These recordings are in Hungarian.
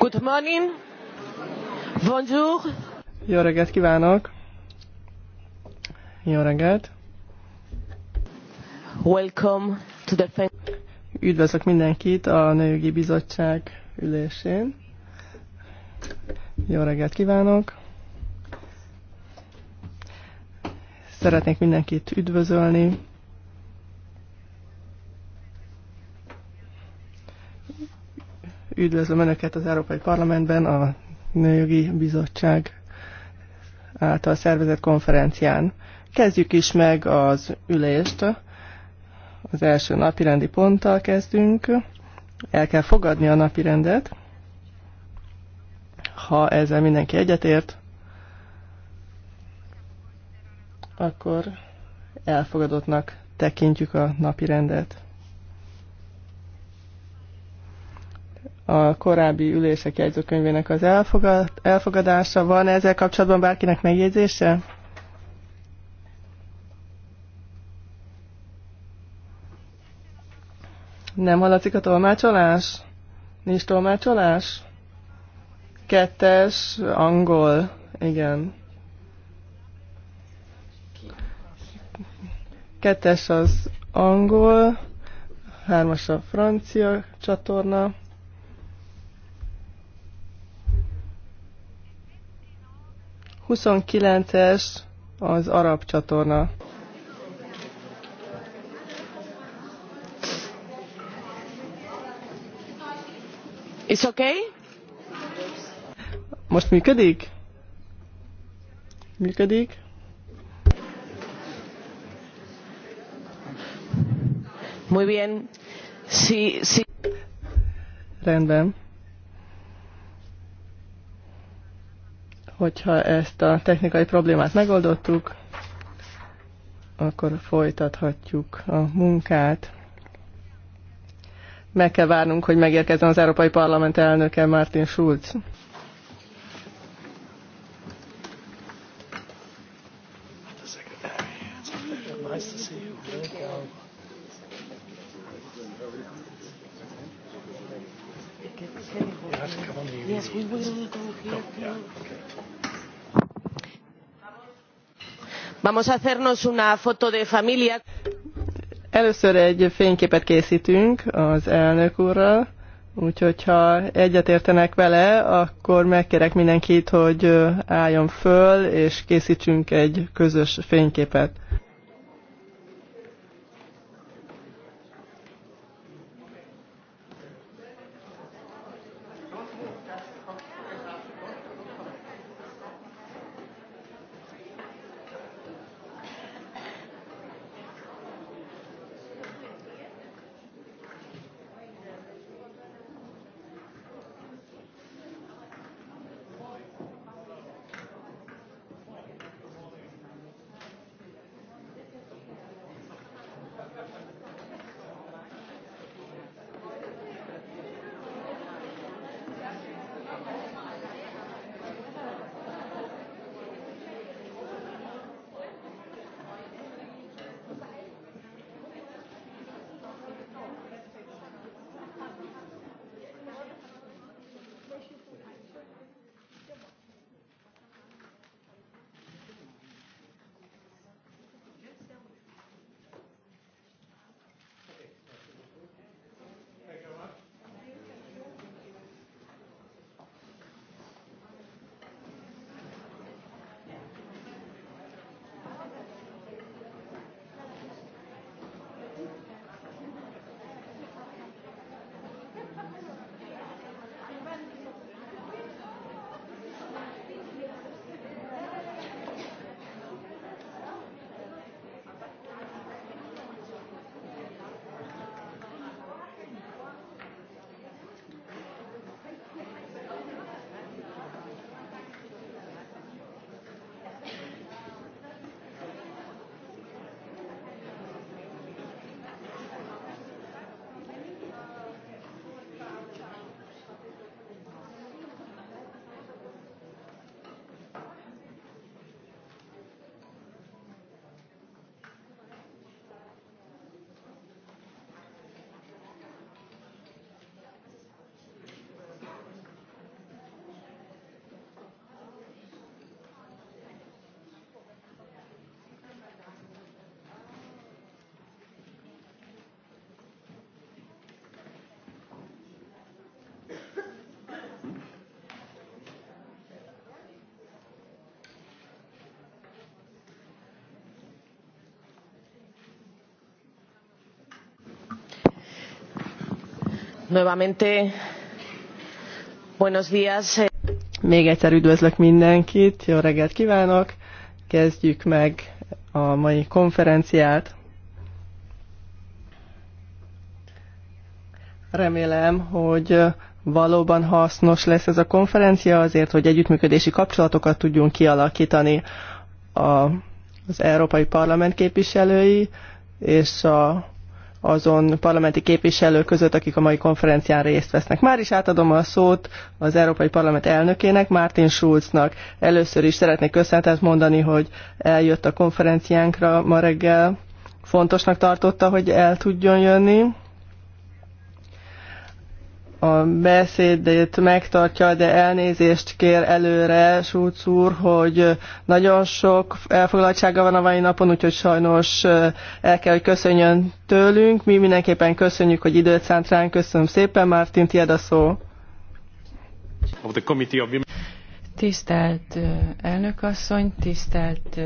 Good morning. Bonjour. Jó reggelt kívánok. Jó reggelt. Welcome to the Üdvözlök mindenkit a Nőjogi Bizottság ülésén. Jó reggelt kívánok. Szeretnék mindenkit üdvözölni Üdvözlöm Önöket az Európai Parlamentben, a Nőjogi Bizottság által szervezett konferencián. Kezdjük is meg az ülést. Az első napirendi ponttal kezdünk. El kell fogadni a napirendet. Ha ezzel mindenki egyetért, akkor elfogadottnak tekintjük a napirendet. a korábbi ülések jegyzőkönyvének az elfogad, elfogadása. Van ezzel kapcsolatban bárkinek megjegyzése? Nem hallatszik a tolmácsolás? Nincs tolmácsolás? Kettes, angol, igen. Kettes az angol, hármas a francia csatorna. 29-es az arab csatorna. It's okay? Most működik? Működik? Muy bien. Sí, sí. Rendben. Hogyha ezt a technikai problémát megoldottuk, akkor folytathatjuk a munkát. Meg kell várnunk, hogy megérkezzen az Európai Parlament elnöke Martin Schulz. Yes, we will go here. Yeah, Vamos a hacernos una foto de familia. Először egy fényképet készítünk az elnök úrral, úgyhogy ha egyetértenek vele, akkor megkérek mindenkit, hogy álljon föl, és készítsünk egy közös fényképet. Nuevamente, buenos días. Még egyszer üdvözlök mindenkit, jó reggelt kívánok! Kezdjük meg a mai konferenciát. Remélem, hogy valóban hasznos lesz ez a konferencia azért, hogy együttműködési kapcsolatokat tudjunk kialakítani az Európai Parlament képviselői és a azon parlamenti képviselők között, akik a mai konferencián részt vesznek. Már is átadom a szót az Európai Parlament elnökének, Martin Schulznak. Először is szeretnék köszönetet mondani, hogy eljött a konferenciánkra ma reggel. Fontosnak tartotta, hogy el tudjon jönni a beszédét megtartja, de elnézést kér előre Schulz úr, hogy nagyon sok elfoglaltsága van a mai napon, úgyhogy sajnos el kell, hogy köszönjön tőlünk. Mi mindenképpen köszönjük, hogy időt szánt ránk. Köszönöm szépen, Mártin, tiéd a szó. Tisztelt elnökasszony, tisztelt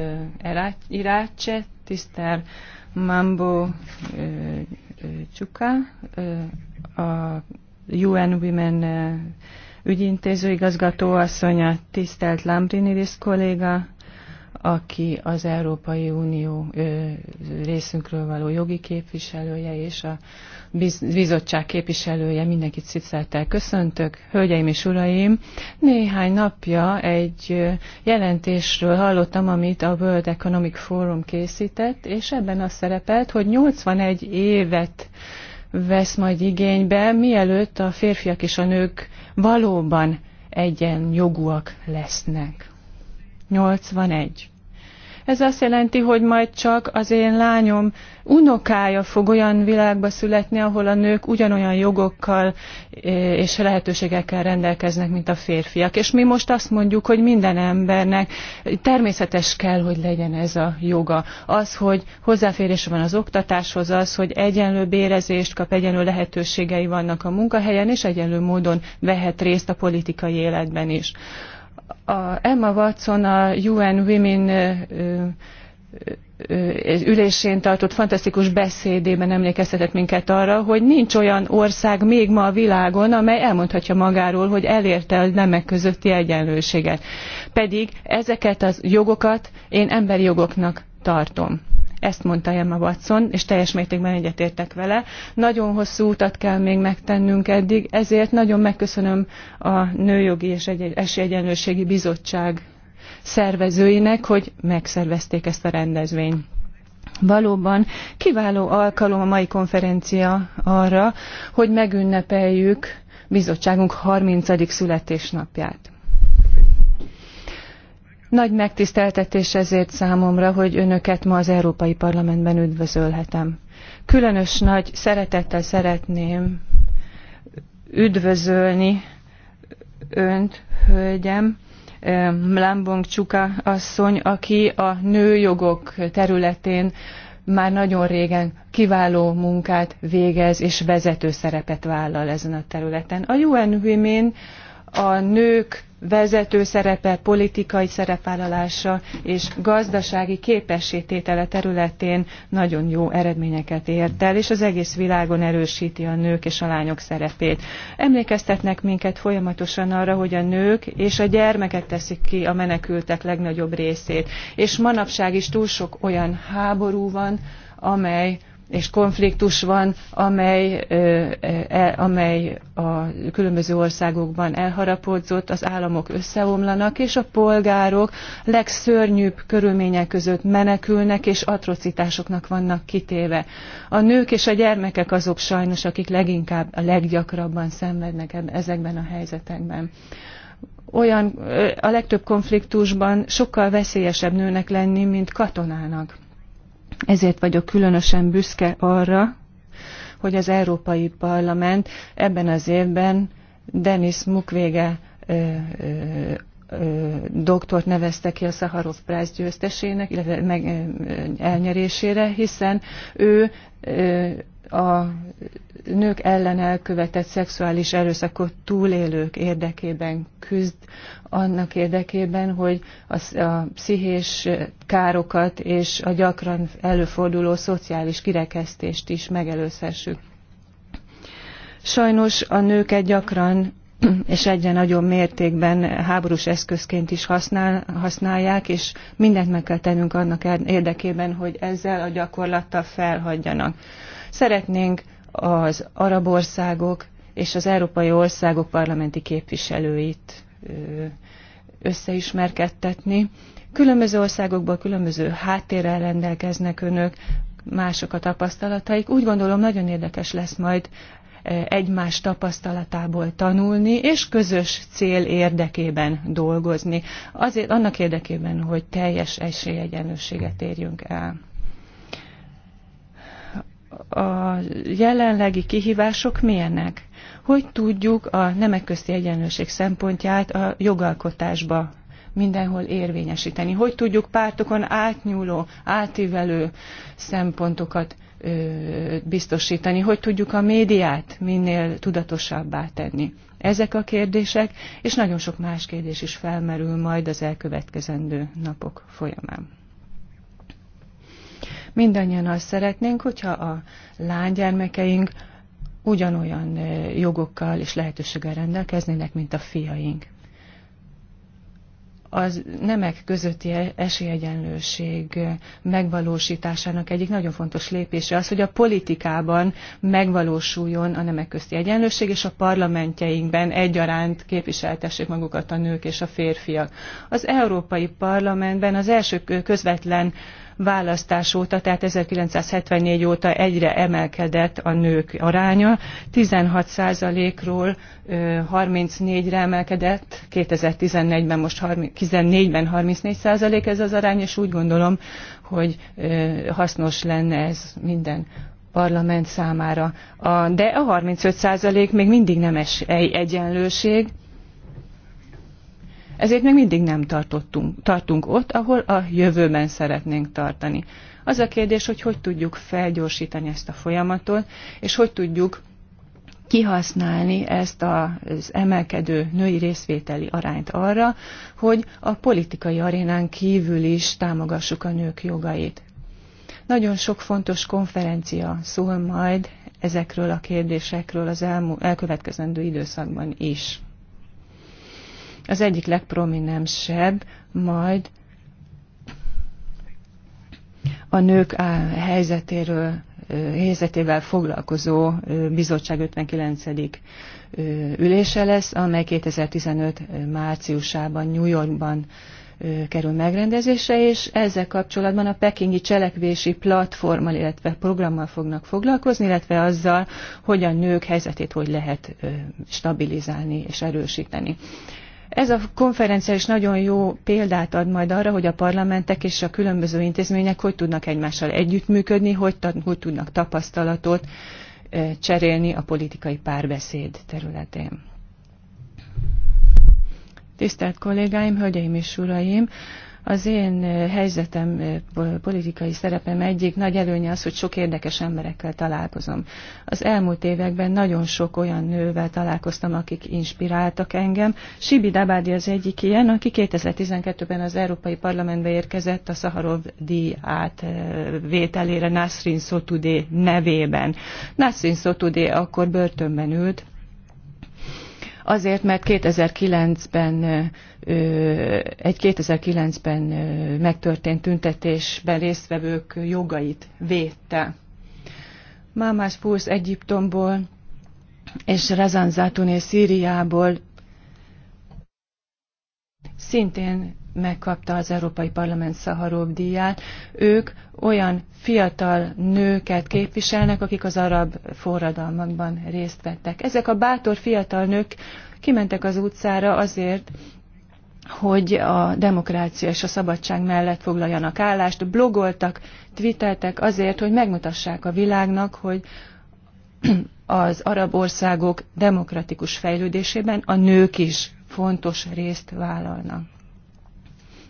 Irácse, tisztelt Mambo Csuka, a UN Women eh, ügyintéző igazgató asszonya, tisztelt Lambrinidis kolléga, aki az Európai Unió eh, részünkről való jogi képviselője és a bizottság képviselője, mindenkit szicceltel köszöntök. Hölgyeim és uraim, néhány napja egy eh, jelentésről hallottam, amit a World Economic Forum készített, és ebben az szerepelt, hogy 81 évet vesz majd igénybe, mielőtt a férfiak és a nők valóban egyenjogúak lesznek. 81. Ez azt jelenti, hogy majd csak az én lányom unokája fog olyan világba születni, ahol a nők ugyanolyan jogokkal és lehetőségekkel rendelkeznek, mint a férfiak. És mi most azt mondjuk, hogy minden embernek természetes kell, hogy legyen ez a joga. Az, hogy hozzáférés van az oktatáshoz, az, hogy egyenlő bérezést kap, egyenlő lehetőségei vannak a munkahelyen, és egyenlő módon vehet részt a politikai életben is a Emma Watson a UN Women ülésén tartott fantasztikus beszédében emlékeztetett minket arra, hogy nincs olyan ország még ma a világon, amely elmondhatja magáról, hogy elérte a nemek közötti egyenlőséget. Pedig ezeket a jogokat én emberi jogoknak tartom. Ezt mondta Emma Watson, és teljes mértékben egyetértek vele. Nagyon hosszú utat kell még megtennünk eddig, ezért nagyon megköszönöm a Nőjogi és Esélyegyenlőségi Bizottság szervezőinek, hogy megszervezték ezt a rendezvényt. Valóban kiváló alkalom a mai konferencia arra, hogy megünnepeljük bizottságunk 30. születésnapját. Nagy megtiszteltetés ezért számomra, hogy önöket ma az Európai Parlamentben üdvözölhetem. Különös nagy szeretettel szeretném üdvözölni önt, hölgyem, Mlambong Csuka asszony, aki a nőjogok területén már nagyon régen kiváló munkát végez és vezető szerepet vállal ezen a területen. A UN Women a nők vezető szerepe, politikai szerepvállalása és gazdasági képességtétele területén nagyon jó eredményeket ért el, és az egész világon erősíti a nők és a lányok szerepét. Emlékeztetnek minket folyamatosan arra, hogy a nők és a gyermekek teszik ki a menekültek legnagyobb részét, és manapság is túl sok olyan háború van, amely és konfliktus van, amely, e, amely a különböző országokban elharapódzott, az államok összeomlanak, és a polgárok legszörnyűbb körülmények között menekülnek, és atrocitásoknak vannak kitéve. A nők és a gyermekek azok sajnos, akik leginkább a leggyakrabban szenvednek ezekben a helyzetekben olyan a legtöbb konfliktusban sokkal veszélyesebb nőnek lenni, mint katonának. Ezért vagyok különösen büszke arra, hogy az Európai Parlament ebben az évben Denis Mukwege doktort nevezte ki a Szaharov Prize győztesének, illetve meg, elnyerésére, hiszen ő a nők ellen elkövetett szexuális erőszakot túlélők érdekében küzd, annak érdekében, hogy a, a pszichés károkat és a gyakran előforduló szociális kirekesztést is megelőzhessük. Sajnos a nőket gyakran és egyre nagyobb mértékben háborús eszközként is használ, használják, és mindent meg kell tennünk annak er- érdekében, hogy ezzel a gyakorlattal felhagyjanak. Szeretnénk az arab országok és az európai országok parlamenti képviselőit összeismerkedtetni. Különböző országokból különböző háttérrel rendelkeznek önök, mások a tapasztalataik. Úgy gondolom, nagyon érdekes lesz majd egymás tapasztalatából tanulni, és közös cél érdekében dolgozni. Azért annak érdekében, hogy teljes esélyegyenlőséget érjünk el. A jelenlegi kihívások milyenek? hogy tudjuk a nemek közti egyenlőség szempontját a jogalkotásba mindenhol érvényesíteni. Hogy tudjuk pártokon átnyúló, átívelő szempontokat biztosítani, hogy tudjuk a médiát minél tudatosabbá tenni. Ezek a kérdések, és nagyon sok más kérdés is felmerül majd az elkövetkezendő napok folyamán. Mindannyian azt szeretnénk, hogyha a lánygyermekeink ugyanolyan jogokkal és lehetőséggel rendelkeznének, mint a fiaink. Az nemek közötti e-, esélyegyenlőség megvalósításának egyik nagyon fontos lépése az, hogy a politikában megvalósuljon a nemek közti egyenlőség, és a parlamentjeinkben egyaránt képviseltessék magukat a nők és a férfiak. Az Európai Parlamentben az első közvetlen választás óta, tehát 1974 óta egyre emelkedett a nők aránya. 16%-ról 34-re emelkedett, 2014-ben most 14-ben 34% ez az arány, és úgy gondolom, hogy hasznos lenne ez minden parlament számára. de a 35% még mindig nem es, egyenlőség, ezért még mindig nem tartottunk, tartunk ott, ahol a jövőben szeretnénk tartani. Az a kérdés, hogy hogy tudjuk felgyorsítani ezt a folyamatot, és hogy tudjuk kihasználni ezt az emelkedő női részvételi arányt arra, hogy a politikai arénán kívül is támogassuk a nők jogait. Nagyon sok fontos konferencia szól majd ezekről a kérdésekről az elmú, elkövetkezendő időszakban is az egyik legprominensebb majd a nők helyzetéről, helyzetével foglalkozó bizottság 59. ülése lesz, amely 2015 márciusában New Yorkban kerül megrendezésre, és ezzel kapcsolatban a pekingi cselekvési platformmal, illetve programmal fognak foglalkozni, illetve azzal, hogy a nők helyzetét hogy lehet stabilizálni és erősíteni. Ez a konferencia is nagyon jó példát ad majd arra, hogy a parlamentek és a különböző intézmények hogy tudnak egymással együttműködni, hogy, hogy tudnak tapasztalatot cserélni a politikai párbeszéd területén. Tisztelt kollégáim, hölgyeim és uraim! Az én helyzetem, politikai szerepem egyik nagy előnye az, hogy sok érdekes emberekkel találkozom. Az elmúlt években nagyon sok olyan nővel találkoztam, akik inspiráltak engem. Sibi Dabádi az egyik ilyen, aki 2012-ben az Európai Parlamentbe érkezett a Szaharov díj átvételére Nasrin Sotudé nevében. Nasrin Sotudé akkor börtönben ült, azért, mert 2009-ben egy 2009-ben megtörtént tüntetésben résztvevők jogait védte. Mámás Fúsz Egyiptomból és Razan Zatuné Szíriából szintén megkapta az Európai Parlament Szaharov díját. Ők olyan fiatal nőket képviselnek, akik az arab forradalmakban részt vettek. Ezek a bátor fiatal nők kimentek az utcára azért, hogy a demokrácia és a szabadság mellett foglaljanak állást, blogoltak, twitteltek azért, hogy megmutassák a világnak, hogy az arab országok demokratikus fejlődésében a nők is fontos részt vállalnak.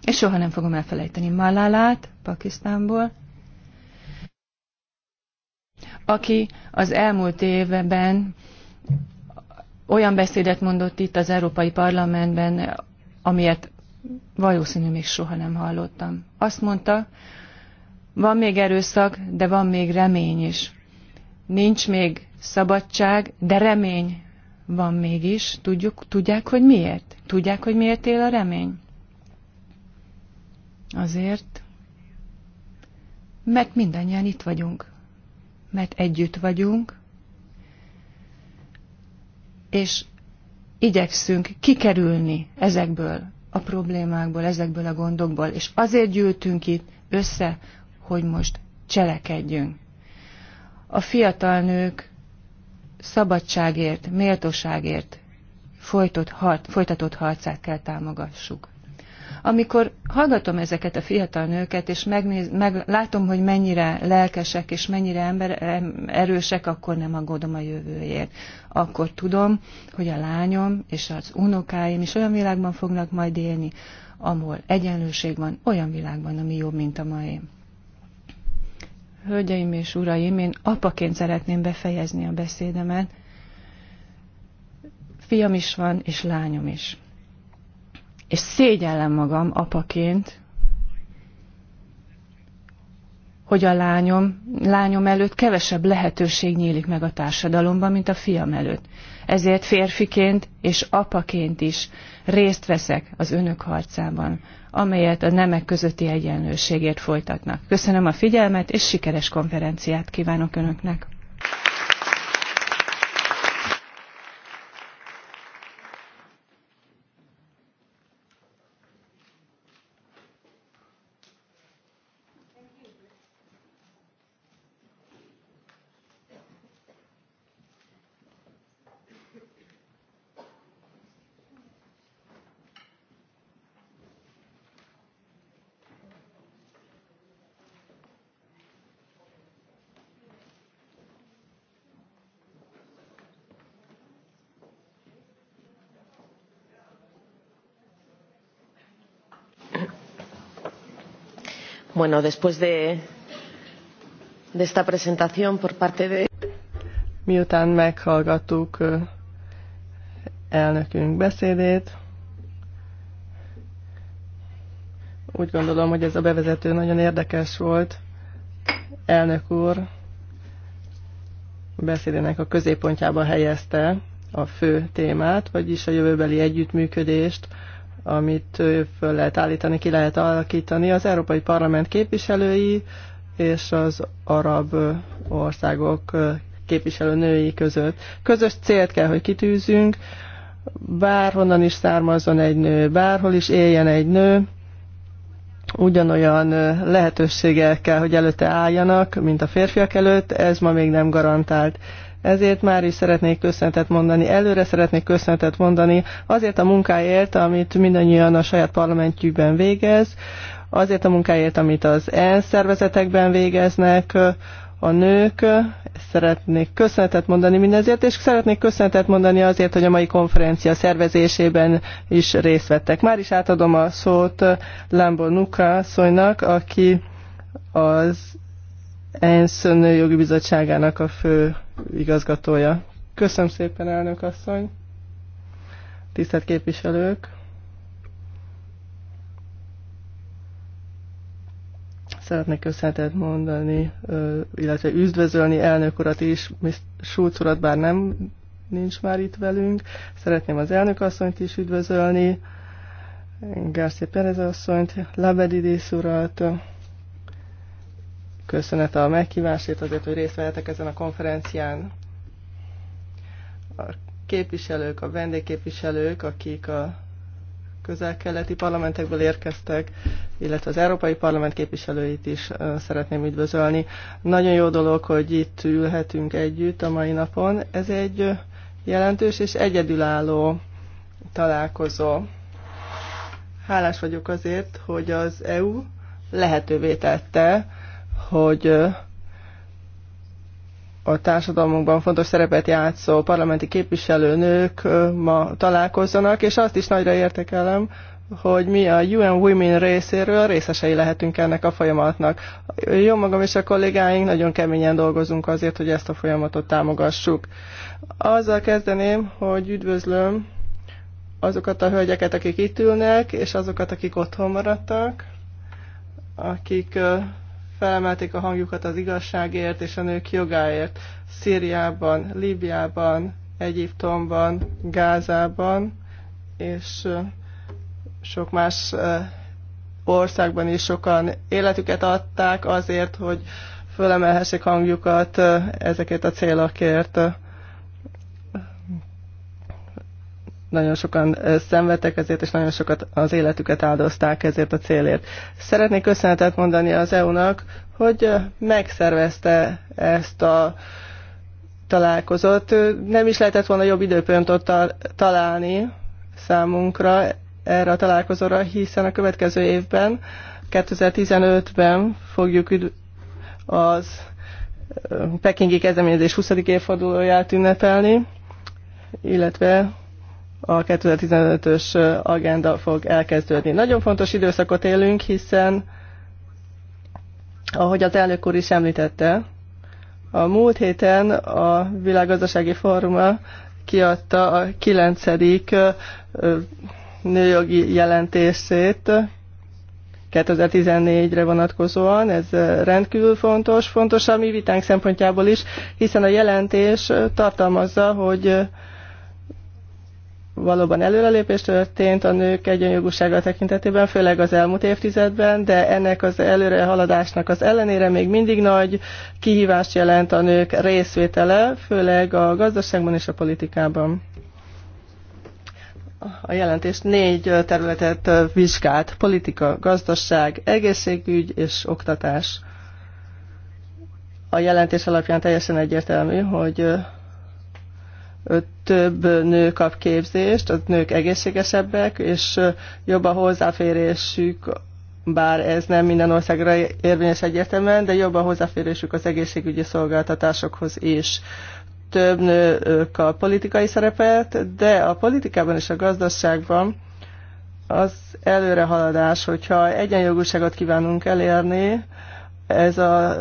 És soha nem fogom elfelejteni Malalát, Pakisztánból, aki az elmúlt évben olyan beszédet mondott itt az Európai Parlamentben amilyet valószínű még soha nem hallottam. Azt mondta, van még erőszak, de van még remény is. Nincs még szabadság, de remény van mégis. Tudjuk, tudják, hogy miért? Tudják, hogy miért él a remény? Azért, mert mindannyian itt vagyunk. Mert együtt vagyunk, és igyekszünk kikerülni ezekből a problémákból, ezekből a gondokból, és azért gyűltünk itt össze, hogy most cselekedjünk. A fiatal nők szabadságért, méltóságért folytott, folytatott harcát kell támogassuk. Amikor hallgatom ezeket a fiatal nőket, és megnéz, meg, látom, hogy mennyire lelkesek és mennyire ember, erősek, akkor nem aggódom a jövőért. Akkor tudom, hogy a lányom és az unokáim is olyan világban fognak majd élni, ahol egyenlőség van, olyan világban, ami jobb, mint a mai. Hölgyeim és uraim, én apaként szeretném befejezni a beszédemet. Fiam is van, és lányom is és szégyellem magam apaként, hogy a lányom, lányom előtt kevesebb lehetőség nyílik meg a társadalomban, mint a fiam előtt. Ezért férfiként és apaként is részt veszek az önök harcában, amelyet a nemek közötti egyenlőségért folytatnak. Köszönöm a figyelmet, és sikeres konferenciát kívánok önöknek! Bueno, después de, de esta presentación por parte de... Miután meghallgattuk elnökünk beszédét, úgy gondolom, hogy ez a bevezető nagyon érdekes volt. Elnök úr beszédének a középpontjába helyezte a fő témát, vagyis a jövőbeli együttműködést amit föl lehet állítani, ki lehet alakítani. Az Európai Parlament képviselői és az arab országok képviselő női között. Közös célt kell, hogy kitűzünk, bárhonnan is származzon egy nő, bárhol is éljen egy nő, ugyanolyan lehetőségekkel, hogy előtte álljanak, mint a férfiak előtt, ez ma még nem garantált. Ezért már is szeretnék köszönetet mondani, előre szeretnék köszönetet mondani azért a munkáért, amit mindannyian a saját parlamentjükben végez, azért a munkáért, amit az ENSZ szervezetekben végeznek, a nők, szeretnék köszönetet mondani mindezért, és szeretnék köszönetet mondani azért, hogy a mai konferencia szervezésében is részt vettek. Már is átadom a szót Lambo Nuka szónynak, aki az ENSZ Nőjogi Bizottságának a fő igazgatója. Köszönöm szépen, elnök asszony! Tisztelt képviselők! Szeretnék köszönetet mondani, illetve üdvözölni elnök urat is, Schulz urat bár nem nincs már itt velünk. Szeretném az elnök asszonyt is üdvözölni, Garcia Perez asszonyt, Labedidész urat, Köszönet a meghívásért azért, hogy részt vehetek ezen a konferencián. A képviselők, a vendégképviselők, akik a közel-keleti parlamentekből érkeztek, illetve az Európai Parlament képviselőit is szeretném üdvözölni. Nagyon jó dolog, hogy itt ülhetünk együtt a mai napon. Ez egy jelentős és egyedülálló találkozó. Hálás vagyok azért, hogy az EU lehetővé tette, hogy a társadalmunkban fontos szerepet játszó parlamenti képviselőnők ma találkozzanak, és azt is nagyra értékelem, hogy mi a UN Women részéről részesei lehetünk ennek a folyamatnak. Jó magam és a kollégáink nagyon keményen dolgozunk azért, hogy ezt a folyamatot támogassuk. Azzal kezdeném, hogy üdvözlöm azokat a hölgyeket, akik itt ülnek, és azokat, akik otthon maradtak, akik felemelték a hangjukat az igazságért és a nők jogáért. Szíriában, Líbiában, Egyiptomban, Gázában és sok más országban is sokan életüket adták azért, hogy fölemelhessék hangjukat ezeket a célokért. nagyon sokan szenvedtek ezért, és nagyon sokat az életüket áldozták ezért a célért. Szeretnék köszönetet mondani az EU-nak, hogy megszervezte ezt a találkozót. Nem is lehetett volna jobb időpontot találni számunkra erre a találkozóra, hiszen a következő évben, 2015-ben fogjuk az pekingi kezdeményezés 20. évfordulóját ünnepelni, illetve a 2015-ös agenda fog elkezdődni. Nagyon fontos időszakot élünk, hiszen, ahogy az elnök úr is említette, a múlt héten a világgazdasági fóruma kiadta a kilencedik nőjogi jelentését 2014-re vonatkozóan. Ez rendkívül fontos, fontos a mi vitánk szempontjából is, hiszen a jelentés tartalmazza, hogy valóban előrelépés történt a nők egyenjogúsága tekintetében, főleg az elmúlt évtizedben, de ennek az előrehaladásnak az ellenére még mindig nagy kihívást jelent a nők részvétele, főleg a gazdaságban és a politikában. A jelentés négy területet vizsgált. Politika, gazdaság, egészségügy és oktatás. A jelentés alapján teljesen egyértelmű, hogy több nő kap képzést, a nők egészségesebbek, és jobb a hozzáférésük, bár ez nem minden országra érvényes egyértelműen, de jobb a hozzáférésük az egészségügyi szolgáltatásokhoz is. Több nő kap politikai szerepet, de a politikában és a gazdaságban az előrehaladás, hogyha egyenjogúságot kívánunk elérni, ez az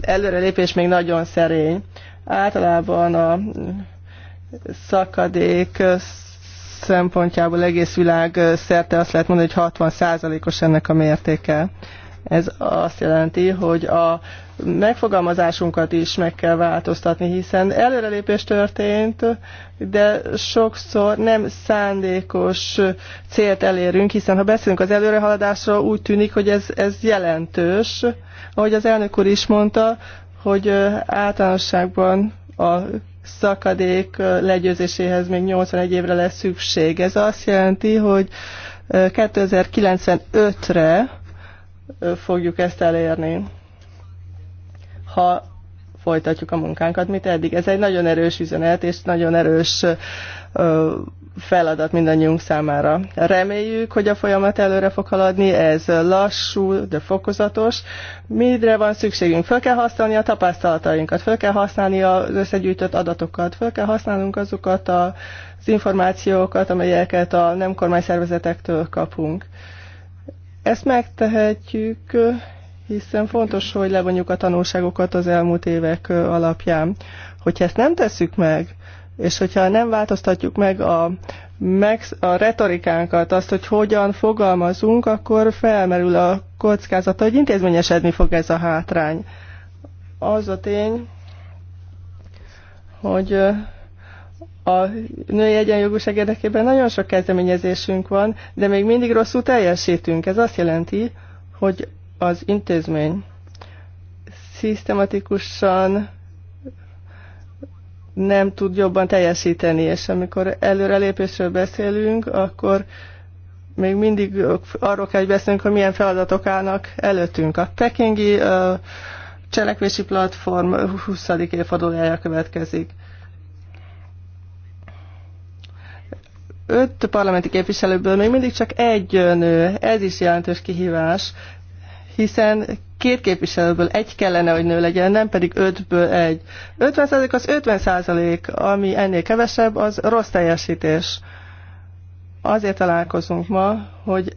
előrelépés még nagyon szerény. Általában a szakadék szempontjából egész világ szerte azt lehet mondani, hogy 60%-os ennek a mértéke. Ez azt jelenti, hogy a megfogalmazásunkat is meg kell változtatni, hiszen előrelépés történt, de sokszor nem szándékos célt elérünk, hiszen ha beszélünk az előrehaladásról, úgy tűnik, hogy ez, ez jelentős. Ahogy az elnök úr is mondta, hogy általánosságban a szakadék legyőzéséhez még 81 évre lesz szükség. Ez azt jelenti, hogy 2095-re fogjuk ezt elérni, ha folytatjuk a munkánkat, mint eddig. Ez egy nagyon erős üzenet, és nagyon erős feladat mindannyiunk számára. Reméljük, hogy a folyamat előre fog haladni, ez lassú, de fokozatos. Mire van szükségünk? Föl kell használni a tapasztalatainkat, föl kell használni az összegyűjtött adatokat, föl kell használnunk azokat az információkat, amelyeket a nem kormányszervezetektől kapunk. Ezt megtehetjük, hiszen fontos, hogy levonjuk a tanulságokat az elmúlt évek alapján. Hogyha ezt nem tesszük meg, és hogyha nem változtatjuk meg a, meg a retorikánkat, azt, hogy hogyan fogalmazunk, akkor felmerül a kockázata, hogy intézményesedni fog ez a hátrány. Az a tény, hogy a női egyenjogúság érdekében nagyon sok kezdeményezésünk van, de még mindig rosszul teljesítünk. Ez azt jelenti, hogy az intézmény szisztematikusan nem tud jobban teljesíteni, és amikor előrelépésről beszélünk, akkor még mindig arról kell, hogy beszélünk, hogy milyen feladatok állnak előttünk. A pekingi cselekvési platform 20. évfordulójája következik. Öt parlamenti képviselőből még mindig csak egy nő, ez is jelentős kihívás, hiszen két képviselőből egy kellene, hogy nő legyen, nem pedig ötből egy. 50% az 50%, ami ennél kevesebb, az rossz teljesítés. Azért találkozunk ma, hogy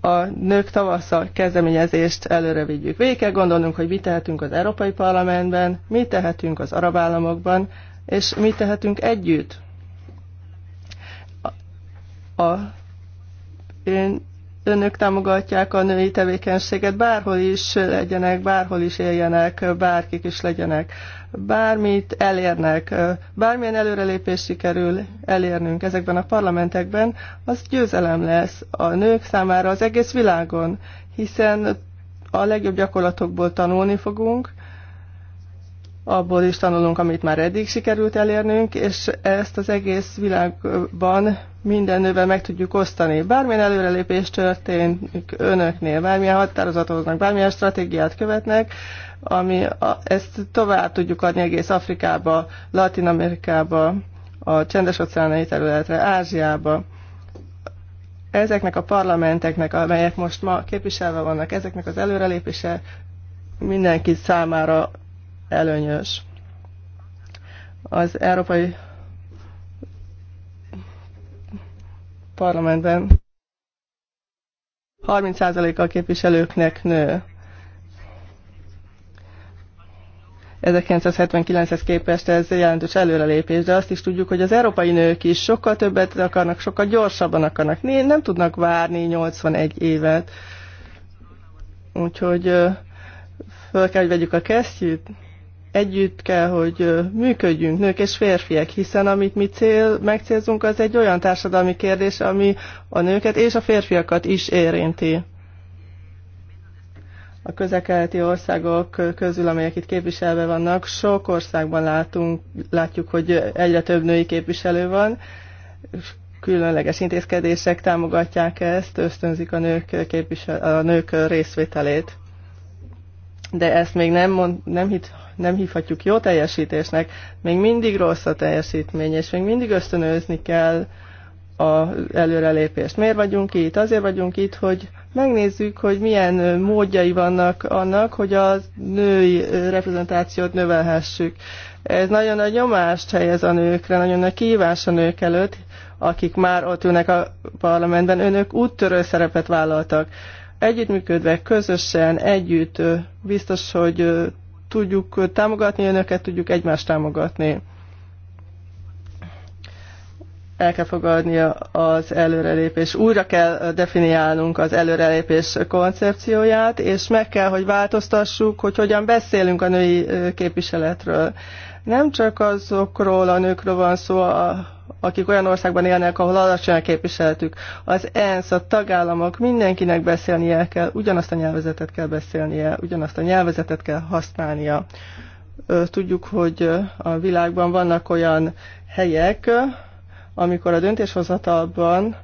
a nők tavasszal kezdeményezést előre vigyük. Végig kell gondolnunk, hogy mit tehetünk az Európai Parlamentben, mit tehetünk az arab államokban, és mit tehetünk együtt. A, a, én önök támogatják a női tevékenységet, bárhol is legyenek, bárhol is éljenek, bárkik is legyenek. Bármit elérnek, bármilyen előrelépés sikerül elérnünk ezekben a parlamentekben, az győzelem lesz a nők számára az egész világon, hiszen a legjobb gyakorlatokból tanulni fogunk, abból is tanulunk, amit már eddig sikerült elérnünk, és ezt az egész világban mindennőben meg tudjuk osztani. Bármilyen előrelépés történik önöknél, bármilyen határozatoznak, bármilyen stratégiát követnek, ami a, ezt tovább tudjuk adni egész Afrikába, Latin Amerikába, a csendes óceánai területre, Ázsiába. Ezeknek a parlamenteknek, amelyek most ma képviselve vannak, ezeknek az előrelépése mindenki számára előnyös. Az Európai Parlamentben 30% a képviselőknek nő. 1979-hez képest ez jelentős előrelépés, de azt is tudjuk, hogy az európai nők is sokkal többet akarnak, sokkal gyorsabban akarnak. Nem tudnak várni 81 évet. Úgyhogy föl kell, hogy vegyük a kesztyűt együtt kell, hogy működjünk, nők és férfiak, hiszen amit mi cél, megcélzunk, az egy olyan társadalmi kérdés, ami a nőket és a férfiakat is érinti. A közelkeleti országok közül, amelyek itt képviselve vannak, sok országban látunk, látjuk, hogy egyre több női képviselő van, és különleges intézkedések támogatják ezt, ösztönzik a nők, képvisel, a nők részvételét de ezt még nem, mond, nem hit, nem hívhatjuk jó teljesítésnek, még mindig rossz a teljesítmény, és még mindig ösztönözni kell az előrelépést. Miért vagyunk itt? Azért vagyunk itt, hogy megnézzük, hogy milyen módjai vannak annak, hogy a női reprezentációt növelhessük. Ez nagyon nagy nyomást helyez a nőkre, nagyon nagy kívás a nők előtt, akik már ott ülnek a parlamentben, önök úttörő szerepet vállaltak. Együttműködve, közösen, együtt biztos, hogy tudjuk támogatni önöket, tudjuk egymást támogatni. El kell fogadni az előrelépés. Újra kell definiálnunk az előrelépés koncepcióját, és meg kell, hogy változtassuk, hogy hogyan beszélünk a női képviseletről. Nem csak azokról a nőkről van szó, a akik olyan országban élnek, ahol alacsony a képviseletük. Az ENSZ, a tagállamok, mindenkinek beszélnie kell, ugyanazt a nyelvezetet kell beszélnie, ugyanazt a nyelvezetet kell használnia. Tudjuk, hogy a világban vannak olyan helyek, amikor a döntéshozatalban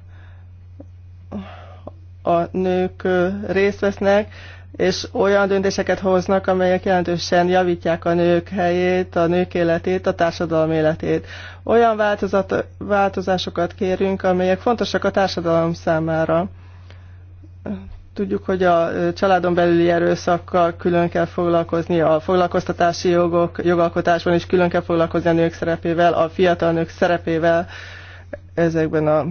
a nők részt vesznek, és olyan döntéseket hoznak, amelyek jelentősen javítják a nők helyét, a nők életét, a társadalom életét. Olyan változat, változásokat kérünk, amelyek fontosak a társadalom számára. Tudjuk, hogy a családon belüli erőszakkal külön kell foglalkozni, a foglalkoztatási jogok, jogalkotásban is külön kell foglalkozni a nők szerepével, a fiatal nők szerepével ezekben a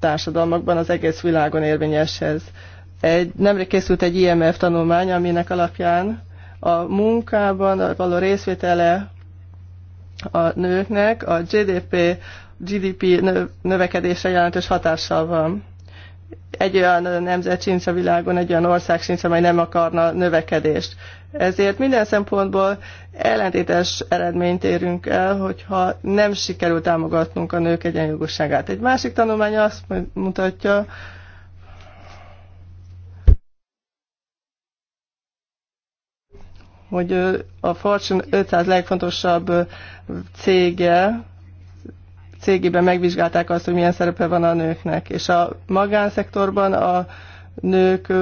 társadalmakban az egész világon érvényes ez. Egy, nemrég készült egy IMF tanulmány, aminek alapján a munkában való részvétele a nőknek a GDP, GDP növekedése jelentős hatással van. Egy olyan nemzet sincs a világon, egy olyan ország sincs, amely nem akarna növekedést. Ezért minden szempontból ellentétes eredményt érünk el, hogyha nem sikerül támogatnunk a nők egyenjogosságát. Egy másik tanulmány azt mutatja, hogy a Fortune 500 legfontosabb cége, cégében megvizsgálták azt, hogy milyen szerepe van a nőknek. És a magánszektorban a nők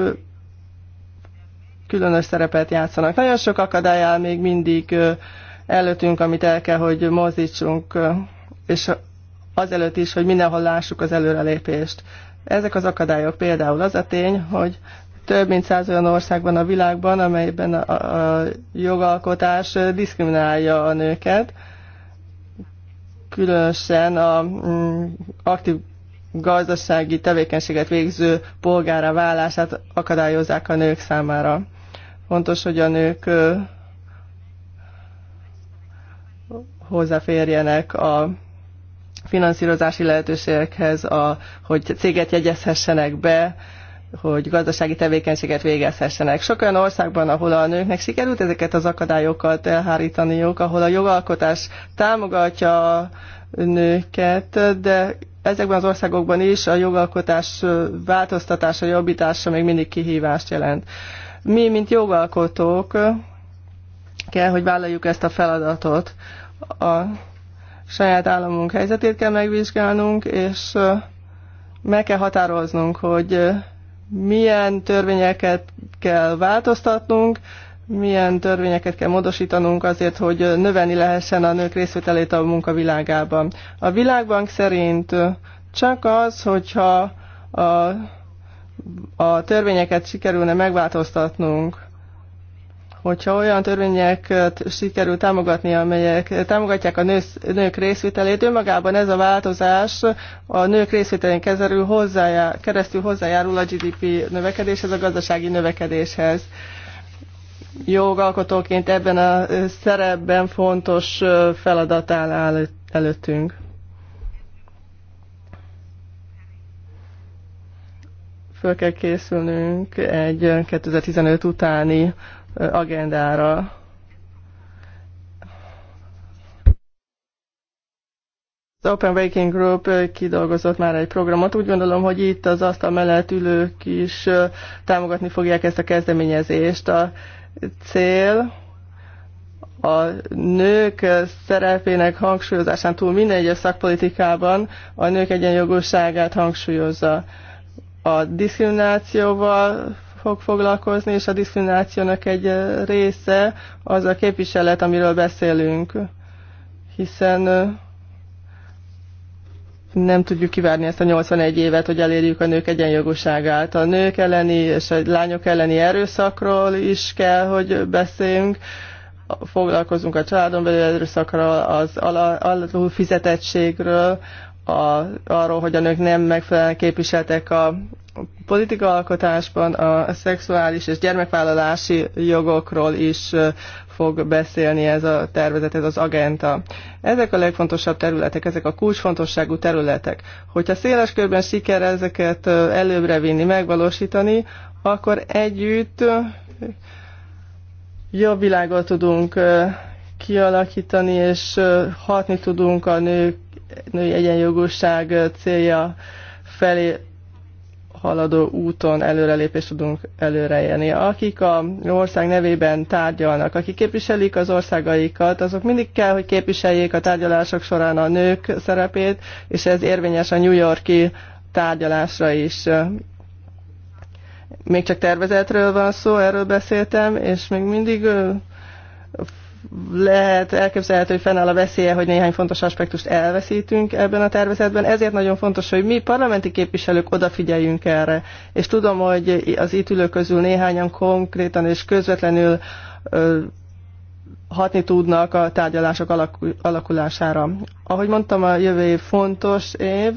különös szerepet játszanak. Nagyon sok akadály áll még mindig előttünk, amit el kell, hogy mozdítsunk, és azelőtt is, hogy mindenhol lássuk az előrelépést. Ezek az akadályok például az a tény, hogy több mint száz olyan ország van a világban, amelyben a, a jogalkotás diszkriminálja a nőket, különösen a m, mm, aktív gazdasági tevékenységet végző polgára válását akadályozzák a nők számára. Fontos, hogy a nők hozzáférjenek a finanszírozási lehetőségekhez, a, hogy céget jegyezhessenek be, hogy gazdasági tevékenységet végezhessenek. Sok olyan országban, ahol a nőknek sikerült ezeket az akadályokat elhárítaniuk, ahol a jogalkotás támogatja a nőket, de ezekben az országokban is a jogalkotás változtatása, jobbítása még mindig kihívást jelent. Mi, mint jogalkotók, kell, hogy vállaljuk ezt a feladatot. A saját államunk helyzetét kell megvizsgálnunk, és meg kell határoznunk, hogy milyen törvényeket kell változtatnunk, milyen törvényeket kell módosítanunk azért, hogy növelni lehessen a nők részvételét a munkavilágában. A világbank szerint csak az, hogyha a, a törvényeket sikerülne megváltoztatnunk, hogyha olyan törvényeket sikerül támogatni, amelyek támogatják a nősz, nők részvételét, önmagában ez a változás a nők részvételén hozzájá, keresztül hozzájárul a GDP növekedéshez, a gazdasági növekedéshez. Jogalkotóként ebben a szerepben fontos feladat áll előttünk. föl kell készülnünk egy 2015 utáni agendára. Az Open Waking Group kidolgozott már egy programot. Úgy gondolom, hogy itt az asztal mellett ülők is támogatni fogják ezt a kezdeményezést. A cél a nők szerepének hangsúlyozásán túl minden egyes szakpolitikában a nők egyenjogosságát hangsúlyozza. A diszkriminációval fog foglalkozni, és a diszkriminációnak egy része az a képviselet, amiről beszélünk, hiszen nem tudjuk kivárni ezt a 81 évet, hogy elérjük a nők egyenjogúságát. A nők elleni és a lányok elleni erőszakról is kell, hogy beszéljünk. Foglalkozunk a családon belül erőszakról, az alul fizetettségről, a, arról, hogy a nők nem megfelelően képviseltek a alkotásban a szexuális és gyermekvállalási jogokról is fog beszélni ez a tervezet, ez az agenda. Ezek a legfontosabb területek, ezek a kulcsfontosságú területek. Hogyha széles körben siker ezeket előbbre vinni, megvalósítani, akkor együtt jobb világot tudunk kialakítani, és hatni tudunk a nő, női egyenjogúság célja felé haladó úton előrelépést tudunk előrejelni. Akik a ország nevében tárgyalnak, akik képviselik az országaikat, azok mindig kell, hogy képviseljék a tárgyalások során a nők szerepét, és ez érvényes a New Yorki tárgyalásra is. Még csak tervezetről van szó, erről beszéltem, és még mindig lehet elképzelhető, hogy fennáll a veszélye, hogy néhány fontos aspektust elveszítünk ebben a tervezetben. Ezért nagyon fontos, hogy mi parlamenti képviselők odafigyeljünk erre. És tudom, hogy az itt ülők közül néhányan konkrétan és közvetlenül ö, hatni tudnak a tárgyalások alakulására. Ahogy mondtam, a jövő év fontos év.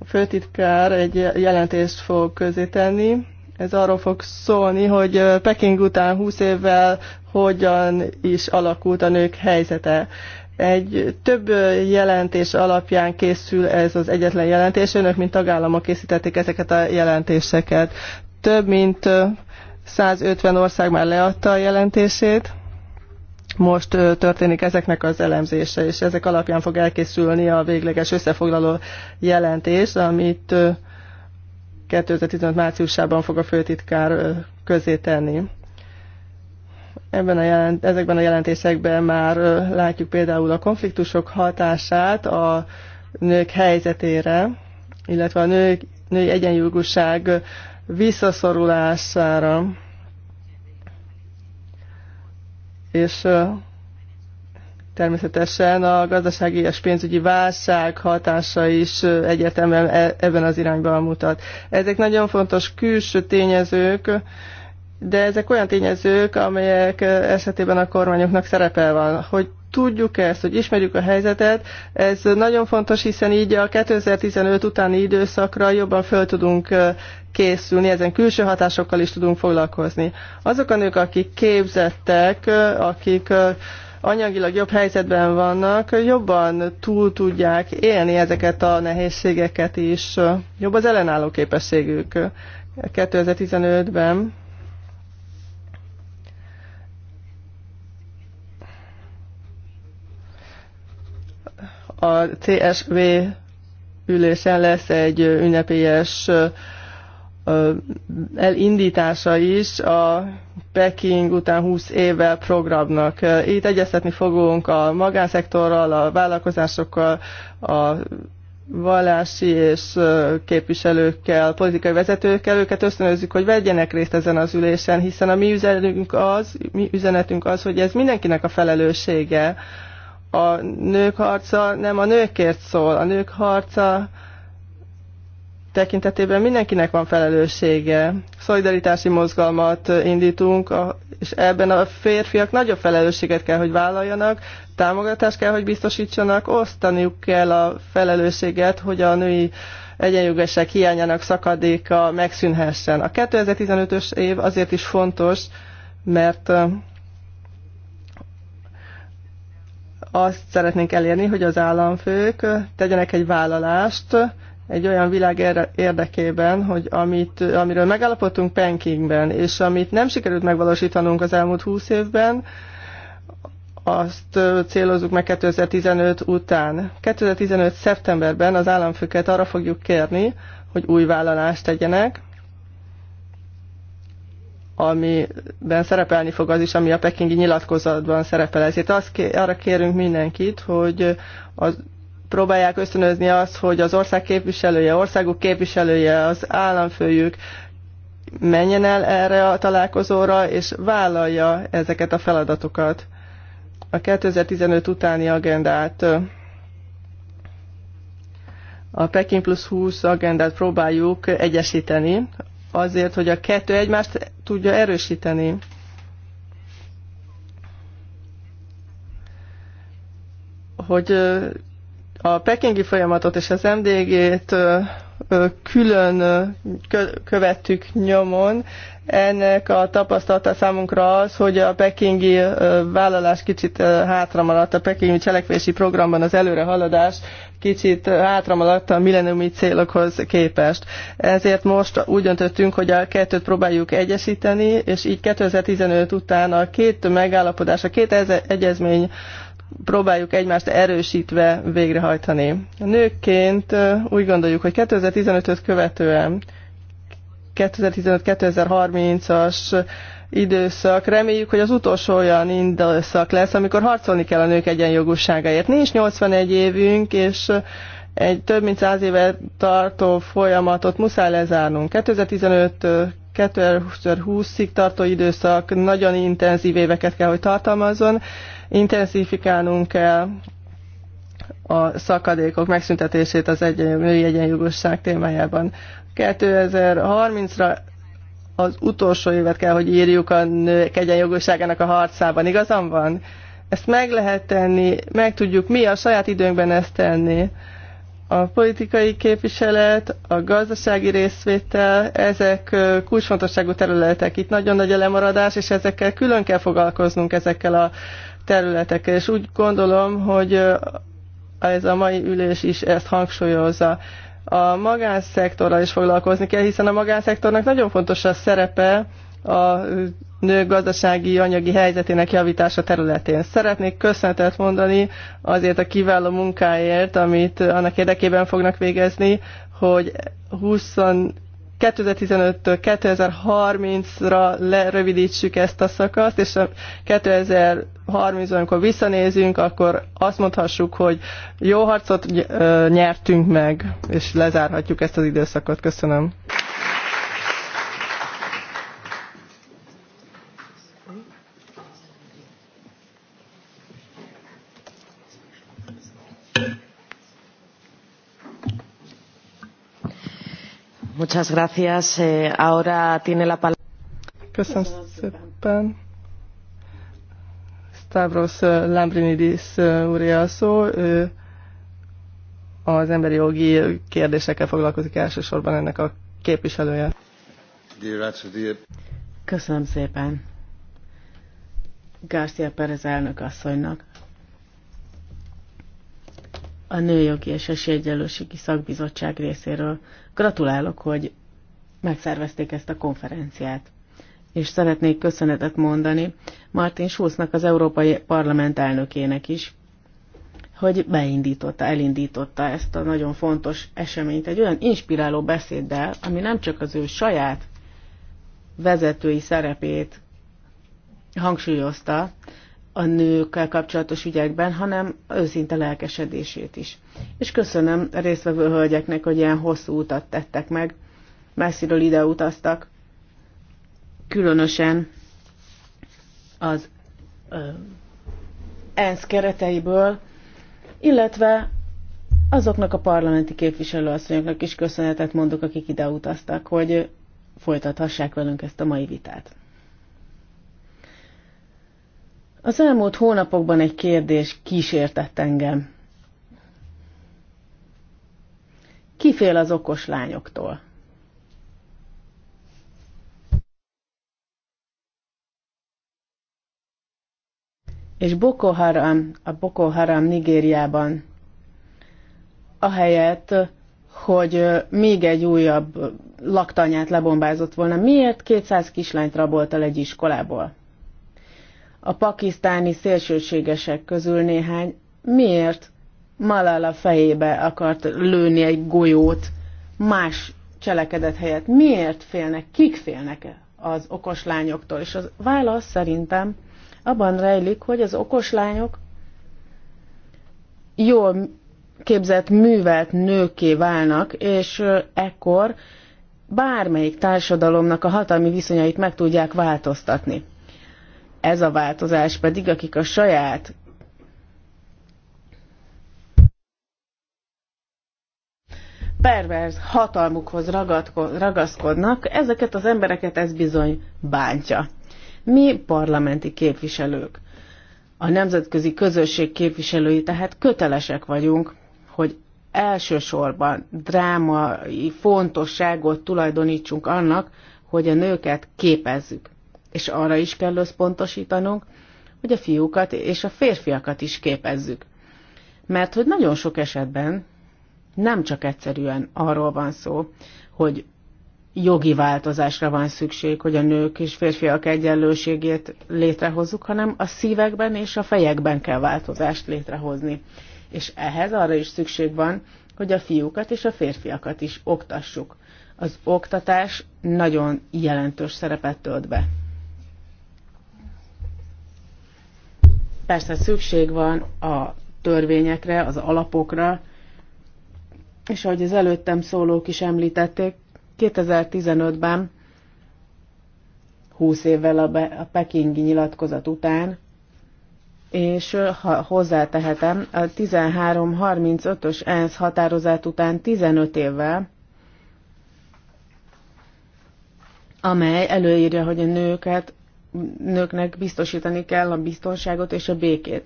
A főtitkár egy jelentést fog közé tenni ez arról fog szólni, hogy Peking után 20 évvel hogyan is alakult a nők helyzete. Egy több jelentés alapján készül ez az egyetlen jelentés. Önök, mint tagállamok készítették ezeket a jelentéseket. Több mint 150 ország már leadta a jelentését. Most történik ezeknek az elemzése, és ezek alapján fog elkészülni a végleges összefoglaló jelentés, amit 2015 márciusában fog a főtitkár közé tenni. Ebben a jelent, ezekben a jelentésekben már látjuk például a konfliktusok hatását a nők helyzetére, illetve a nők, női egyenjogúság visszaszorulására. És Természetesen a gazdasági és pénzügyi válság hatása is egyértelműen e, ebben az irányban mutat. Ezek nagyon fontos külső tényezők, de ezek olyan tényezők, amelyek esetében a kormányoknak szerepe van. Hogy tudjuk ezt, hogy ismerjük a helyzetet, ez nagyon fontos, hiszen így a 2015 utáni időszakra jobban föl tudunk készülni, ezen külső hatásokkal is tudunk foglalkozni. Azok a nők, akik képzettek, akik anyagilag jobb helyzetben vannak, jobban túl tudják élni ezeket a nehézségeket is. Jobb az ellenálló képességük 2015-ben. A CSV ülésen lesz egy ünnepélyes elindítása is a Peking után 20 évvel programnak. Itt egyeztetni fogunk a magánszektorral, a vállalkozásokkal, a vallási és képviselőkkel, politikai vezetőkkel, őket ösztönözzük, hogy vegyenek részt ezen az ülésen, hiszen a mi üzenetünk az, mi üzenetünk az hogy ez mindenkinek a felelőssége. A nők harca nem a nőkért szól, a nők harca tekintetében mindenkinek van felelőssége. Szolidaritási mozgalmat indítunk, és ebben a férfiak nagyobb felelősséget kell, hogy vállaljanak, támogatást kell, hogy biztosítsanak, osztaniuk kell a felelősséget, hogy a női egyenjogesek hiányának szakadéka megszűnhessen. A 2015-ös év azért is fontos, mert azt szeretnénk elérni, hogy az államfők tegyenek egy vállalást, egy olyan világ érdekében, hogy amit, amiről megállapodtunk Pekingben, és amit nem sikerült megvalósítanunk az elmúlt húsz évben, azt célozzuk meg 2015 után. 2015. szeptemberben az államfőket arra fogjuk kérni, hogy új vállalást tegyenek, amiben szerepelni fog az is, ami a pekingi nyilatkozatban szerepel. Ezért azt ké, arra kérünk mindenkit, hogy az próbálják ösztönözni azt, hogy az ország képviselője, országuk képviselője, az államfőjük menjen el erre a találkozóra, és vállalja ezeket a feladatokat. A 2015 utáni agendát, a Peking plusz 20 agendát próbáljuk egyesíteni, azért, hogy a kettő egymást tudja erősíteni. Hogy a pekingi folyamatot és az MDG-t külön követtük nyomon. Ennek a tapasztalata számunkra az, hogy a pekingi vállalás kicsit hátra maradt, a pekingi cselekvési programban az előrehaladás kicsit hátra maradt a millenniumi célokhoz képest. Ezért most úgy döntöttünk, hogy a kettőt próbáljuk egyesíteni, és így 2015 után a két megállapodás, a két egyezmény próbáljuk egymást erősítve végrehajtani. A nőkként úgy gondoljuk, hogy 2015-öt követően 2015-2030-as időszak. Reméljük, hogy az utolsó olyan időszak lesz, amikor harcolni kell a nők egyenjogúságáért. Nincs 81 évünk, és egy több mint 100 éve tartó folyamatot muszáj lezárnunk. 2015 2020-ig tartó időszak nagyon intenzív éveket kell, hogy tartalmazzon, intenzifikálnunk kell a szakadékok megszüntetését az egyen, női egyenjogosság témájában. 2030-ra az utolsó évet kell, hogy írjuk a nők egyenjogosságának a harcában. Igazam van? Ezt meg lehet tenni, meg tudjuk mi a saját időnkben ezt tenni. A politikai képviselet, a gazdasági részvétel, ezek kulcsfontosságú területek. Itt nagyon nagy a lemaradás, és ezekkel külön kell foglalkoznunk, ezekkel a területekre, és úgy gondolom, hogy ez a mai ülés is ezt hangsúlyozza. A magánszektorral is foglalkozni kell, hiszen a magánszektornak nagyon fontos a szerepe a nők gazdasági, anyagi helyzetének javítása területén. Szeretnék köszönetet mondani azért a kiváló munkáért, amit annak érdekében fognak végezni, hogy 20 2015-től 2030-ra lerövidítsük ezt a szakaszt, és 2030-ban, amikor visszanézünk, akkor azt mondhassuk, hogy jó harcot nyertünk meg, és lezárhatjuk ezt az időszakot. Köszönöm. Muchas gracias. Eh, ahora tiene la palabra. Köszönöm szépen. Stavros eh, Lambrinidis eh, úrja a szó. Ő az emberi jogi kérdésekkel foglalkozik elsősorban ennek a képviselője. Köszönöm szépen. Garcia Perez elnök asszonynak, a Nőjogi és Esélyegyelőségi Szakbizottság részéről Gratulálok, hogy megszervezték ezt a konferenciát. És szeretnék köszönetet mondani Martin Schulznak, az Európai Parlament elnökének is, hogy beindította, elindította ezt a nagyon fontos eseményt egy olyan inspiráló beszéddel, ami nem csak az ő saját vezetői szerepét hangsúlyozta, a nőkkel kapcsolatos ügyekben, hanem őszinte lelkesedését is. És köszönöm a résztvevő hölgyeknek, hogy ilyen hosszú utat tettek meg, messziről ide utaztak, különösen az ö, ENSZ kereteiből, illetve azoknak a parlamenti képviselőasszonyoknak is köszönetet mondok, akik ide utaztak, hogy folytathassák velünk ezt a mai vitát. Az elmúlt hónapokban egy kérdés kísértett engem. Ki fél az okos lányoktól? És Boko Haram, a Boko Haram Nigériában, ahelyett, hogy még egy újabb laktanyát lebombázott volna, miért 200 kislányt rabolt el egy iskolából? a pakisztáni szélsőségesek közül néhány miért Malala fejébe akart lőni egy golyót más cselekedet helyett? Miért félnek, kik félnek -e az okos lányoktól? És az válasz szerintem abban rejlik, hogy az okos lányok jól képzett, művelt nőké válnak, és ekkor bármelyik társadalomnak a hatalmi viszonyait meg tudják változtatni. Ez a változás pedig, akik a saját perverz hatalmukhoz ragaszkodnak, ezeket az embereket ez bizony bántja. Mi parlamenti képviselők, a nemzetközi közösség képviselői tehát kötelesek vagyunk, hogy elsősorban drámai fontosságot tulajdonítsunk annak, hogy a nőket képezzük és arra is kell összpontosítanunk, hogy a fiúkat és a férfiakat is képezzük. Mert hogy nagyon sok esetben nem csak egyszerűen arról van szó, hogy jogi változásra van szükség, hogy a nők és férfiak egyenlőségét létrehozzuk, hanem a szívekben és a fejekben kell változást létrehozni. És ehhez arra is szükség van, hogy a fiúkat és a férfiakat is oktassuk. Az oktatás nagyon jelentős szerepet tölt be. Persze szükség van a törvényekre, az alapokra, és ahogy az előttem szólók is említették, 2015-ben, 20 évvel a, Be- a pekingi nyilatkozat után, és ha hozzátehetem, a 1335-ös ENSZ határozat után 15 évvel, amely előírja, hogy a nőket nőknek biztosítani kell a biztonságot és a békét.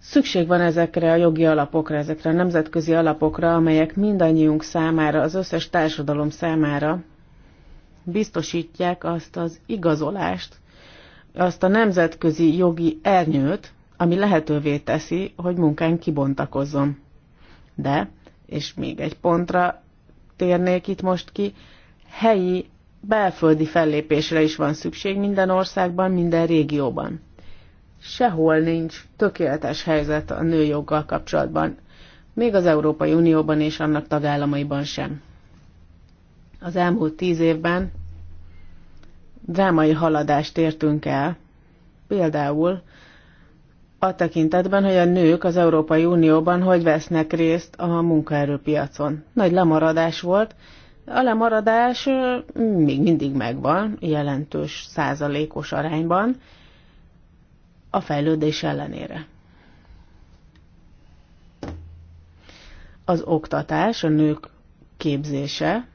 Szükség van ezekre a jogi alapokra, ezekre a nemzetközi alapokra, amelyek mindannyiunk számára, az összes társadalom számára biztosítják azt az igazolást, azt a nemzetközi jogi ernyőt, ami lehetővé teszi, hogy munkán kibontakozzon. De, és még egy pontra térnék itt most ki, helyi belföldi fellépésre is van szükség minden országban, minden régióban. Sehol nincs tökéletes helyzet a nőjoggal kapcsolatban, még az Európai Unióban és annak tagállamaiban sem. Az elmúlt tíz évben drámai haladást értünk el, például a tekintetben, hogy a nők az Európai Unióban hogy vesznek részt a munkaerőpiacon. Nagy lemaradás volt, a lemaradás még mindig megvan, jelentős százalékos arányban a fejlődés ellenére. Az oktatás, a nők képzése,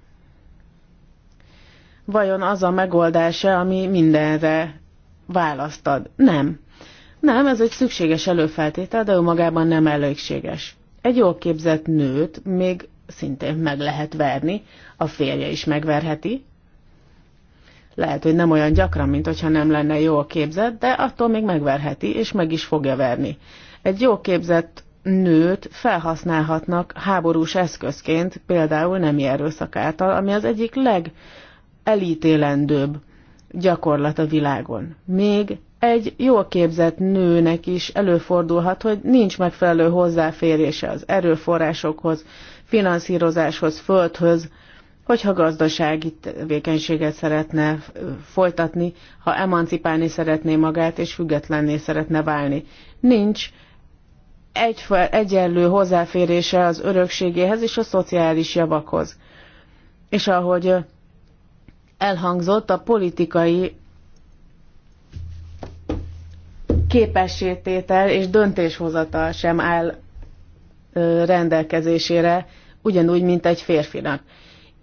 vajon az a megoldása, ami mindenre választ ad? Nem. Nem, ez egy szükséges előfeltétel, de önmagában nem elégséges. Egy jól képzett nőt még szintén meg lehet verni, a férje is megverheti. Lehet, hogy nem olyan gyakran, mint hogyha nem lenne a képzett, de attól még megverheti, és meg is fogja verni. Egy jó képzett nőt felhasználhatnak háborús eszközként, például nem erőszak által, ami az egyik legelítélendőbb gyakorlat a világon. Még egy jól képzett nőnek is előfordulhat, hogy nincs megfelelő hozzáférése az erőforrásokhoz, finanszírozáshoz, földhöz, hogyha gazdasági tevékenységet szeretne folytatni, ha emancipálni szeretné magát és függetlenné szeretne válni. Nincs egy, egyenlő hozzáférése az örökségéhez és a szociális javakhoz. És ahogy elhangzott, a politikai képessététel és döntéshozatal sem áll rendelkezésére, ugyanúgy, mint egy férfinak.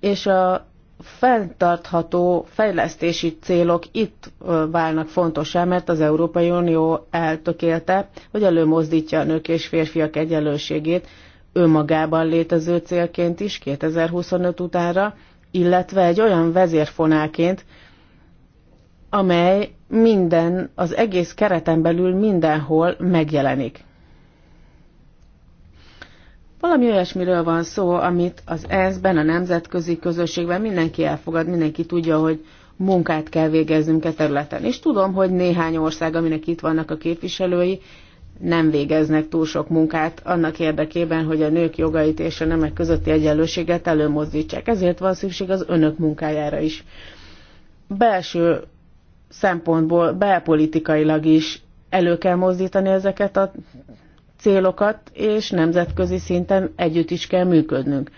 És a fenntartható fejlesztési célok itt válnak fontosá, mert az Európai Unió eltökélte, hogy előmozdítja a nők és férfiak egyenlőségét önmagában létező célként is 2025 utánra, illetve egy olyan vezérfonálként, amely minden, az egész kereten belül mindenhol megjelenik. Valami olyasmiről van szó, amit az ENSZ-ben, a nemzetközi közösségben mindenki elfogad, mindenki tudja, hogy munkát kell végeznünk e területen. És tudom, hogy néhány ország, aminek itt vannak a képviselői, nem végeznek túl sok munkát annak érdekében, hogy a nők jogait és a nemek közötti egyenlőséget előmozdítsák. Ezért van szükség az önök munkájára is. Belső szempontból, belpolitikailag is elő kell mozdítani ezeket a célokat, és nemzetközi szinten együtt is kell működnünk.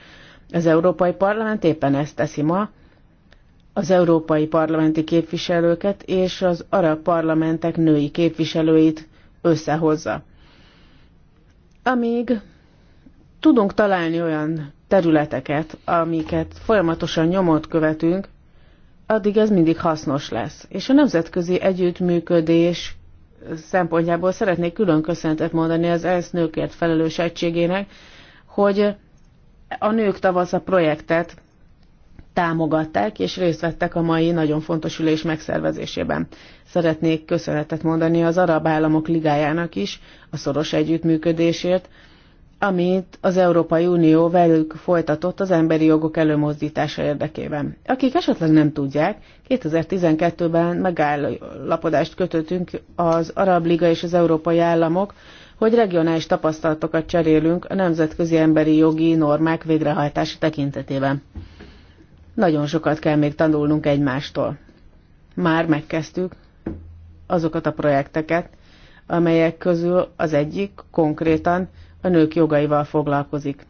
Az Európai Parlament éppen ezt teszi ma, az európai parlamenti képviselőket és az arab parlamentek női képviselőit összehozza. Amíg tudunk találni olyan területeket, amiket folyamatosan nyomot követünk, addig ez mindig hasznos lesz. És a nemzetközi együttműködés szempontjából szeretnék külön köszönetet mondani az ENSZ nőkért felelős egységének, hogy a Nők a projektet támogatták és részt vettek a mai nagyon fontos ülés megszervezésében. Szeretnék köszönetet mondani az Arab Államok Ligájának is a szoros együttműködésért, amit az Európai Unió velük folytatott az emberi jogok előmozdítása érdekében. Akik esetleg nem tudják, 2012-ben megállapodást kötöttünk az Arab Liga és az Európai Államok, hogy regionális tapasztalatokat cserélünk a nemzetközi emberi jogi normák végrehajtása tekintetében. Nagyon sokat kell még tanulnunk egymástól. Már megkezdtük azokat a projekteket, amelyek közül az egyik konkrétan a nők jogaival foglalkozik.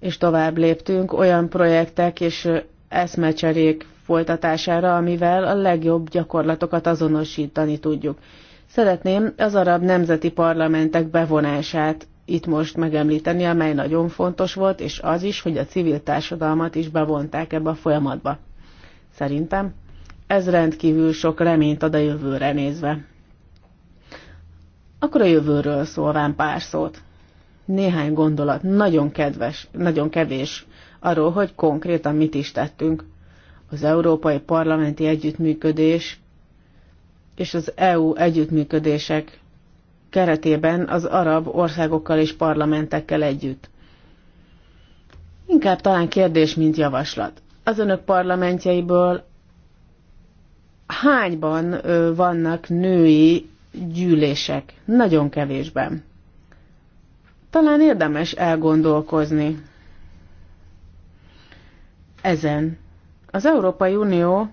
És tovább léptünk olyan projektek és eszmecserék folytatására, amivel a legjobb gyakorlatokat azonosítani tudjuk. Szeretném az arab nemzeti parlamentek bevonását itt most megemlíteni, amely nagyon fontos volt, és az is, hogy a civil társadalmat is bevonták ebbe a folyamatba. Szerintem ez rendkívül sok reményt ad a jövőre nézve. Akkor a jövőről szólván pár szót. Néhány gondolat, nagyon kedves, nagyon kevés arról, hogy konkrétan mit is tettünk. Az Európai Parlamenti Együttműködés és az EU együttműködések keretében az arab országokkal és parlamentekkel együtt. Inkább talán kérdés, mint javaslat. Az önök parlamentjeiből hányban vannak női gyűlések. Nagyon kevésben. Talán érdemes elgondolkozni ezen. Az Európai Unió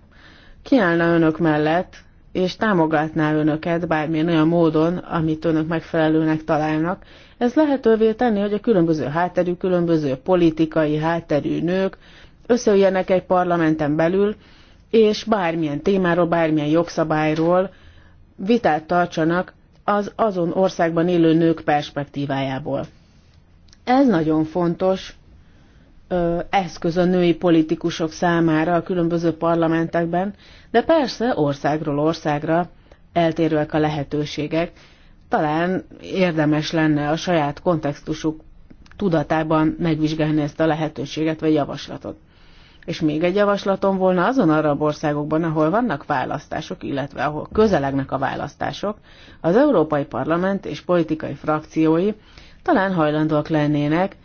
kiállna önök mellett, és támogatná önöket bármilyen olyan módon, amit önök megfelelőnek találnak. Ez lehetővé tenni, hogy a különböző hátterű, különböző politikai hátterű nők összeüljenek egy parlamenten belül, és bármilyen témáról, bármilyen jogszabályról, vitát tartsanak az azon országban élő nők perspektívájából. Ez nagyon fontos ö, eszköz a női politikusok számára a különböző parlamentekben, de persze országról országra eltérőek a lehetőségek. Talán érdemes lenne a saját kontextusuk tudatában megvizsgálni ezt a lehetőséget vagy javaslatot. És még egy javaslatom volna azon arab országokban, ahol vannak választások, illetve ahol közelegnek a választások, az Európai Parlament és politikai frakciói talán hajlandóak lennének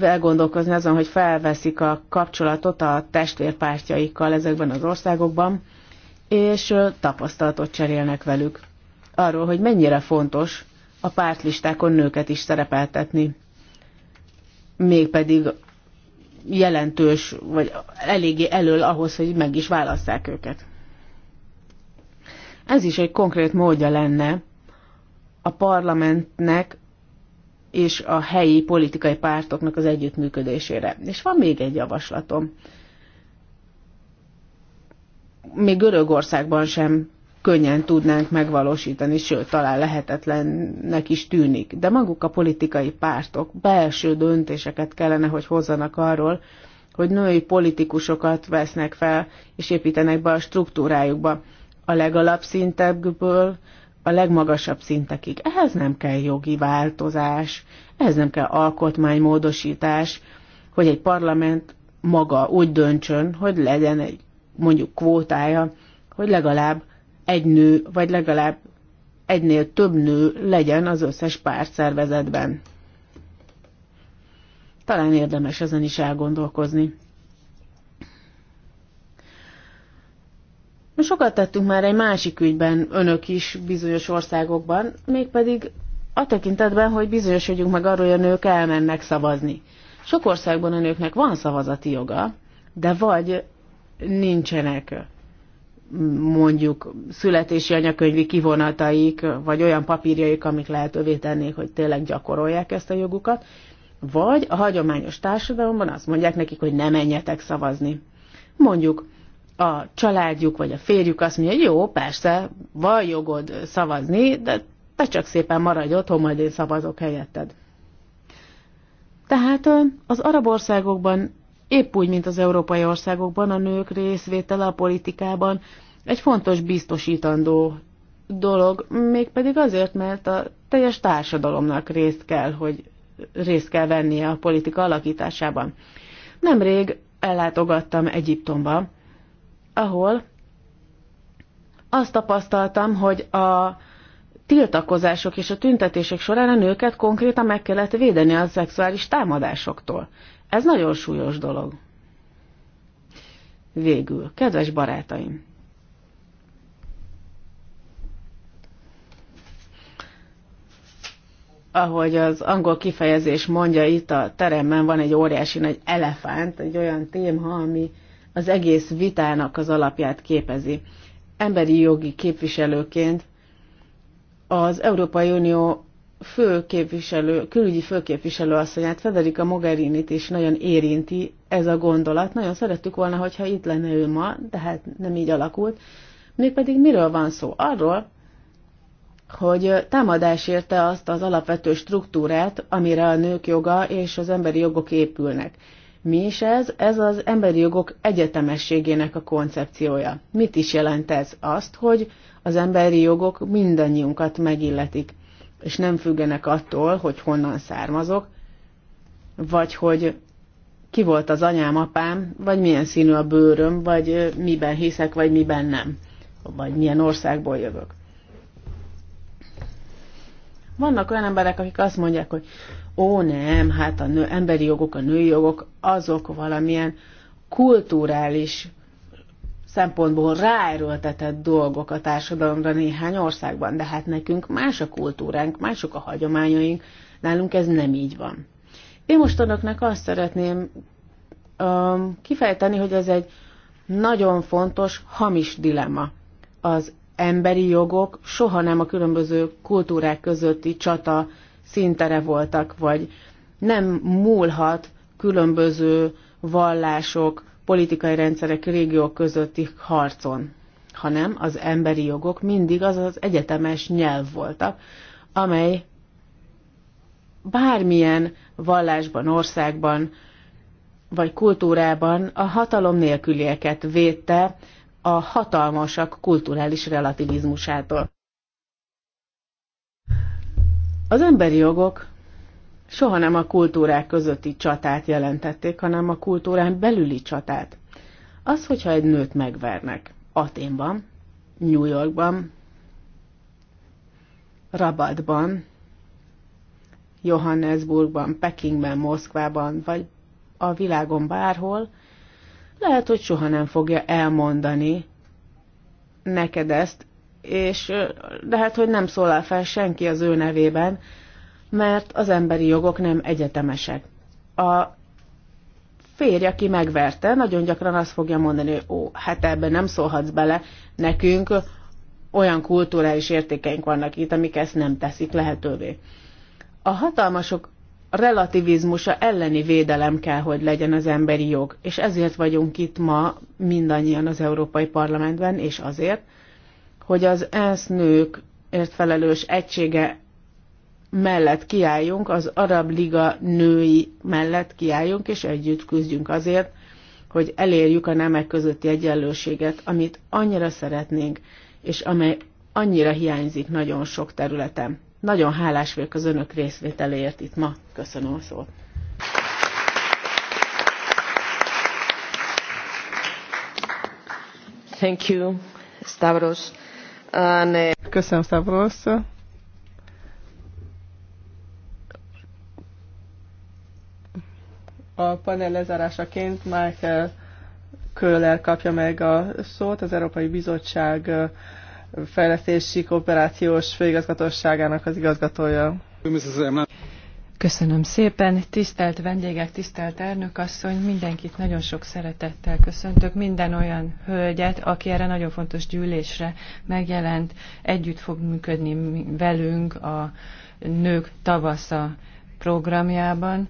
elgondolkozni azon, hogy felveszik a kapcsolatot a testvérpártjaikkal ezekben az országokban, és tapasztalatot cserélnek velük arról, hogy mennyire fontos a pártlistákon nőket is szerepeltetni. Mégpedig jelentős, vagy eléggé elől ahhoz, hogy meg is válasszák őket. Ez is egy konkrét módja lenne a parlamentnek és a helyi politikai pártoknak az együttműködésére. És van még egy javaslatom. Még Görögországban sem könnyen tudnánk megvalósítani, sőt, talán lehetetlennek is tűnik. De maguk a politikai pártok belső döntéseket kellene, hogy hozzanak arról, hogy női politikusokat vesznek fel, és építenek be a struktúrájukba a legalapszintebből a legmagasabb szintekig. Ehhez nem kell jogi változás, ehhez nem kell alkotmánymódosítás, hogy egy parlament maga úgy döntsön, hogy legyen egy mondjuk kvótája, hogy legalább egy nő, vagy legalább egynél több nő legyen az összes pártszervezetben. Talán érdemes ezen is elgondolkozni. Sokat tettünk már egy másik ügyben, önök is bizonyos országokban, mégpedig a tekintetben, hogy bizonyosodjunk meg arról, hogy a nők elmennek szavazni. Sok országban a nőknek van szavazati joga, de vagy nincsenek mondjuk születési anyakönyvi kivonataik, vagy olyan papírjaik, amik lehetővé tennék, hogy tényleg gyakorolják ezt a jogukat, vagy a hagyományos társadalomban azt mondják nekik, hogy ne menjetek szavazni. Mondjuk a családjuk vagy a férjük azt mondja, hogy jó, persze, van jogod szavazni, de te csak szépen maradj otthon, majd én szavazok helyetted. Tehát az arab országokban, épp úgy, mint az európai országokban a nők részvétele a politikában egy fontos biztosítandó dolog, mégpedig azért, mert a teljes társadalomnak részt kell, hogy részt kell vennie a politika alakításában. Nemrég ellátogattam Egyiptomba, ahol azt tapasztaltam, hogy a tiltakozások és a tüntetések során a nőket konkrétan meg kellett védeni a szexuális támadásoktól. Ez nagyon súlyos dolog. Végül, kedves barátaim! ahogy az angol kifejezés mondja, itt a teremben van egy óriási nagy elefánt, egy olyan téma, ami az egész vitának az alapját képezi. Emberi jogi képviselőként az Európai Unió fő képviselő, külügyi főképviselő asszonyát, Federica mogherini is nagyon érinti ez a gondolat. Nagyon szerettük volna, hogyha itt lenne ő ma, de hát nem így alakult. Mégpedig miről van szó? Arról, hogy támadás érte azt az alapvető struktúrát, amire a nők joga és az emberi jogok épülnek. Mi is ez? Ez az emberi jogok egyetemességének a koncepciója. Mit is jelent ez? Azt, hogy az emberi jogok mindannyiunkat megilletik, és nem függenek attól, hogy honnan származok, vagy hogy ki volt az anyám, apám, vagy milyen színű a bőröm, vagy miben hiszek, vagy miben nem, vagy milyen országból jövök. Vannak olyan emberek, akik azt mondják, hogy ó nem, hát a nő, emberi jogok, a női jogok, azok valamilyen kulturális szempontból ráerőltetett dolgok a társadalomra néhány országban, de hát nekünk más a kultúránk, mások a hagyományaink, nálunk ez nem így van. Én most önöknek azt szeretném um, kifejteni, hogy ez egy nagyon fontos, hamis dilemma. Az emberi jogok soha nem a különböző kultúrák közötti csata szintere voltak, vagy nem múlhat különböző vallások, politikai rendszerek, régiók közötti harcon, hanem az emberi jogok mindig az az egyetemes nyelv voltak, amely bármilyen vallásban, országban vagy kultúrában a hatalom nélkülieket védte, a hatalmasak kulturális relativizmusától. Az emberi jogok soha nem a kultúrák közötti csatát jelentették, hanem a kultúrán belüli csatát. Az, hogyha egy nőt megvernek Aténban, New Yorkban, Rabatban, Johannesburgban, Pekingben, Moszkvában, vagy a világon bárhol, lehet, hogy soha nem fogja elmondani neked ezt, és lehet, hogy nem szólál fel senki az ő nevében, mert az emberi jogok nem egyetemesek. A férj, aki megverte, nagyon gyakran azt fogja mondani, hogy ó, hát ebben nem szólhatsz bele, nekünk olyan kulturális értékeink vannak itt, amik ezt nem teszik lehetővé. A hatalmasok relativizmusa elleni védelem kell, hogy legyen az emberi jog. És ezért vagyunk itt ma mindannyian az Európai Parlamentben, és azért, hogy az ENSZ nőkért felelős egysége mellett kiálljunk, az Arab Liga női mellett kiálljunk, és együtt küzdjünk azért, hogy elérjük a nemek közötti egyenlőséget, amit annyira szeretnénk, és amely annyira hiányzik nagyon sok területen. Nagyon hálás vagyok az önök részvételéért itt ma. Köszönöm a szót. Thank you, Stavros. And, uh, Köszönöm, Stavros. A panel lezárásaként Michael Köhler kapja meg a szót, az Európai Bizottság uh, fejlesztési kooperációs főigazgatóságának az igazgatója. Köszönöm szépen, tisztelt vendégek, tisztelt elnök asszony, mindenkit nagyon sok szeretettel köszöntök, minden olyan hölgyet, aki erre nagyon fontos gyűlésre megjelent, együtt fog működni velünk a Nők Tavasza programjában.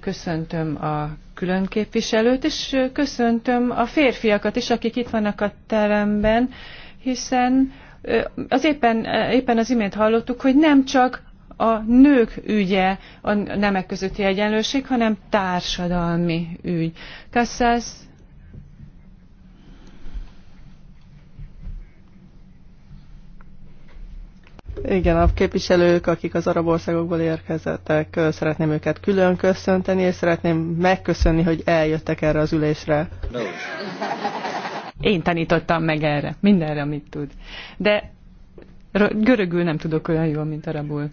Köszöntöm a külön képviselőt, és köszöntöm a férfiakat is, akik itt vannak a teremben hiszen az éppen, éppen az imént hallottuk, hogy nem csak a nők ügye a nemek közötti egyenlőség, hanem társadalmi ügy. Kasszász Igen, a képviselők, akik az arab országokból érkezettek, szeretném őket külön köszönteni, és szeretném megköszönni, hogy eljöttek erre az ülésre. No. Én tanítottam meg erre, mindenre, amit tud. De görögül nem tudok olyan jól, mint arabul.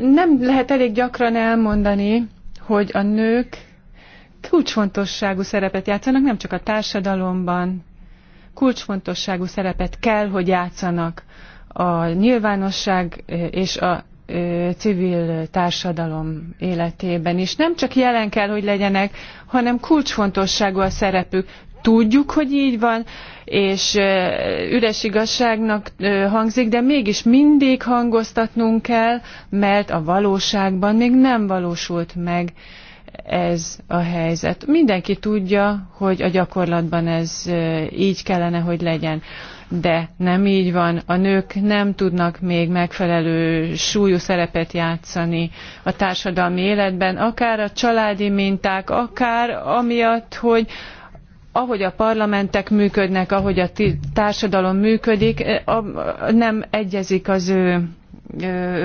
Nem lehet elég gyakran elmondani, hogy a nők kulcsfontosságú szerepet játszanak, nem csak a társadalomban, kulcsfontosságú szerepet kell, hogy játszanak a nyilvánosság és a civil társadalom életében is. Nem csak jelen kell, hogy legyenek, hanem kulcsfontosságú a szerepük. Tudjuk, hogy így van, és üres igazságnak hangzik, de mégis mindig hangoztatnunk kell, mert a valóságban még nem valósult meg ez a helyzet. Mindenki tudja, hogy a gyakorlatban ez így kellene, hogy legyen de nem így van. A nők nem tudnak még megfelelő súlyú szerepet játszani a társadalmi életben, akár a családi minták, akár amiatt, hogy ahogy a parlamentek működnek, ahogy a társadalom működik, eh, nem egyezik az ő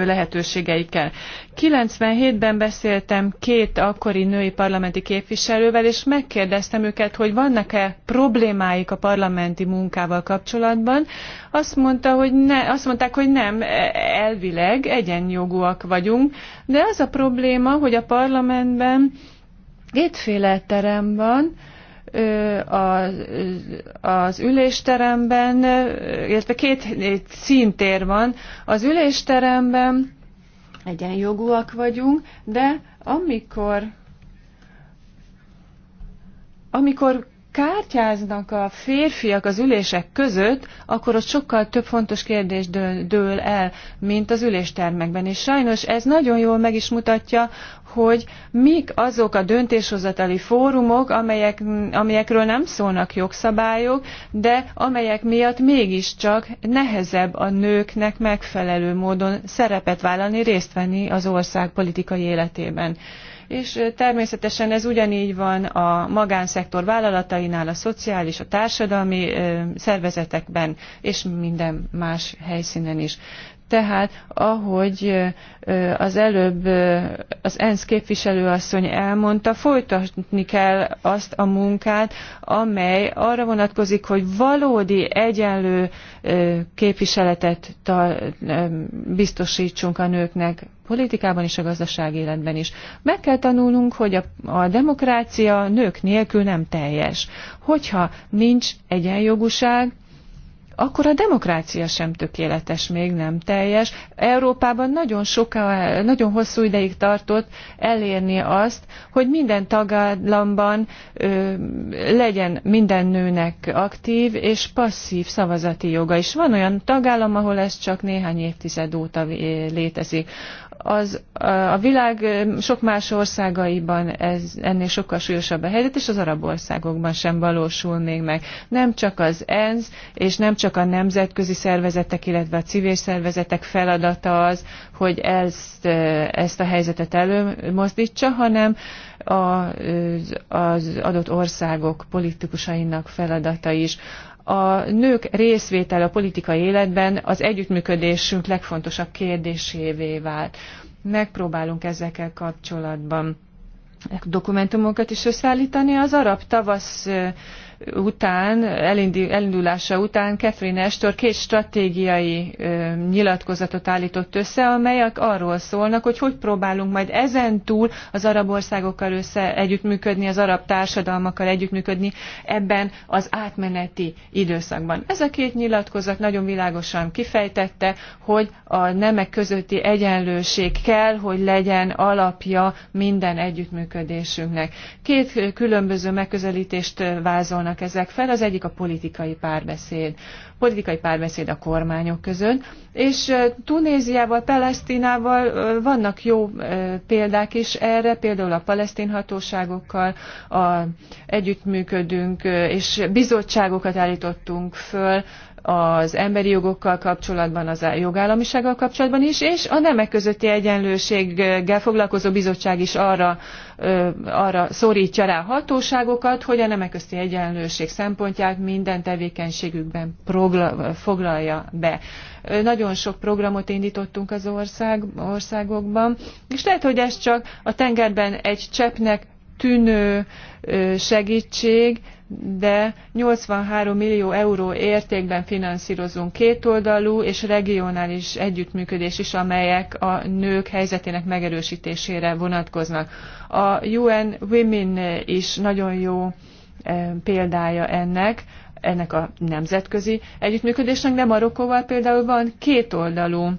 lehetőségeikkel. 97-ben beszéltem két akkori női parlamenti képviselővel, és megkérdeztem őket, hogy vannak-e problémáik a parlamenti munkával kapcsolatban. Azt, mondta, hogy ne, azt mondták, hogy nem, e, elvileg egyenjogúak vagyunk, de az a probléma, hogy a parlamentben kétféle terem van, az ülésteremben, illetve két szintér van, az ülésteremben egyenjogúak vagyunk, de amikor amikor kártyáznak a férfiak az ülések között, akkor ott sokkal több fontos kérdés dől, dől el, mint az üléstermekben. És sajnos ez nagyon jól meg is mutatja, hogy mik azok a döntéshozatali fórumok, amelyek, amelyekről nem szólnak jogszabályok, de amelyek miatt mégiscsak nehezebb a nőknek megfelelő módon szerepet vállalni, részt venni az ország politikai életében és természetesen ez ugyanígy van a magánszektor vállalatainál, a szociális, a társadalmi szervezetekben és minden más helyszínen is. Tehát, ahogy az előbb az ENSZ képviselőasszony elmondta, folytatni kell azt a munkát, amely arra vonatkozik, hogy valódi egyenlő képviseletet biztosítsunk a nőknek politikában és a gazdaság életben is. Meg kell tanulnunk, hogy a, a demokrácia nők nélkül nem teljes. Hogyha nincs egyenjogúság, akkor a demokrácia sem tökéletes, még nem teljes. Európában nagyon, soká, nagyon hosszú ideig tartott elérni azt, hogy minden tagállamban ö, legyen minden nőnek aktív és passzív szavazati joga. És van olyan tagállam, ahol ez csak néhány évtized óta létezik az, a világ sok más országaiban ez, ennél sokkal súlyosabb a helyzet, és az arab országokban sem valósul még meg. Nem csak az ENSZ, és nem csak a nemzetközi szervezetek, illetve a civil szervezetek feladata az, hogy ezt, ezt a helyzetet előmozdítsa, hanem az, az adott országok politikusainak feladata is a nők részvétele a politikai életben az együttműködésünk legfontosabb kérdésévé vált. Megpróbálunk ezekkel kapcsolatban dokumentumokat is összeállítani. Az arab tavasz után, elindulása után Catherine Ashton két stratégiai nyilatkozatot állított össze, amelyek arról szólnak, hogy hogy próbálunk majd ezen túl az arab országokkal össze együttműködni, az arab társadalmakkal együttműködni ebben az átmeneti időszakban. Ez a két nyilatkozat nagyon világosan kifejtette, hogy a nemek közötti egyenlőség kell, hogy legyen alapja minden együttműködésünknek. Két különböző megközelítést vázolnak állnak ezek fel. Az egyik a politikai párbeszéd. Politikai párbeszéd a kormányok között. És Tunéziával, Palesztinával vannak jó példák is erre, például a palesztin hatóságokkal a, együttműködünk, és bizottságokat állítottunk föl, az emberi jogokkal kapcsolatban, az jogállamisággal kapcsolatban is, és a nemek közötti egyenlőséggel foglalkozó bizottság is arra, arra szorítja rá hatóságokat, hogy a nemek közötti egyenlőség szempontját minden tevékenységükben foglalja be. Nagyon sok programot indítottunk az ország, országokban, és lehet, hogy ez csak a tengerben egy cseppnek tűnő segítség, de 83 millió euró értékben finanszírozunk kétoldalú és regionális együttműködés is, amelyek a nők helyzetének megerősítésére vonatkoznak. A UN Women is nagyon jó példája ennek, ennek a nemzetközi együttműködésnek, de Marokkóval például van kétoldalú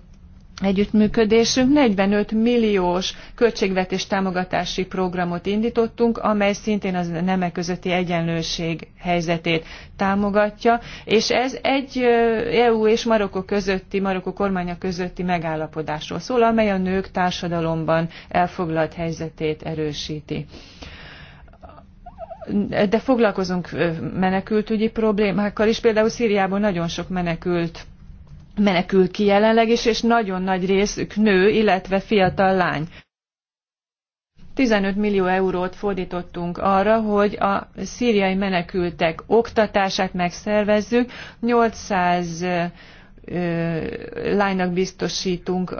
együttműködésünk 45 milliós költségvetés támogatási programot indítottunk, amely szintén az nemek közötti egyenlőség helyzetét támogatja, és ez egy EU és Marokko közötti, Marokko kormánya közötti megállapodásról szól, amely a nők társadalomban elfoglalt helyzetét erősíti de foglalkozunk menekültügyi problémákkal is. Például Szíriában nagyon sok menekült menekül ki jelenleg is, és nagyon nagy részük nő, illetve fiatal lány. 15 millió eurót fordítottunk arra, hogy a szíriai menekültek oktatását megszervezzük, 800 lánynak biztosítunk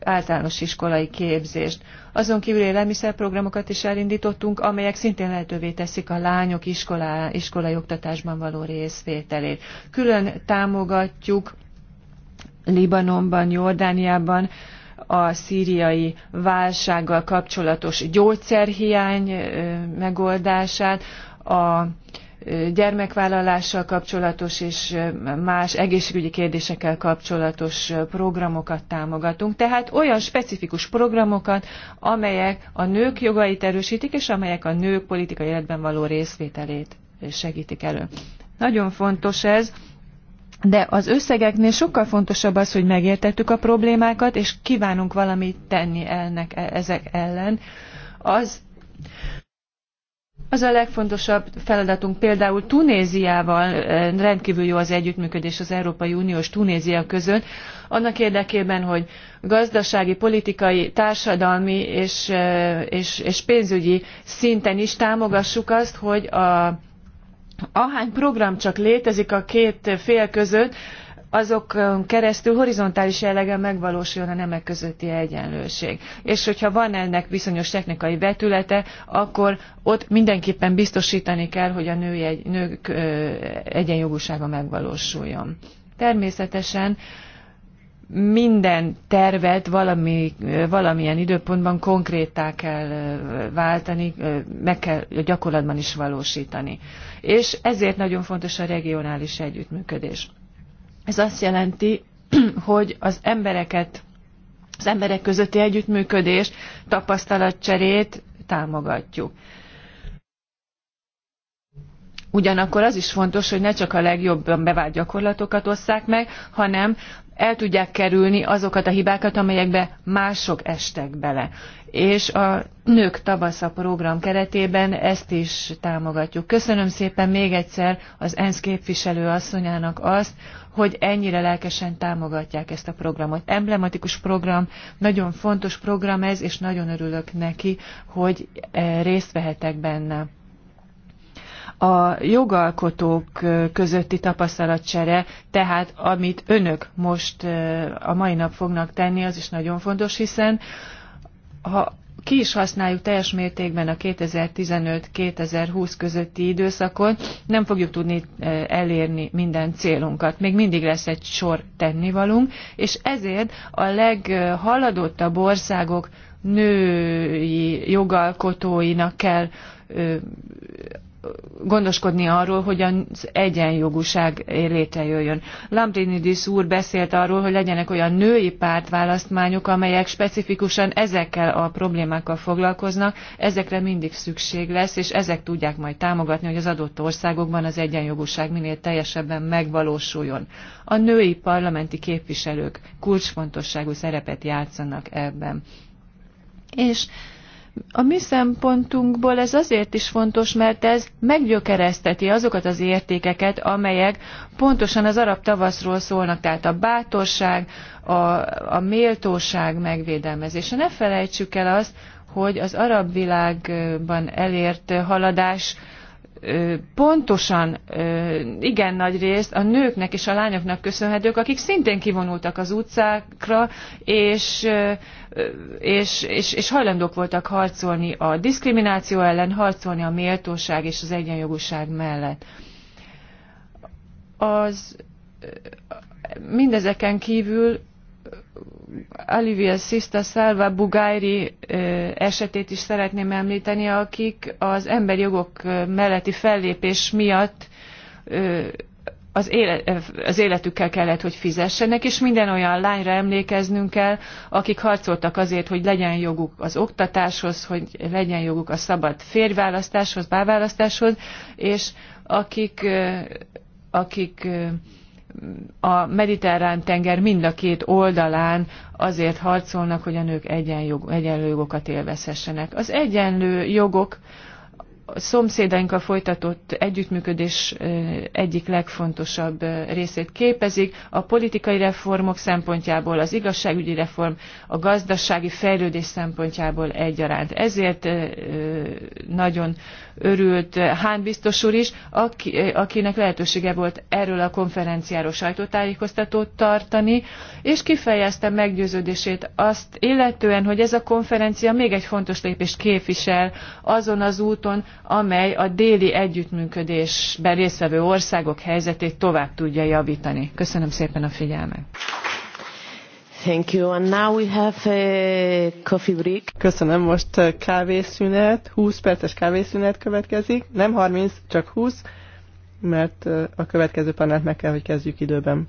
általános iskolai képzést. Azon kívül élelmiszerprogramokat is elindítottunk, amelyek szintén lehetővé teszik a lányok iskolá, iskolai oktatásban való részvételét. Külön támogatjuk Libanonban, Jordániában a szíriai válsággal kapcsolatos gyógyszerhiány megoldását, a gyermekvállalással kapcsolatos és más egészségügyi kérdésekkel kapcsolatos programokat támogatunk. Tehát olyan specifikus programokat, amelyek a nők jogait erősítik, és amelyek a nők politikai életben való részvételét segítik elő. Nagyon fontos ez, de az összegeknél sokkal fontosabb az, hogy megértettük a problémákat, és kívánunk valamit tenni ennek, e, ezek ellen. Az, az a legfontosabb feladatunk például Tunéziával e, rendkívül jó az együttműködés az Európai Unió és Tunézia között, annak érdekében, hogy gazdasági, politikai, társadalmi és, e, és, és pénzügyi szinten is támogassuk azt, hogy a ahány program csak létezik a két fél között, azok keresztül horizontális jellegen megvalósuljon a nemek közötti egyenlőség. És hogyha van ennek bizonyos technikai vetülete, akkor ott mindenképpen biztosítani kell, hogy a női, nők egyenjogúsága megvalósuljon. Természetesen minden tervet valami, valamilyen időpontban konkrétá kell váltani, meg kell gyakorlatban is valósítani. És ezért nagyon fontos a regionális együttműködés. Ez azt jelenti, hogy az embereket, az emberek közötti együttműködést, tapasztalatcserét támogatjuk. Ugyanakkor az is fontos, hogy ne csak a legjobban bevált gyakorlatokat osszák meg, hanem el tudják kerülni azokat a hibákat, amelyekbe mások estek bele. És a Nők Tavasza program keretében ezt is támogatjuk. Köszönöm szépen még egyszer az ENSZ képviselő asszonyának azt, hogy ennyire lelkesen támogatják ezt a programot. Emblematikus program, nagyon fontos program ez, és nagyon örülök neki, hogy eh, részt vehetek benne a jogalkotók közötti tapasztalatcsere, tehát amit önök most a mai nap fognak tenni, az is nagyon fontos, hiszen ha ki is használjuk teljes mértékben a 2015-2020 közötti időszakon, nem fogjuk tudni elérni minden célunkat. Még mindig lesz egy sor tennivalunk, és ezért a leghaladottabb országok női jogalkotóinak kell gondoskodni arról, hogy az egyenjogúság létrejöjjön. Lambrinidis úr beszélt arról, hogy legyenek olyan női pártválasztmányok, amelyek specifikusan ezekkel a problémákkal foglalkoznak, ezekre mindig szükség lesz, és ezek tudják majd támogatni, hogy az adott országokban az egyenjogúság minél teljesebben megvalósuljon. A női parlamenti képviselők kulcsfontosságú szerepet játszanak ebben. És a mi szempontunkból ez azért is fontos, mert ez meggyökerezteti azokat az értékeket, amelyek pontosan az arab tavaszról szólnak, tehát a bátorság, a, a méltóság megvédelmezése. Ne felejtsük el azt, hogy az arab világban elért haladás pontosan igen nagy részt a nőknek és a lányoknak köszönhetők, akik szintén kivonultak az utcákra, és, és, és, és hajlandók voltak harcolni a diszkrimináció ellen, harcolni a méltóság és az egyenjogúság mellett. Az mindezeken kívül Alivia Sista Salva Bugairi esetét is szeretném említeni, akik az emberi jogok melletti fellépés miatt az, élet, az életükkel kellett, hogy fizessenek, és minden olyan lányra emlékeznünk kell, akik harcoltak azért, hogy legyen joguk az oktatáshoz, hogy legyen joguk a szabad férjválasztáshoz, bárválasztáshoz, és akik, akik a mediterrán tenger mind a két oldalán azért harcolnak, hogy a nők egyenjog, egyenlő jogokat élvezhessenek. Az egyenlő jogok szomszédainkkal folytatott együttműködés egyik legfontosabb részét képezik. A politikai reformok szempontjából, az igazságügyi reform, a gazdasági fejlődés szempontjából egyaránt. Ezért nagyon örült Hán biztos úr is, akinek lehetősége volt erről a konferenciáról sajtótájékoztatót tartani, és kifejezte meggyőződését azt illetően, hogy ez a konferencia még egy fontos lépést képvisel azon az úton, amely a déli együttműködésben résztvevő országok helyzetét tovább tudja javítani. Köszönöm szépen a figyelmet. Thank you. And now we have a uh, coffee break. Köszönöm, most uh, kávészünet, 20 perces kávészünet következik, nem 30, csak 20, mert uh, a következő panelt meg kell, hogy kezdjük időben.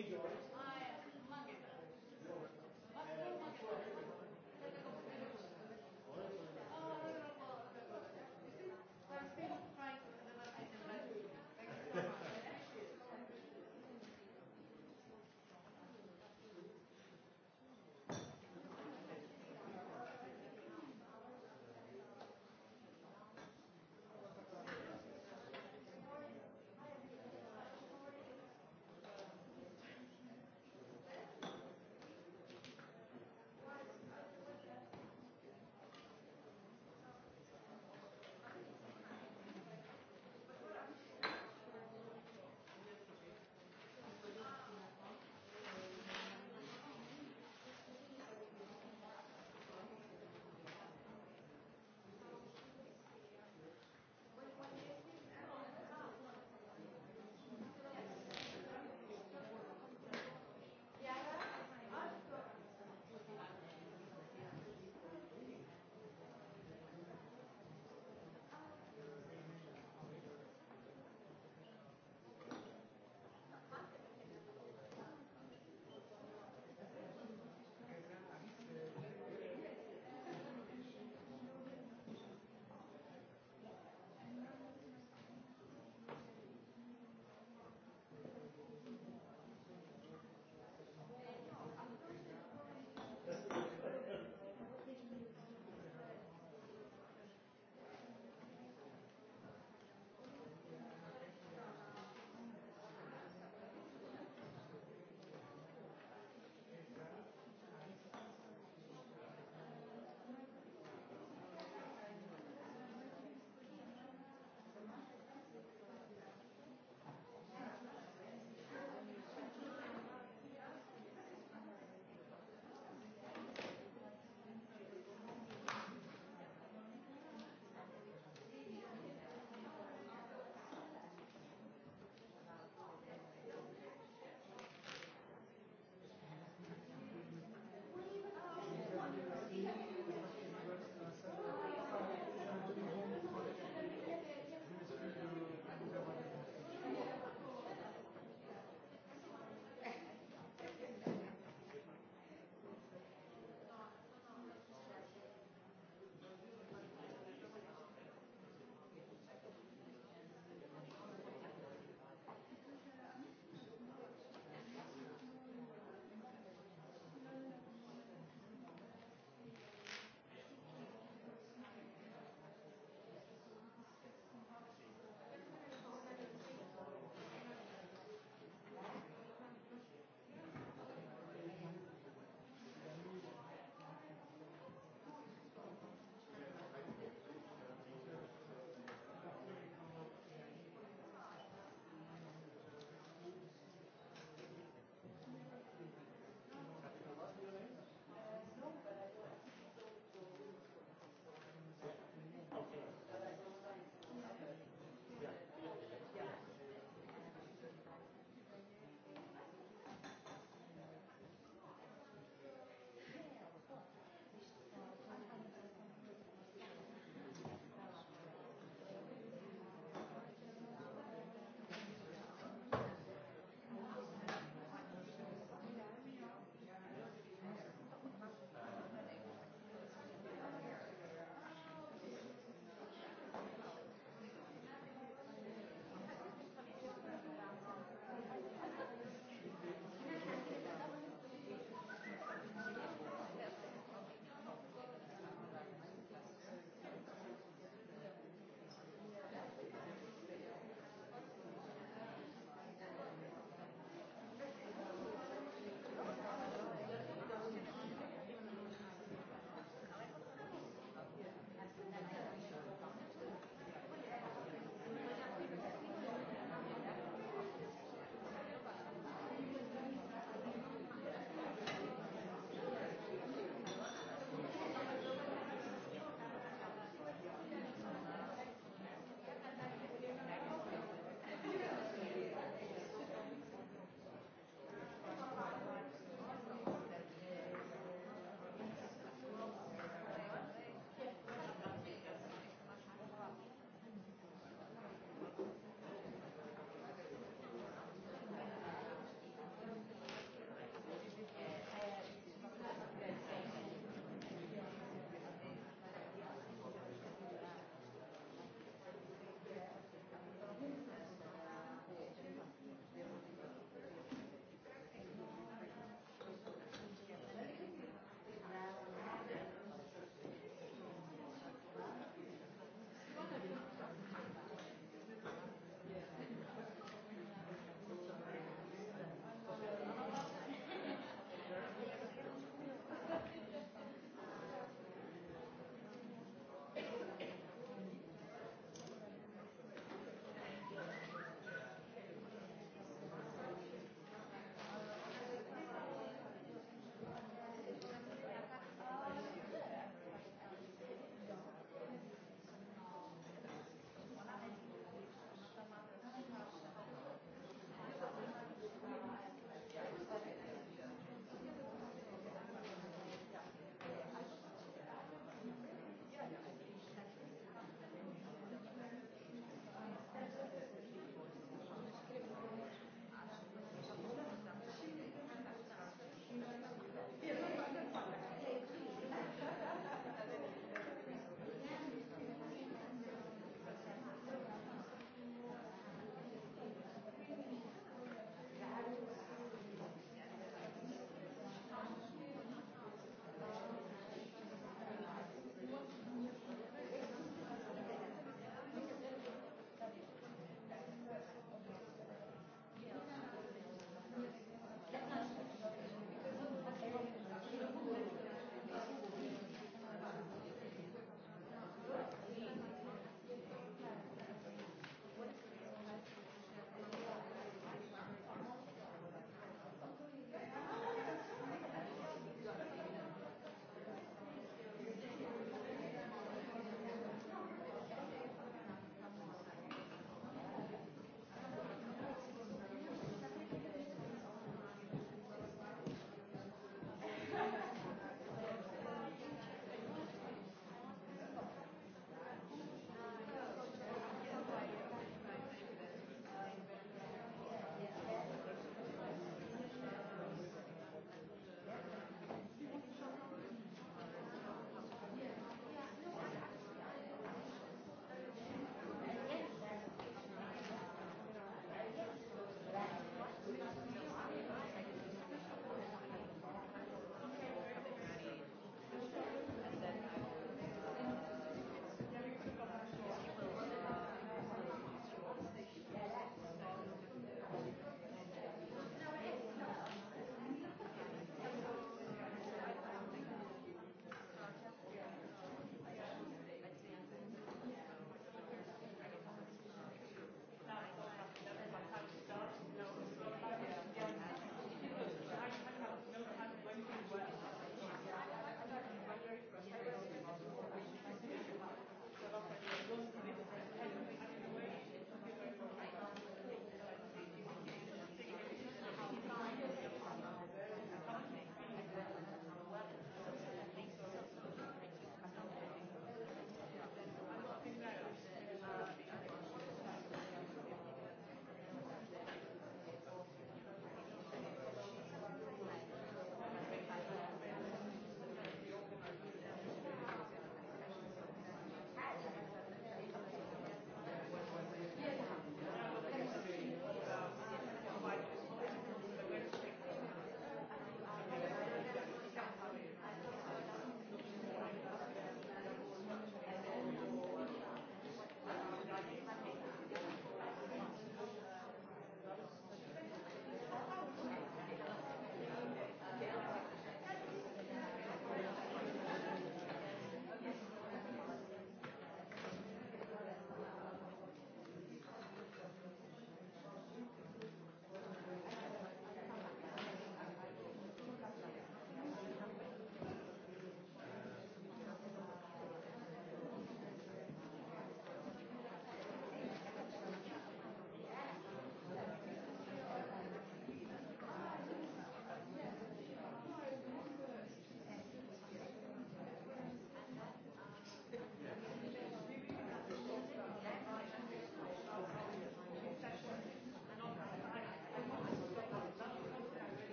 Egyébként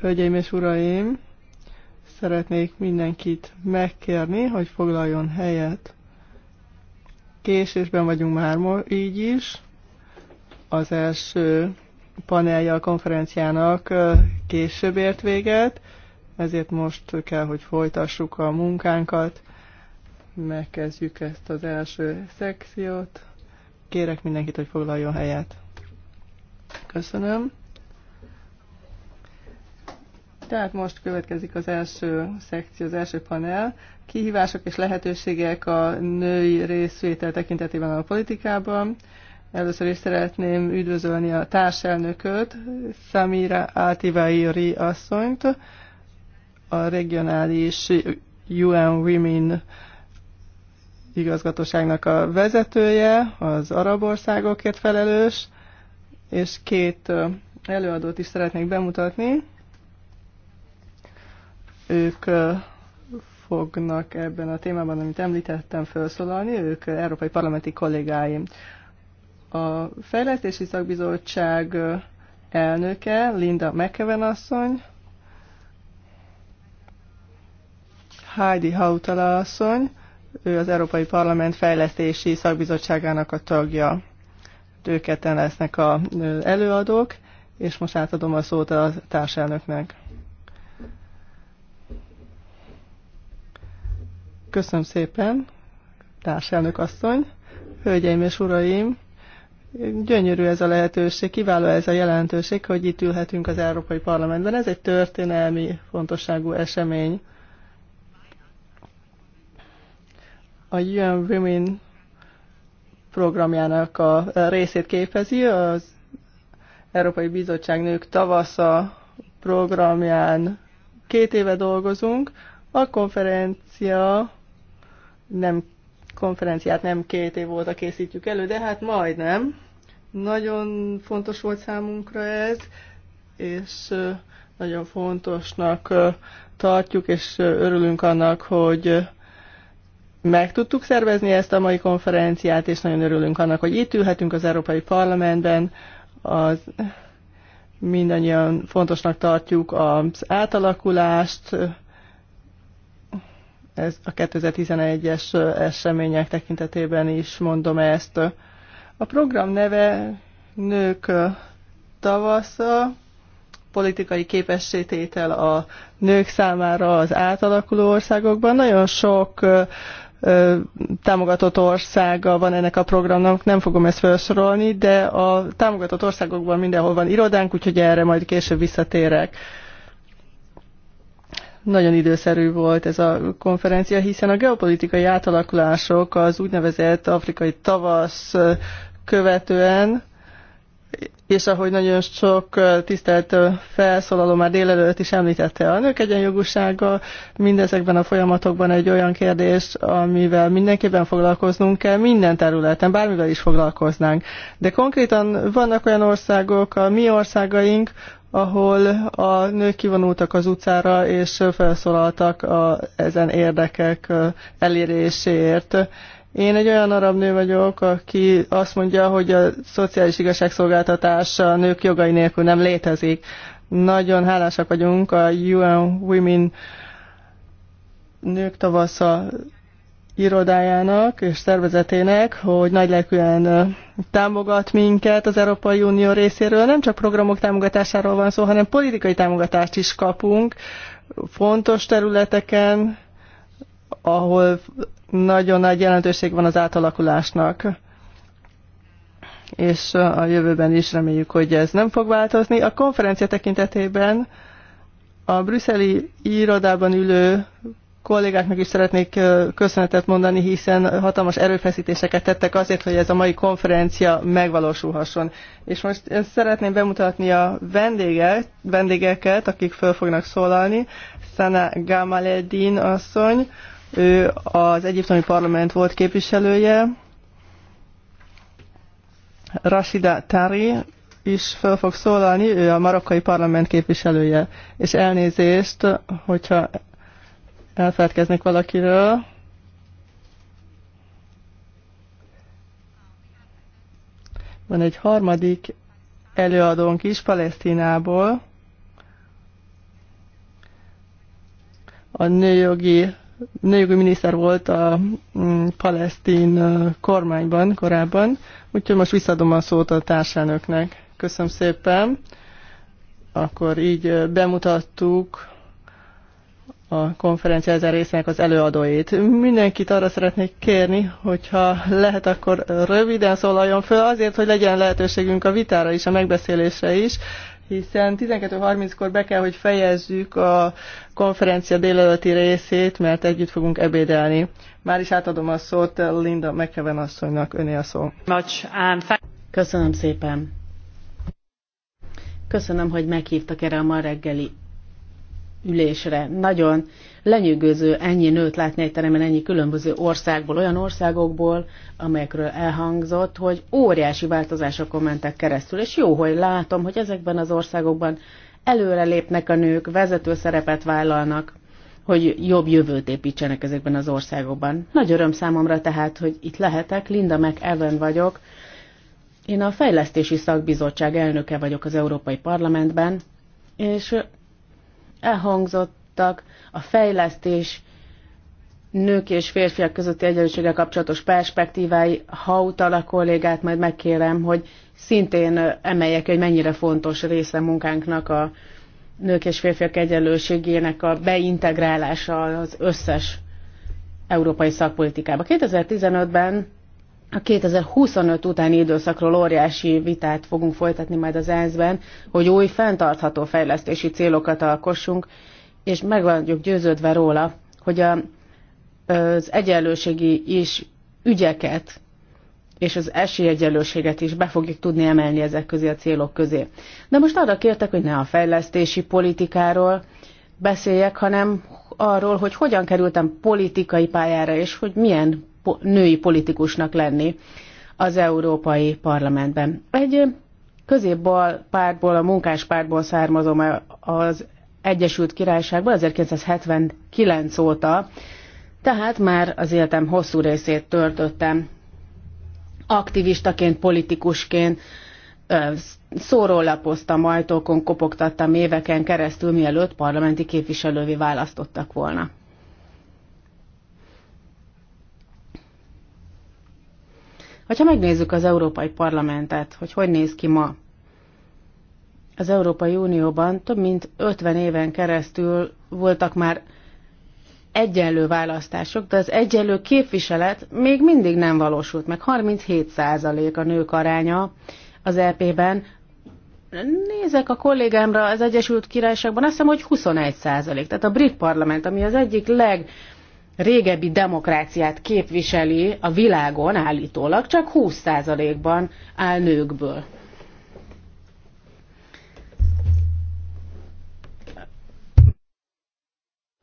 Hölgyeim és uraim, szeretnék mindenkit megkérni, hogy foglaljon helyet. Késésben vagyunk már így is. Az első panelja a konferenciának később ért véget, ezért most kell, hogy folytassuk a munkánkat. Megkezdjük ezt az első szekciót. Kérek mindenkit, hogy foglaljon helyet. Köszönöm. Tehát most következik az első szekció, az első panel. Kihívások és lehetőségek a női részvétel tekintetében a politikában. Először is szeretném üdvözölni a társelnököt, Samira Altivairi asszonyt, a regionális UN Women igazgatóságnak a vezetője, az arab országokért felelős, és két előadót is szeretnék bemutatni. Ők fognak ebben a témában, amit említettem, felszólalni. Ők európai parlamenti kollégáim. A Fejlesztési Szakbizottság elnöke Linda McEwen asszony, Heidi Hautala asszony, ő az Európai Parlament Fejlesztési Szakbizottságának a tagja. Ők ketten lesznek az előadók, és most átadom a szót a társelnöknek. Köszönöm szépen, társelnök asszony, hölgyeim és uraim! Gyönyörű ez a lehetőség, kiváló ez a jelentőség, hogy itt ülhetünk az Európai Parlamentben. Ez egy történelmi fontosságú esemény. A UN Women programjának a részét képezi. Az Európai Bizottság Nők Tavasza programján két éve dolgozunk. A konferencia nem konferenciát nem két év óta készítjük elő, de hát majdnem. Nagyon fontos volt számunkra ez, és nagyon fontosnak tartjuk, és örülünk annak, hogy meg tudtuk szervezni ezt a mai konferenciát, és nagyon örülünk annak, hogy itt ülhetünk az Európai Parlamentben. Az mindannyian fontosnak tartjuk az átalakulást, ez a 2011-es események tekintetében is mondom ezt. A program neve Nők tavasza, politikai képességtétel a nők számára az átalakuló országokban. Nagyon sok támogatott országa van ennek a programnak, nem fogom ezt felsorolni, de a támogatott országokban mindenhol van irodánk, úgyhogy erre majd később visszatérek. Nagyon időszerű volt ez a konferencia, hiszen a geopolitikai átalakulások az úgynevezett afrikai tavasz követően és ahogy nagyon sok tisztelt felszólaló már délelőtt is említette, a nők egyenjogúsága mindezekben a folyamatokban egy olyan kérdés, amivel mindenképpen foglalkoznunk kell, minden területen, bármivel is foglalkoznánk. De konkrétan vannak olyan országok, a mi országaink, ahol a nők kivonultak az utcára, és felszólaltak a, ezen érdekek eléréséért én egy olyan arab nő vagyok, aki azt mondja, hogy a szociális igazságszolgáltatás a nők jogai nélkül nem létezik. Nagyon hálásak vagyunk a UN Women nők tavasza irodájának és szervezetének, hogy nagylelkűen támogat minket az Európai Unió részéről. Nem csak programok támogatásáról van szó, hanem politikai támogatást is kapunk fontos területeken, ahol nagyon nagy jelentőség van az átalakulásnak és a jövőben is reméljük, hogy ez nem fog változni. A konferencia tekintetében a brüsszeli irodában ülő kollégáknak is szeretnék köszönetet mondani, hiszen hatalmas erőfeszítéseket tettek azért, hogy ez a mai konferencia megvalósulhasson. És most én szeretném bemutatni a vendégeket, vendégeket, akik föl fognak szólalni. Sana Gamaledin asszony, ő az egyiptomi parlament volt képviselője. Rashida Tari is fel fog szólalni, ő a marokkai parlament képviselője. És elnézést, hogyha elfelelkeznek valakiről. Van egy harmadik előadónk is Palesztinából. A nőjogi nőjogi miniszter volt a mm, palesztin kormányban korábban, úgyhogy most visszadom a szót a társelnöknek. Köszönöm szépen. Akkor így bemutattuk a konferencia ezen részének az előadóit. Mindenkit arra szeretnék kérni, hogyha lehet, akkor röviden szólaljon föl, azért, hogy legyen lehetőségünk a vitára is, a megbeszélésre is, hiszen 12.30-kor be kell, hogy fejezzük a konferencia délelőtti részét, mert együtt fogunk ebédelni. Már is átadom a szót Linda McEwen asszonynak, öné a szó. Köszönöm szépen. Köszönöm, hogy meghívtak erre a ma reggeli ülésre. Nagyon lenyűgöző ennyi nőt látni egy teremben, ennyi különböző országból, olyan országokból, amelyekről elhangzott, hogy óriási változásokon mentek keresztül. És jó, hogy látom, hogy ezekben az országokban előre lépnek a nők, vezető szerepet vállalnak, hogy jobb jövőt építsenek ezekben az országokban. Nagy öröm számomra tehát, hogy itt lehetek, Linda McEwen vagyok, én a Fejlesztési Szakbizottság elnöke vagyok az Európai Parlamentben, és elhangzottak a fejlesztés nők és férfiak közötti egyenlőséggel kapcsolatos perspektívái. utal a kollégát majd megkérem, hogy szintén emeljek, hogy mennyire fontos része munkánknak a nők és férfiak egyenlőségének a beintegrálása az összes európai szakpolitikába. 2015-ben a 2025 utáni időszakról óriási vitát fogunk folytatni majd az ENSZ-ben, hogy új fenntartható fejlesztési célokat alkossunk, és meg vagyok győződve róla, hogy a, az egyenlőségi is ügyeket és az esélyegyenlőséget is be fogjuk tudni emelni ezek közé a célok közé. De most arra kértek, hogy ne a fejlesztési politikáról beszéljek, hanem arról, hogy hogyan kerültem politikai pályára, és hogy milyen női politikusnak lenni az Európai Parlamentben. Egy középbal pártból, a munkáspártból származom az Egyesült Királyságban 1979 óta, tehát már az életem hosszú részét törtöttem aktivistaként, politikusként, szórólapoztam, ajtókon kopogtattam éveken keresztül, mielőtt parlamenti képviselővé választottak volna. ha megnézzük az Európai Parlamentet, hogy hogy néz ki ma, az Európai Unióban több mint 50 éven keresztül voltak már egyenlő választások, de az egyenlő képviselet még mindig nem valósult meg. 37% a nők aránya az EP-ben. Nézek a kollégámra az Egyesült Királyságban, azt hiszem, hogy 21%. Tehát a brit parlament, ami az egyik leg régebbi demokráciát képviseli a világon állítólag csak 20%-ban áll nőkből.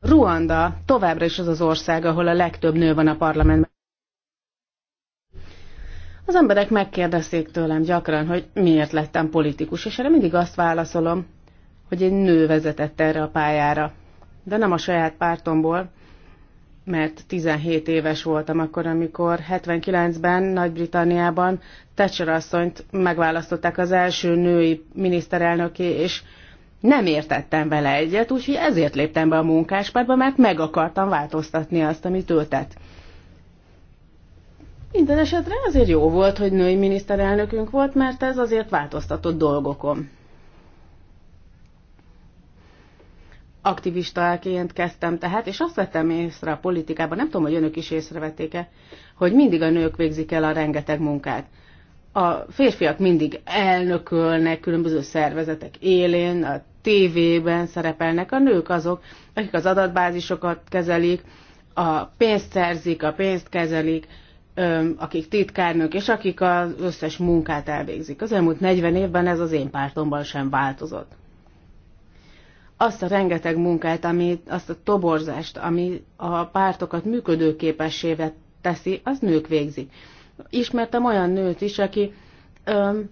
Ruanda továbbra is az az ország, ahol a legtöbb nő van a parlamentben. Az emberek megkérdezték tőlem gyakran, hogy miért lettem politikus, és erre mindig azt válaszolom, hogy egy nő vezetett erre a pályára. De nem a saját pártomból, mert 17 éves voltam akkor, amikor 79-ben Nagy-Britanniában Thatcher asszonyt megválasztották az első női miniszterelnöki, és nem értettem vele egyet, úgyhogy ezért léptem be a munkáspárba, mert meg akartam változtatni azt, amit ő tett. Minden esetre azért jó volt, hogy női miniszterelnökünk volt, mert ez azért változtatott dolgokon. aktivistaként kezdtem tehát, és azt vettem észre a politikában, nem tudom, hogy önök is észrevették-e, hogy mindig a nők végzik el a rengeteg munkát. A férfiak mindig elnökölnek különböző szervezetek élén, a tévében szerepelnek, a nők azok, akik az adatbázisokat kezelik, a pénzt szerzik, a pénzt kezelik, akik titkárnők, és akik az összes munkát elvégzik. Az elmúlt 40 évben ez az én pártomban sem változott azt a rengeteg munkát, ami, azt a toborzást, ami a pártokat működőképessévet teszi, az nők végzik. Ismertem olyan nőt is, aki öm,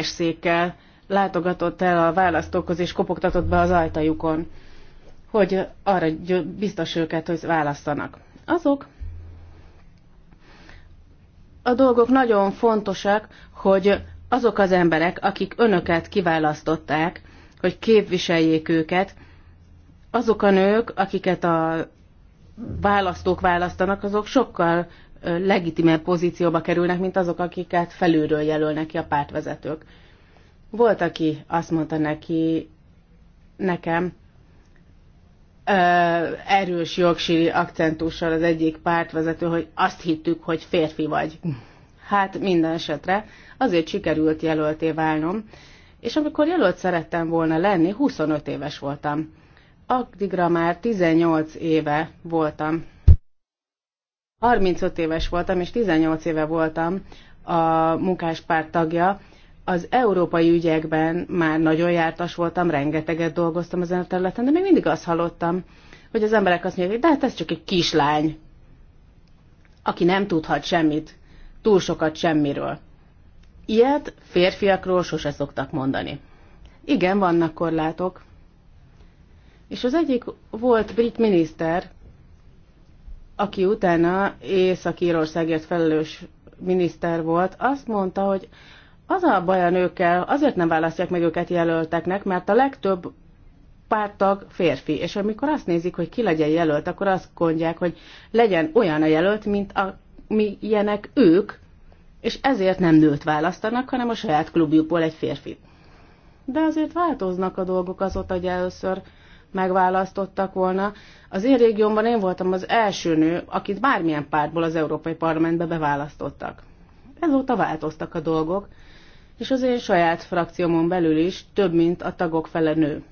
székkel látogatott el a választókhoz, és kopogtatott be az ajtajukon, hogy arra biztos őket, hogy választanak. Azok a dolgok nagyon fontosak, hogy azok az emberek, akik önöket kiválasztották, hogy képviseljék őket. Azok a nők, akiket a választók választanak, azok sokkal legitimebb pozícióba kerülnek, mint azok, akiket felülről jelölnek ki a pártvezetők. Volt, aki azt mondta neki, nekem, erős jogsíri akcentussal az egyik pártvezető, hogy azt hittük, hogy férfi vagy. Hát minden esetre azért sikerült jelölté válnom, és amikor jelölt szerettem volna lenni, 25 éves voltam. Addigra már 18 éve voltam. 35 éves voltam, és 18 éve voltam a munkáspárt tagja. Az európai ügyekben már nagyon jártas voltam, rengeteget dolgoztam ezen a területen, de még mindig azt hallottam, hogy az emberek azt mondják, de hát ez csak egy kislány, aki nem tudhat semmit, túl sokat semmiről. Ilyet férfiakról sose szoktak mondani. Igen, vannak korlátok. És az egyik volt brit miniszter, aki utána Észak-Írországért felelős miniszter volt, azt mondta, hogy az a baj a nőkkel, azért nem választják meg őket jelölteknek, mert a legtöbb pártag férfi, és amikor azt nézik, hogy ki legyen jelölt, akkor azt mondják, hogy legyen olyan a jelölt, mint a, ilyenek ők, és ezért nem nőt választanak, hanem a saját klubjukból egy férfit. De azért változnak a dolgok azóta, hogy először megválasztottak volna. Az én régiómban én voltam az első nő, akit bármilyen pártból az Európai Parlamentbe beválasztottak. Ezóta változtak a dolgok, és az én saját frakciómon belül is több, mint a tagok fele nő.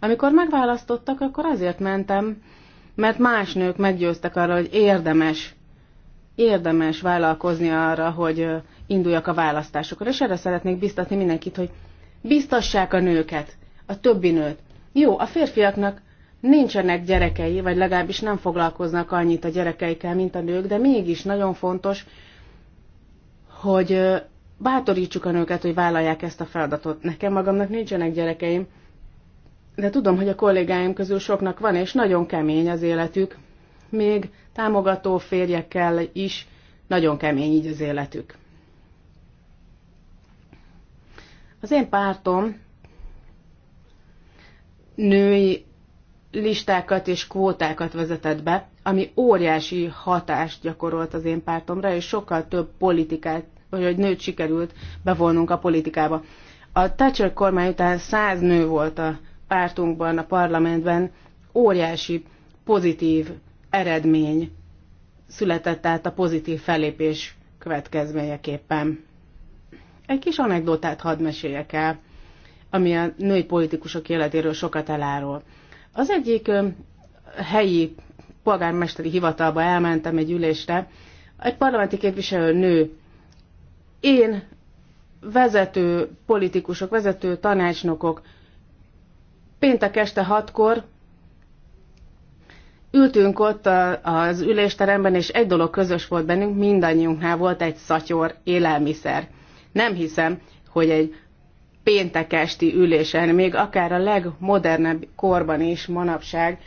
Amikor megválasztottak, akkor azért mentem mert más nők meggyőztek arra, hogy érdemes, érdemes vállalkozni arra, hogy induljak a választásokra. És erre szeretnék biztatni mindenkit, hogy biztassák a nőket, a többi nőt. Jó, a férfiaknak nincsenek gyerekei, vagy legalábbis nem foglalkoznak annyit a gyerekeikkel, mint a nők, de mégis nagyon fontos, hogy bátorítsuk a nőket, hogy vállalják ezt a feladatot. Nekem magamnak nincsenek gyerekeim, de tudom, hogy a kollégáim közül soknak van, és nagyon kemény az életük. Még támogató férjekkel is nagyon kemény így az életük. Az én pártom női listákat és kvótákat vezetett be, ami óriási hatást gyakorolt az én pártomra, és sokkal több politikát, vagy hogy nőt sikerült bevonnunk a politikába. A Thatcher kormány után száz nő volt a pártunkban, a parlamentben óriási pozitív eredmény született át a pozitív fellépés következményeképpen. Egy kis anekdotát hadd meséljek el, ami a női politikusok életéről sokat elárul. Az egyik helyi polgármesteri hivatalba elmentem egy ülésre, egy parlamenti képviselő nő. Én vezető politikusok, vezető tanácsnokok, péntek este hatkor ültünk ott az ülésteremben, és egy dolog közös volt bennünk, mindannyiunknál volt egy szatyor élelmiszer. Nem hiszem, hogy egy péntek esti ülésen, még akár a legmodernebb korban is manapság,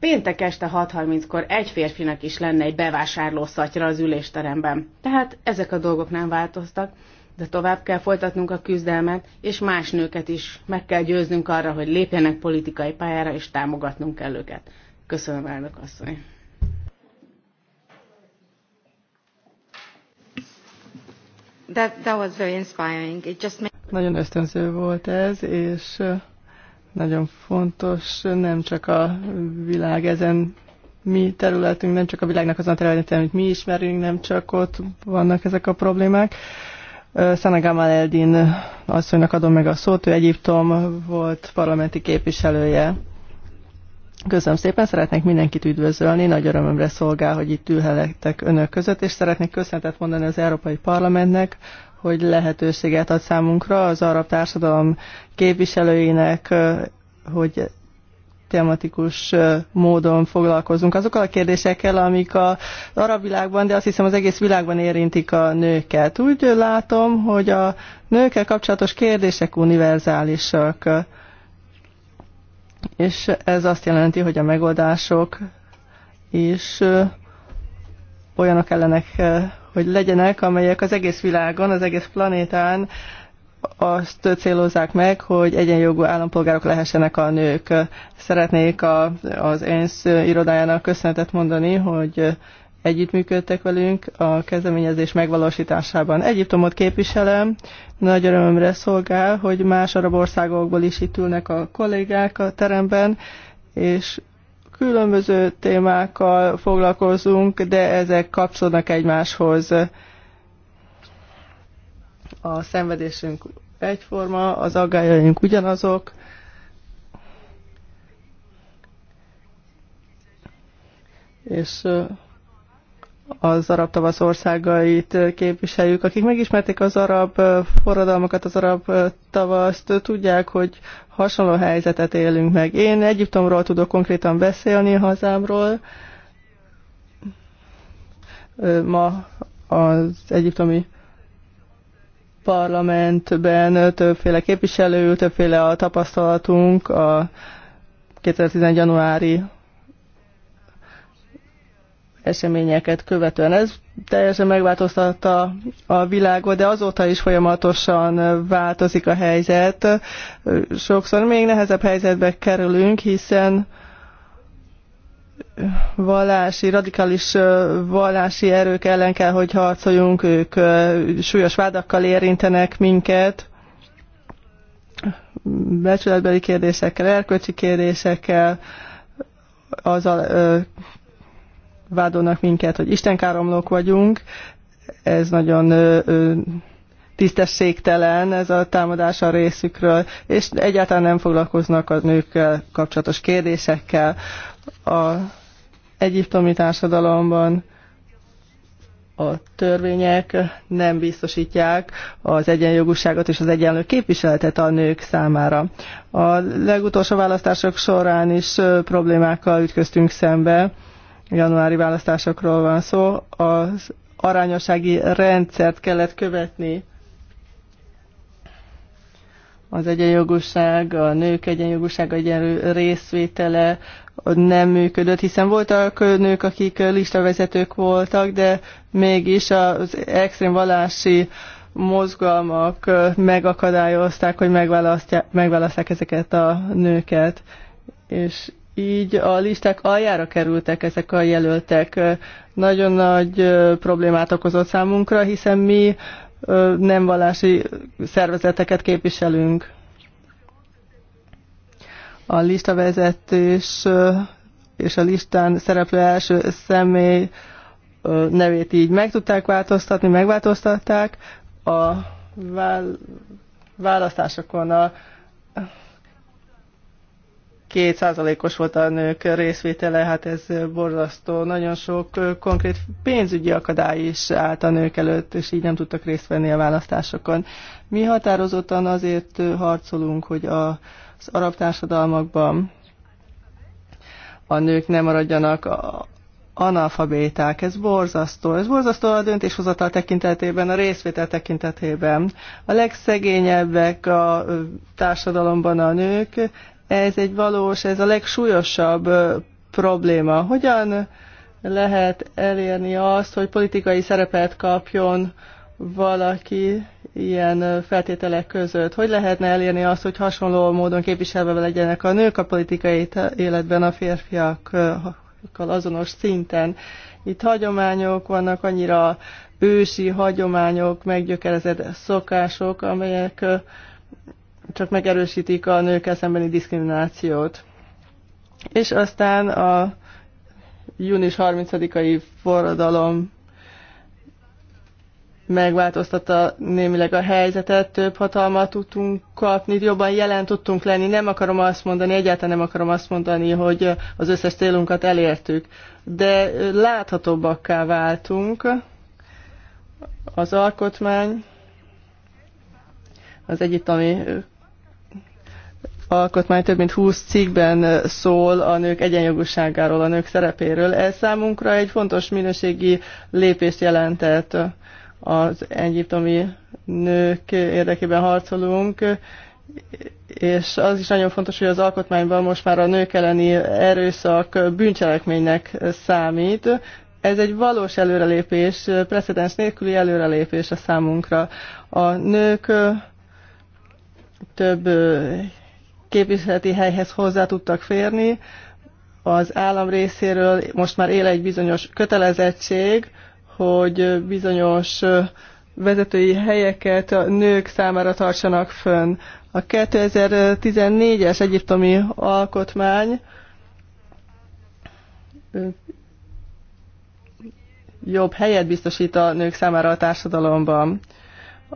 péntek este 6.30-kor egy férfinak is lenne egy bevásárló szatyra az ülésteremben. Tehát ezek a dolgok nem változtak de tovább kell folytatnunk a küzdelmet, és más nőket is meg kell győznünk arra, hogy lépjenek politikai pályára, és támogatnunk kell őket. Köszönöm, elnök asszony! That, that was very inspiring. It just made... Nagyon ösztönző volt ez, és nagyon fontos nem csak a világ ezen mi területünk, nem csak a világnak azon a területen, amit mi ismerünk, nem csak ott vannak ezek a problémák, Szenegamal Eldin asszonynak adom meg a szót, ő Egyiptom volt parlamenti képviselője. Köszönöm szépen, szeretnék mindenkit üdvözölni, nagy örömömre szolgál, hogy itt ülhetek önök között, és szeretnék köszönetet mondani az Európai Parlamentnek, hogy lehetőséget ad számunkra az arab társadalom képviselőinek, hogy tematikus módon foglalkozunk azokkal a kérdésekkel, amik az arab világban, de azt hiszem az egész világban érintik a nőket. Úgy látom, hogy a nőkkel kapcsolatos kérdések univerzálisak, és ez azt jelenti, hogy a megoldások is olyanok ellenek, hogy legyenek, amelyek az egész világon, az egész planétán azt célozzák meg, hogy egyenjogú állampolgárok lehessenek a nők. Szeretnék a, az ENSZ irodájának köszönetet mondani, hogy együttműködtek velünk a kezdeményezés megvalósításában. Egyiptomot képviselem, nagy örömömre szolgál, hogy más arab országokból is itt ülnek a kollégák a teremben, és különböző témákkal foglalkozunk, de ezek kapcsolnak egymáshoz a szenvedésünk egyforma, az aggájaink ugyanazok, és az arab tavasz országait képviseljük. Akik megismerték az arab forradalmakat, az arab tavaszt, tudják, hogy hasonló helyzetet élünk meg. Én Egyiptomról tudok konkrétan beszélni, hazámról. Ma az egyiptomi parlamentben többféle képviselő, többféle a tapasztalatunk a 2011. januári eseményeket követően. Ez teljesen megváltoztatta a világot, de azóta is folyamatosan változik a helyzet. Sokszor még nehezebb helyzetbe kerülünk, hiszen vallási, radikális vallási erők ellen kell, hogy harcoljunk, ők súlyos vádakkal érintenek minket, becsületbeli kérdésekkel, erkölcsi kérdésekkel, azzal ö, vádolnak minket, hogy istenkáromlók vagyunk, ez nagyon ö, ö, tisztességtelen ez a támadás a részükről, és egyáltalán nem foglalkoznak a nőkkel kapcsolatos kérdésekkel. A egyiptomi társadalomban a törvények nem biztosítják az egyenjogúságot és az egyenlő képviseletet a nők számára. A legutolsó választások során is problémákkal ütköztünk szembe, januári választásokról van szó, az arányossági rendszert kellett követni. Az egyenjogúság, a nők egyenjogúsága egyenlő részvétele, nem működött, hiszen voltak nők, akik listavezetők voltak, de mégis az extrém vallási mozgalmak megakadályozták, hogy megválasztják ezeket a nőket. És így a listák aljára kerültek ezek a jelöltek. Nagyon nagy problémát okozott számunkra, hiszen mi nem vallási szervezeteket képviselünk a listavezetés és a listán szereplő első személy nevét így meg tudták változtatni, megváltoztatták. A választásokon a kétszázalékos volt a nők részvétele, hát ez borzasztó. Nagyon sok konkrét pénzügyi akadály is állt a nők előtt, és így nem tudtak részt venni a választásokon. Mi határozottan azért harcolunk, hogy a az arab társadalmakban a nők nem maradjanak a analfabéták. Ez borzasztó. Ez borzasztó a döntéshozatal tekintetében, a részvétel tekintetében. A legszegényebbek a társadalomban a nők. Ez egy valós, ez a legsúlyosabb probléma. Hogyan lehet elérni azt, hogy politikai szerepet kapjon valaki, ilyen feltételek között? Hogy lehetne elérni azt, hogy hasonló módon képviselve legyenek a nők a politikai életben a férfiakkal azonos szinten? Itt hagyományok vannak, annyira ősi hagyományok, meggyökerezett szokások, amelyek csak megerősítik a nők szembeni diszkriminációt. És aztán a június 30-ai forradalom megváltoztatta némileg a helyzetet, több hatalmat tudtunk kapni, jobban jelen tudtunk lenni. Nem akarom azt mondani, egyáltalán nem akarom azt mondani, hogy az összes célunkat elértük, de láthatóbbakká váltunk. Az alkotmány, az egyiptomi alkotmány több mint 20 cikkben szól a nők egyenjogúságáról, a nők szerepéről. Ez számunkra egy fontos minőségi lépést jelentett az egyiptomi nők érdekében harcolunk, és az is nagyon fontos, hogy az alkotmányban most már a nők elleni erőszak bűncselekménynek számít. Ez egy valós előrelépés, precedens nélküli előrelépés a számunkra. A nők több képviseleti helyhez hozzá tudtak férni, az állam részéről most már él egy bizonyos kötelezettség, hogy bizonyos vezetői helyeket a nők számára tartsanak fönn. A 2014-es egyiptomi alkotmány jobb helyet biztosít a nők számára a társadalomban,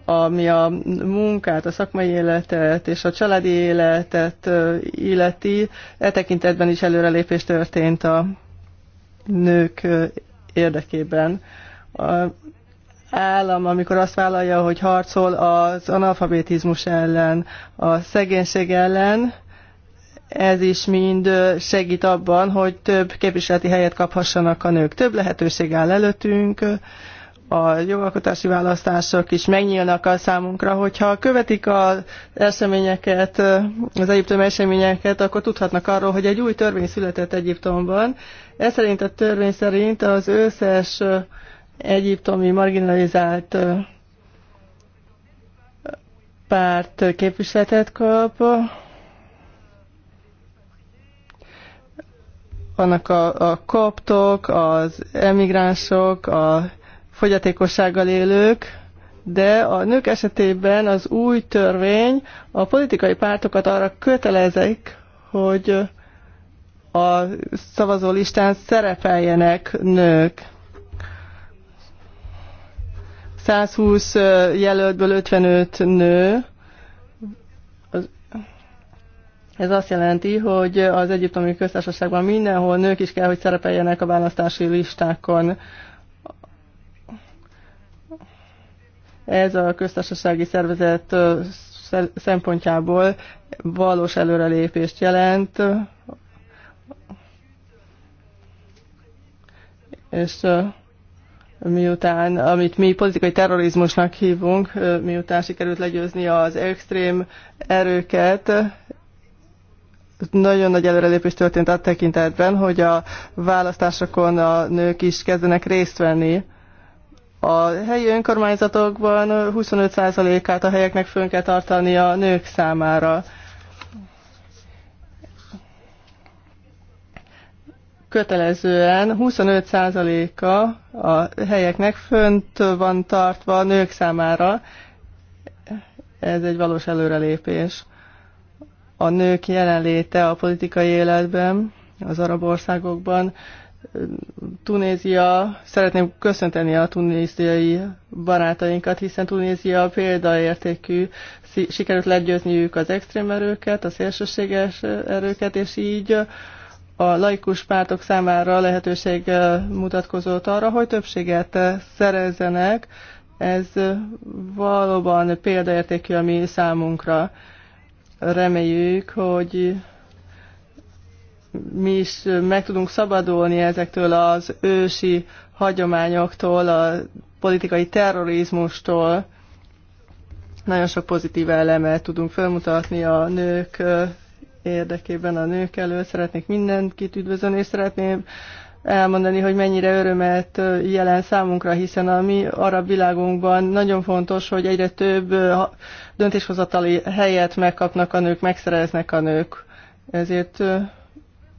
ami a munkát, a szakmai életet és a családi életet illeti. E tekintetben is előrelépés történt a nők érdekében állam, amikor azt vállalja, hogy harcol az analfabetizmus ellen, a szegénység ellen, ez is mind segít abban, hogy több képviseleti helyet kaphassanak a nők. Több lehetőség áll előttünk, a jogalkotási választások is megnyílnak a számunkra, hogyha követik az eseményeket, az egyiptomi eseményeket, akkor tudhatnak arról, hogy egy új törvény született Egyiptomban. Ez szerint a törvény szerint az összes egyiptomi marginalizált párt képviseletet kap, vannak a, a koptok, az emigránsok, a fogyatékossággal élők, de a nők esetében az új törvény a politikai pártokat arra kötelezik, hogy a szavazólistán szerepeljenek nők. 120 jelöltből 55 nő. Ez azt jelenti, hogy az egyiptomi köztársaságban mindenhol nők is kell, hogy szerepeljenek a választási listákon. Ez a köztársasági szervezet szempontjából valós előrelépést jelent, és miután, amit mi politikai terrorizmusnak hívunk, miután sikerült legyőzni az extrém erőket, nagyon nagy előrelépés történt a tekintetben, hogy a választásokon a nők is kezdenek részt venni. A helyi önkormányzatokban 25%-át a helyeknek fönn kell tartani a nők számára kötelezően 25%-a a helyeknek fönt van tartva a nők számára. Ez egy valós előrelépés. A nők jelenléte a politikai életben, az arab országokban, Tunézia, szeretném köszönteni a tunéziai barátainkat, hiszen Tunézia példaértékű, sikerült legyőzniük az extrém erőket, a szélsőséges erőket, és így a laikus pártok számára lehetőség mutatkozott arra, hogy többséget szerezzenek. Ez valóban példaértékű a mi számunkra. Reméljük, hogy mi is meg tudunk szabadulni ezektől az ősi hagyományoktól, a politikai terrorizmustól. Nagyon sok pozitív elemet tudunk felmutatni a nők érdekében a nők előtt. Szeretnék mindenkit üdvözölni, és szeretném elmondani, hogy mennyire örömet jelen számunkra, hiszen a mi arab világunkban nagyon fontos, hogy egyre több döntéshozatali helyet megkapnak a nők, megszereznek a nők. Ezért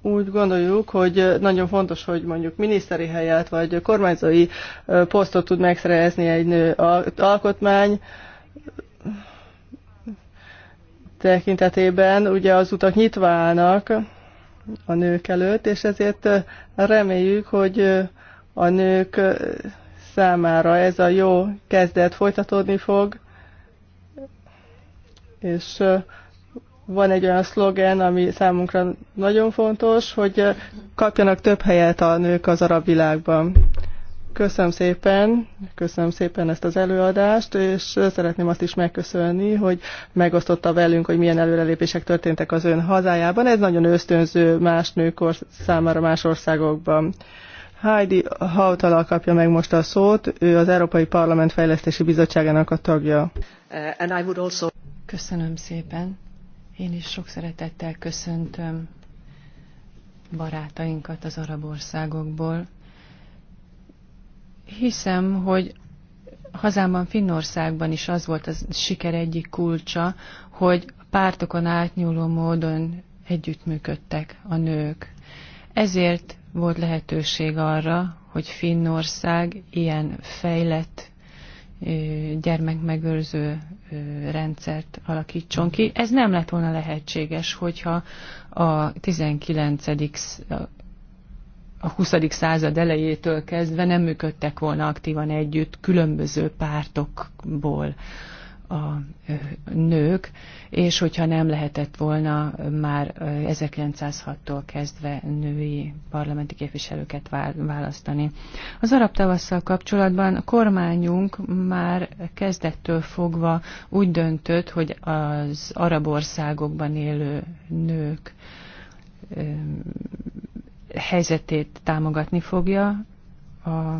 úgy gondoljuk, hogy nagyon fontos, hogy mondjuk miniszteri helyet vagy kormányzói posztot tud megszerezni egy nő. A alkotmány tekintetében ugye az utak nyitva állnak a nők előtt, és ezért reméljük, hogy a nők számára ez a jó kezdet folytatódni fog, és van egy olyan szlogen, ami számunkra nagyon fontos, hogy kapjanak több helyet a nők az arab világban. Köszönöm szépen, köszönöm szépen ezt az előadást, és szeretném azt is megköszönni, hogy megosztotta velünk, hogy milyen előrelépések történtek az ön hazájában. Ez nagyon ösztönző más nők számára más országokban. Heidi Hautala kapja meg most a szót, ő az Európai Parlament Fejlesztési Bizottságának a tagja. Uh, also... Köszönöm szépen. Én is sok szeretettel köszöntöm barátainkat az arab országokból, Hiszem, hogy hazámban Finnországban is az volt a siker egyik kulcsa, hogy pártokon átnyúló módon együttműködtek a nők. Ezért volt lehetőség arra, hogy Finnország ilyen fejlett gyermekmegőrző rendszert alakítson ki. Ez nem lett volna lehetséges, hogyha a 19 a 20. század elejétől kezdve nem működtek volna aktívan együtt különböző pártokból a nők, és hogyha nem lehetett volna már 1906-tól kezdve női parlamenti képviselőket választani. Az arab tavasszal kapcsolatban a kormányunk már kezdettől fogva úgy döntött, hogy az arab országokban élő nők helyzetét támogatni fogja a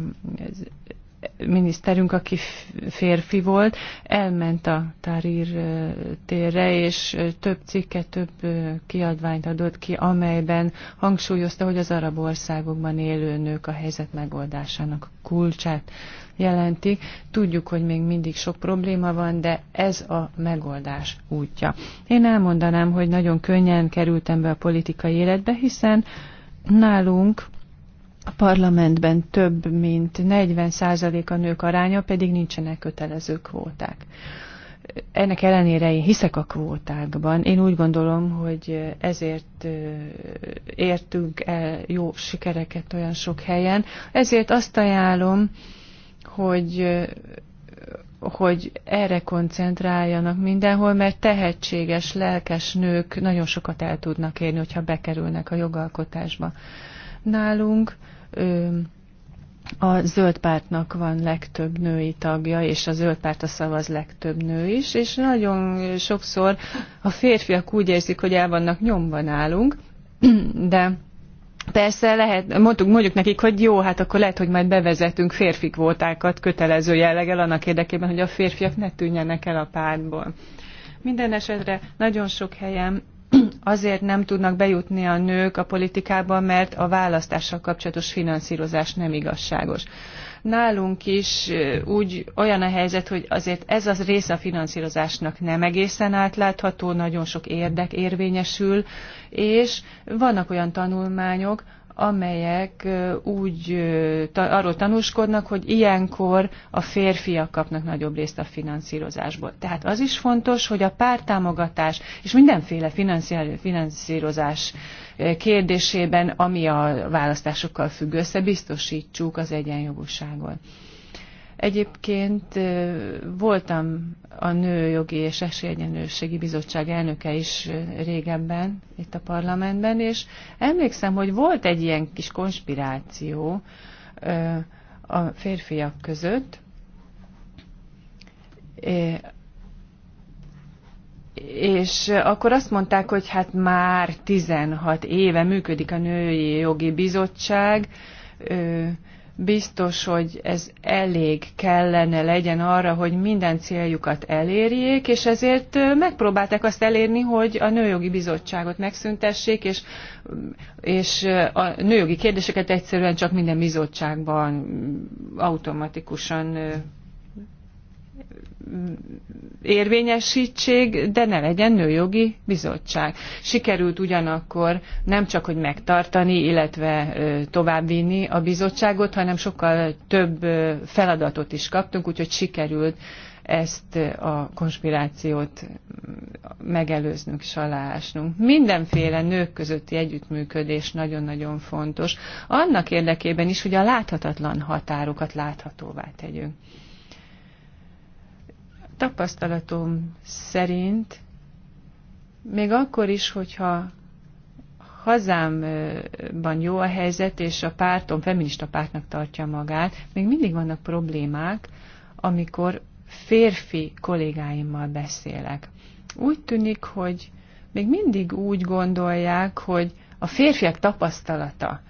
miniszterünk, aki férfi volt, elment a Tárír térre, és több cikket, több kiadványt adott ki, amelyben hangsúlyozta, hogy az arab országokban élő nők a helyzet megoldásának kulcsát jelentik. Tudjuk, hogy még mindig sok probléma van, de ez a megoldás útja. Én elmondanám, hogy nagyon könnyen kerültem be a politikai életbe, hiszen Nálunk a parlamentben több mint 40% a nők aránya, pedig nincsenek kötelező kvóták. Ennek ellenére én hiszek a kvótákban. Én úgy gondolom, hogy ezért értünk el jó sikereket olyan sok helyen. Ezért azt ajánlom, hogy hogy erre koncentráljanak mindenhol, mert tehetséges, lelkes nők nagyon sokat el tudnak érni, hogyha bekerülnek a jogalkotásba. Nálunk a zöld pártnak van legtöbb női tagja, és a zöld a szavaz legtöbb nő is, és nagyon sokszor a férfiak úgy érzik, hogy el vannak nyomva nálunk, de Persze lehet, mondtuk, mondjuk nekik, hogy jó, hát akkor lehet, hogy majd bevezetünk férfi kvótákat kötelező jelleggel annak érdekében, hogy a férfiak ne tűnjenek el a pártból. Minden esetre nagyon sok helyen azért nem tudnak bejutni a nők a politikába, mert a választással kapcsolatos finanszírozás nem igazságos. Nálunk is úgy olyan a helyzet, hogy azért ez az része a finanszírozásnak nem egészen átlátható, nagyon sok érdek érvényesül, és vannak olyan tanulmányok, amelyek úgy arról tanúskodnak, hogy ilyenkor a férfiak kapnak nagyobb részt a finanszírozásból. Tehát az is fontos, hogy a pártámogatás és mindenféle finanszírozás kérdésében, ami a választásokkal függ össze, biztosítsuk az egyenjogúságot. Egyébként voltam a Nőjogi és Esélyegyenlőségi Bizottság elnöke is régebben itt a parlamentben, és emlékszem, hogy volt egy ilyen kis konspiráció a férfiak között, és akkor azt mondták, hogy hát már 16 éve működik a Női Jogi Bizottság, biztos, hogy ez elég kellene legyen arra, hogy minden céljukat elérjék, és ezért megpróbálták azt elérni, hogy a Nőjogi Bizottságot megszüntessék, és, és a nőjogi kérdéseket egyszerűen csak minden bizottságban automatikusan érvényesítsék, de ne legyen nőjogi bizottság. Sikerült ugyanakkor nem csak, hogy megtartani, illetve továbbvinni a bizottságot, hanem sokkal több feladatot is kaptunk, úgyhogy sikerült ezt a konspirációt megelőznünk és aláásnunk. Mindenféle nők közötti együttműködés nagyon-nagyon fontos, annak érdekében is, hogy a láthatatlan határokat láthatóvá tegyünk tapasztalatom szerint még akkor is, hogyha hazámban jó a helyzet, és a pártom feminista pártnak tartja magát, még mindig vannak problémák, amikor férfi kollégáimmal beszélek. Úgy tűnik, hogy még mindig úgy gondolják, hogy a férfiak tapasztalata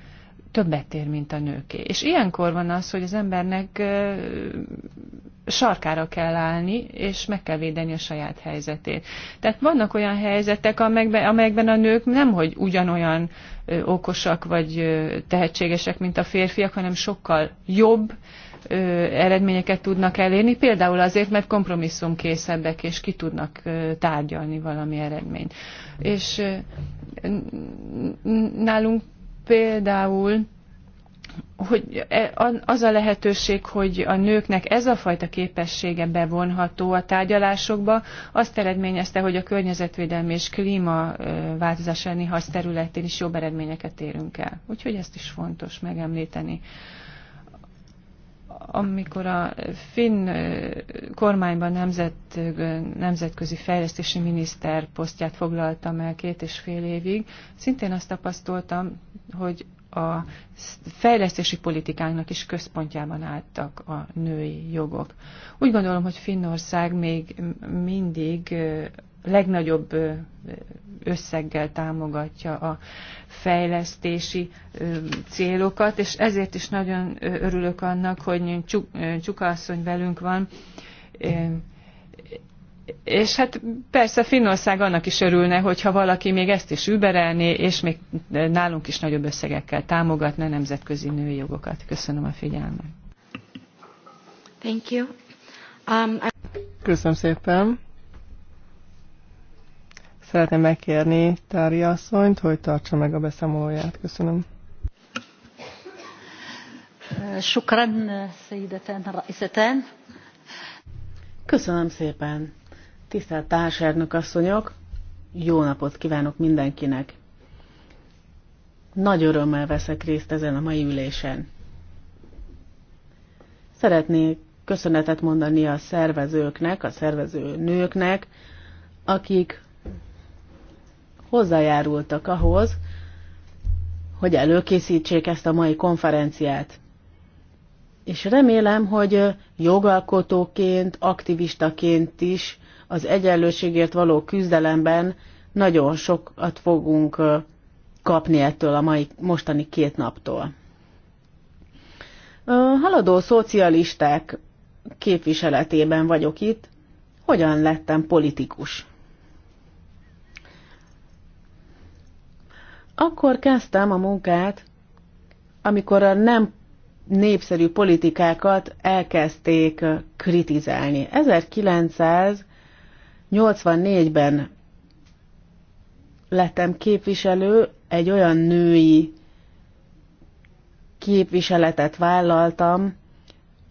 többet ér, mint a nőké. És ilyenkor van az, hogy az embernek sarkára kell állni, és meg kell védeni a saját helyzetét. Tehát vannak olyan helyzetek, amelyekben, amelyekben a nők nem hogy ugyanolyan okosak vagy tehetségesek, mint a férfiak, hanem sokkal jobb, ö, eredményeket tudnak elérni, például azért, mert kompromisszumkészebbek, és ki tudnak ö, tárgyalni valami eredményt. És ö, nálunk például hogy e, az a lehetőség, hogy a nőknek ez a fajta képessége bevonható a tárgyalásokba, azt eredményezte, hogy a környezetvédelmi és klímaváltozás elleni harc területén is jobb eredményeket érünk el. Úgyhogy ezt is fontos megemlíteni. Amikor a finn kormányban nemzet, nemzetközi fejlesztési miniszter posztját foglaltam el két és fél évig, szintén azt tapasztaltam, hogy a fejlesztési politikánknak is központjában álltak a női jogok. Úgy gondolom, hogy Finnország még mindig legnagyobb összeggel támogatja a fejlesztési célokat, és ezért is nagyon örülök annak, hogy Csuka asszony velünk van, és hát persze Finnország annak is örülne, hogyha valaki még ezt is überelné, és még nálunk is nagyobb összegekkel támogatna nemzetközi női jogokat. Köszönöm a figyelmet. Thank you. Um, I... Köszönöm szépen. Szeretném megkérni Tári asszonyt, hogy tartsa meg a beszámolóját. Köszönöm. Köszönöm szépen. Tisztelt társadalmak asszonyok, jó napot kívánok mindenkinek! Nagy örömmel veszek részt ezen a mai ülésen. Szeretnék köszönetet mondani a szervezőknek, a szervező nőknek, akik hozzájárultak ahhoz, hogy előkészítsék ezt a mai konferenciát. És remélem, hogy jogalkotóként, aktivistaként is az egyenlőségért való küzdelemben nagyon sokat fogunk kapni ettől a mai, mostani két naptól. A haladó szocialisták képviseletében vagyok itt. Hogyan lettem politikus? Akkor kezdtem a munkát, amikor a nem népszerű politikákat elkezdték kritizálni. 1900 84-ben lettem képviselő, egy olyan női képviseletet vállaltam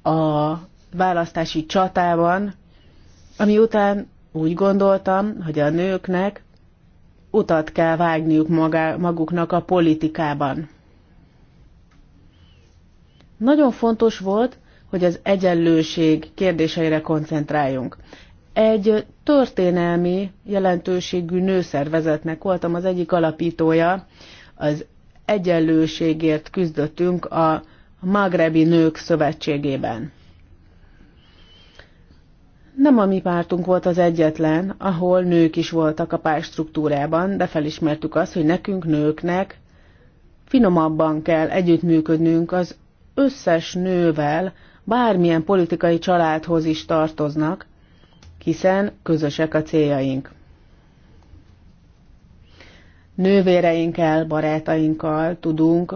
a választási csatában, ami után úgy gondoltam, hogy a nőknek utat kell vágniuk maguknak a politikában. Nagyon fontos volt, hogy az egyenlőség kérdéseire koncentráljunk egy történelmi jelentőségű nőszervezetnek voltam az egyik alapítója, az egyenlőségért küzdöttünk a Magrebi Nők Szövetségében. Nem a mi pártunk volt az egyetlen, ahol nők is voltak a párt struktúrában, de felismertük azt, hogy nekünk nőknek finomabban kell együttműködnünk az összes nővel, bármilyen politikai családhoz is tartoznak, hiszen közösek a céljaink. Nővéreinkkel, barátainkkal tudunk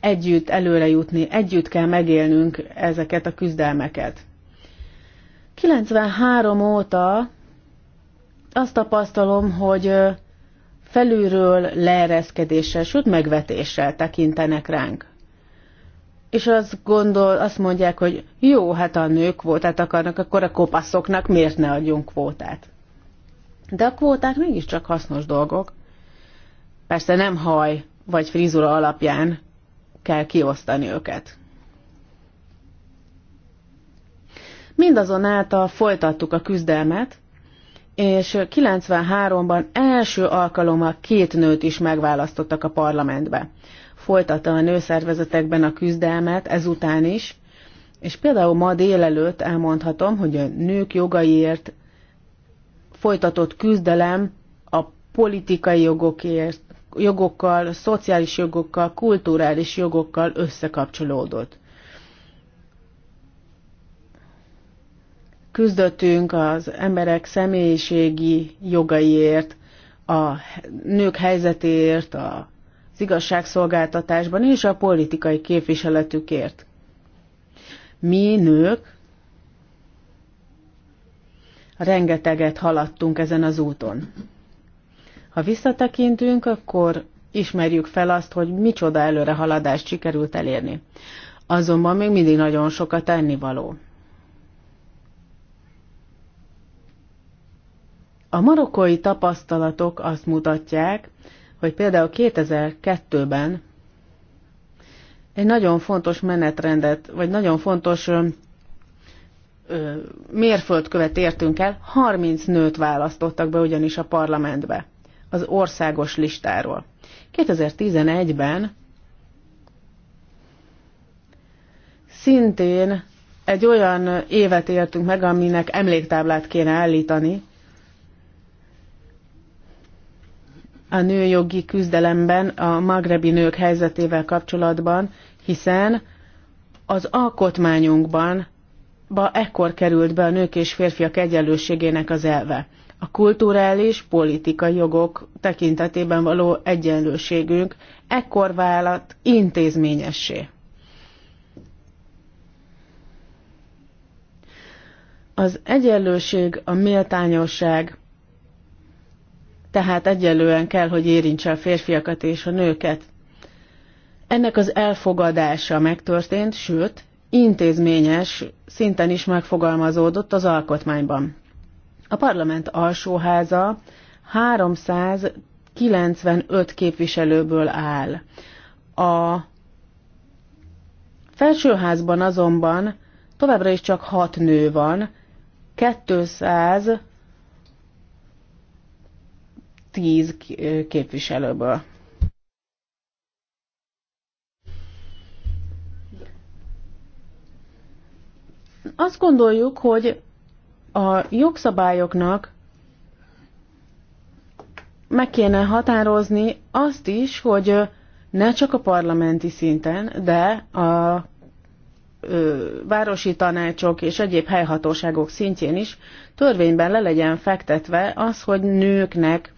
együtt előre jutni, együtt kell megélnünk ezeket a küzdelmeket. 93 óta azt tapasztalom, hogy felülről leereszkedéssel, sőt megvetéssel tekintenek ránk és azt gondol, azt mondják, hogy jó, hát a nők kvótát akarnak, akkor a kopaszoknak miért ne adjunk kvótát? De a kvóták mégiscsak hasznos dolgok. Persze nem haj vagy frizura alapján kell kiosztani őket. Mindazonáltal folytattuk a küzdelmet, és 93-ban első alkalommal két nőt is megválasztottak a parlamentbe folytatta a nőszervezetekben a küzdelmet ezután is, és például ma délelőtt elmondhatom, hogy a nők jogaiért folytatott küzdelem a politikai jogokért, jogokkal, szociális jogokkal, kulturális jogokkal összekapcsolódott. Küzdöttünk az emberek személyiségi jogaiért, a nők helyzetéért, a igazságszolgáltatásban és a politikai képviseletükért. Mi nők rengeteget haladtunk ezen az úton. Ha visszatekintünk, akkor ismerjük fel azt, hogy micsoda haladást sikerült elérni. Azonban még mindig nagyon sokat ennivaló. A marokkói tapasztalatok azt mutatják, vagy például 2002-ben egy nagyon fontos menetrendet, vagy nagyon fontos ö, ö, mérföldkövet értünk el, 30 nőt választottak be ugyanis a parlamentbe az országos listáról. 2011-ben szintén egy olyan évet éltünk meg, aminek emléktáblát kéne állítani, a nőjogi küzdelemben a magrebi nők helyzetével kapcsolatban, hiszen az alkotmányunkban ba ekkor került be a nők és férfiak egyenlőségének az elve. A kulturális, politikai jogok tekintetében való egyenlőségünk ekkor vállalt intézményessé. Az egyenlőség, a méltányosság tehát egyelően kell, hogy érintse a férfiakat és a nőket. Ennek az elfogadása megtörtént, sőt, intézményes szinten is megfogalmazódott az alkotmányban. A parlament alsóháza 395 képviselőből áll. A felsőházban azonban továbbra is csak 6 nő van, 200 tíz képviselőből. Azt gondoljuk, hogy a jogszabályoknak meg kéne határozni azt is, hogy ne csak a parlamenti szinten, de a városi tanácsok és egyéb helyhatóságok szintjén is törvényben le legyen fektetve az, hogy nőknek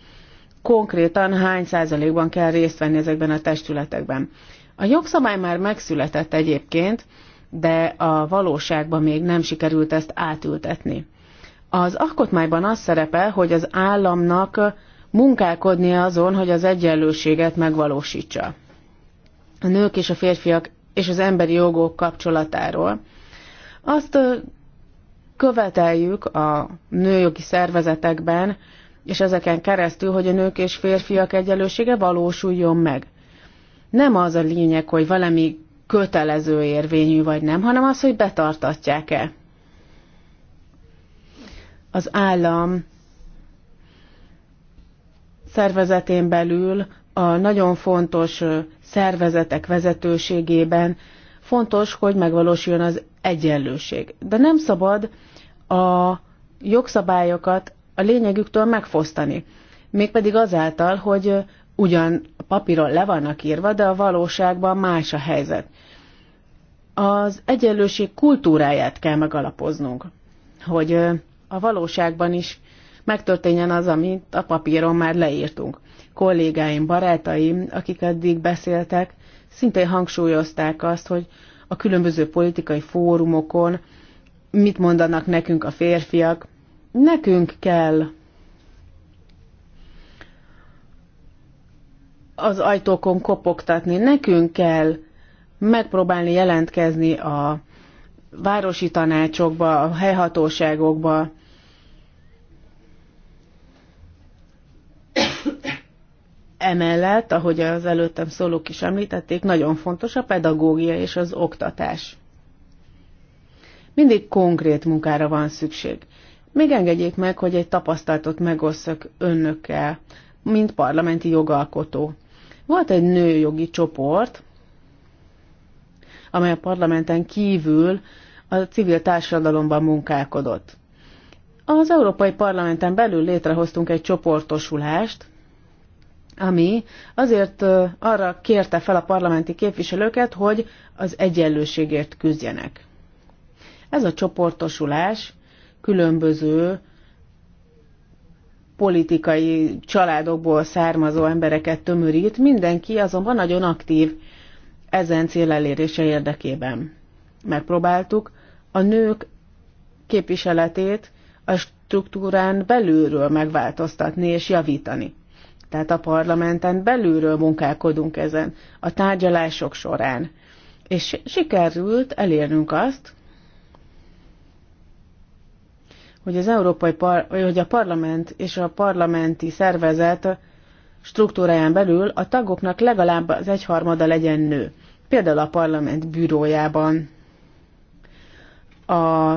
konkrétan hány százalékban kell részt venni ezekben a testületekben. A jogszabály már megszületett egyébként, de a valóságban még nem sikerült ezt átültetni. Az alkotmányban az szerepel, hogy az államnak munkálkodnia azon, hogy az egyenlőséget megvalósítsa. A nők és a férfiak és az emberi jogok kapcsolatáról. Azt követeljük a nőjogi szervezetekben, és ezeken keresztül, hogy a nők és férfiak egyenlősége valósuljon meg. Nem az a lényeg, hogy valami kötelező érvényű vagy nem, hanem az, hogy betartatják-e. Az állam szervezetén belül a nagyon fontos szervezetek vezetőségében fontos, hogy megvalósuljon az egyenlőség. De nem szabad a jogszabályokat a lényegüktől megfosztani. Mégpedig azáltal, hogy ugyan papíron le vannak írva, de a valóságban más a helyzet. Az egyenlőség kultúráját kell megalapoznunk, hogy a valóságban is megtörténjen az, amit a papíron már leírtunk. Kollégáim, barátaim, akik eddig beszéltek, szintén hangsúlyozták azt, hogy a különböző politikai fórumokon mit mondanak nekünk a férfiak, Nekünk kell az ajtókon kopogtatni, nekünk kell megpróbálni jelentkezni a városi tanácsokba, a helyhatóságokba. Emellett, ahogy az előttem szólók is említették, nagyon fontos a pedagógia és az oktatás. Mindig konkrét munkára van szükség. Még engedjék meg, hogy egy tapasztalatot megosszak önökkel, mint parlamenti jogalkotó. Volt egy nőjogi csoport, amely a parlamenten kívül a civil társadalomban munkálkodott. Az Európai Parlamenten belül létrehoztunk egy csoportosulást, ami azért arra kérte fel a parlamenti képviselőket, hogy az egyenlőségért küzdjenek. Ez a csoportosulás különböző politikai családokból származó embereket tömörít, mindenki azonban nagyon aktív ezen cél elérése érdekében. Megpróbáltuk a nők képviseletét a struktúrán belülről megváltoztatni és javítani. Tehát a parlamenten belülről munkálkodunk ezen, a tárgyalások során. És sikerült elérnünk azt, hogy az Európai Par- hogy a parlament és a parlamenti szervezet struktúráján belül a tagoknak legalább az egyharmada legyen nő. Például a parlament bürójában, a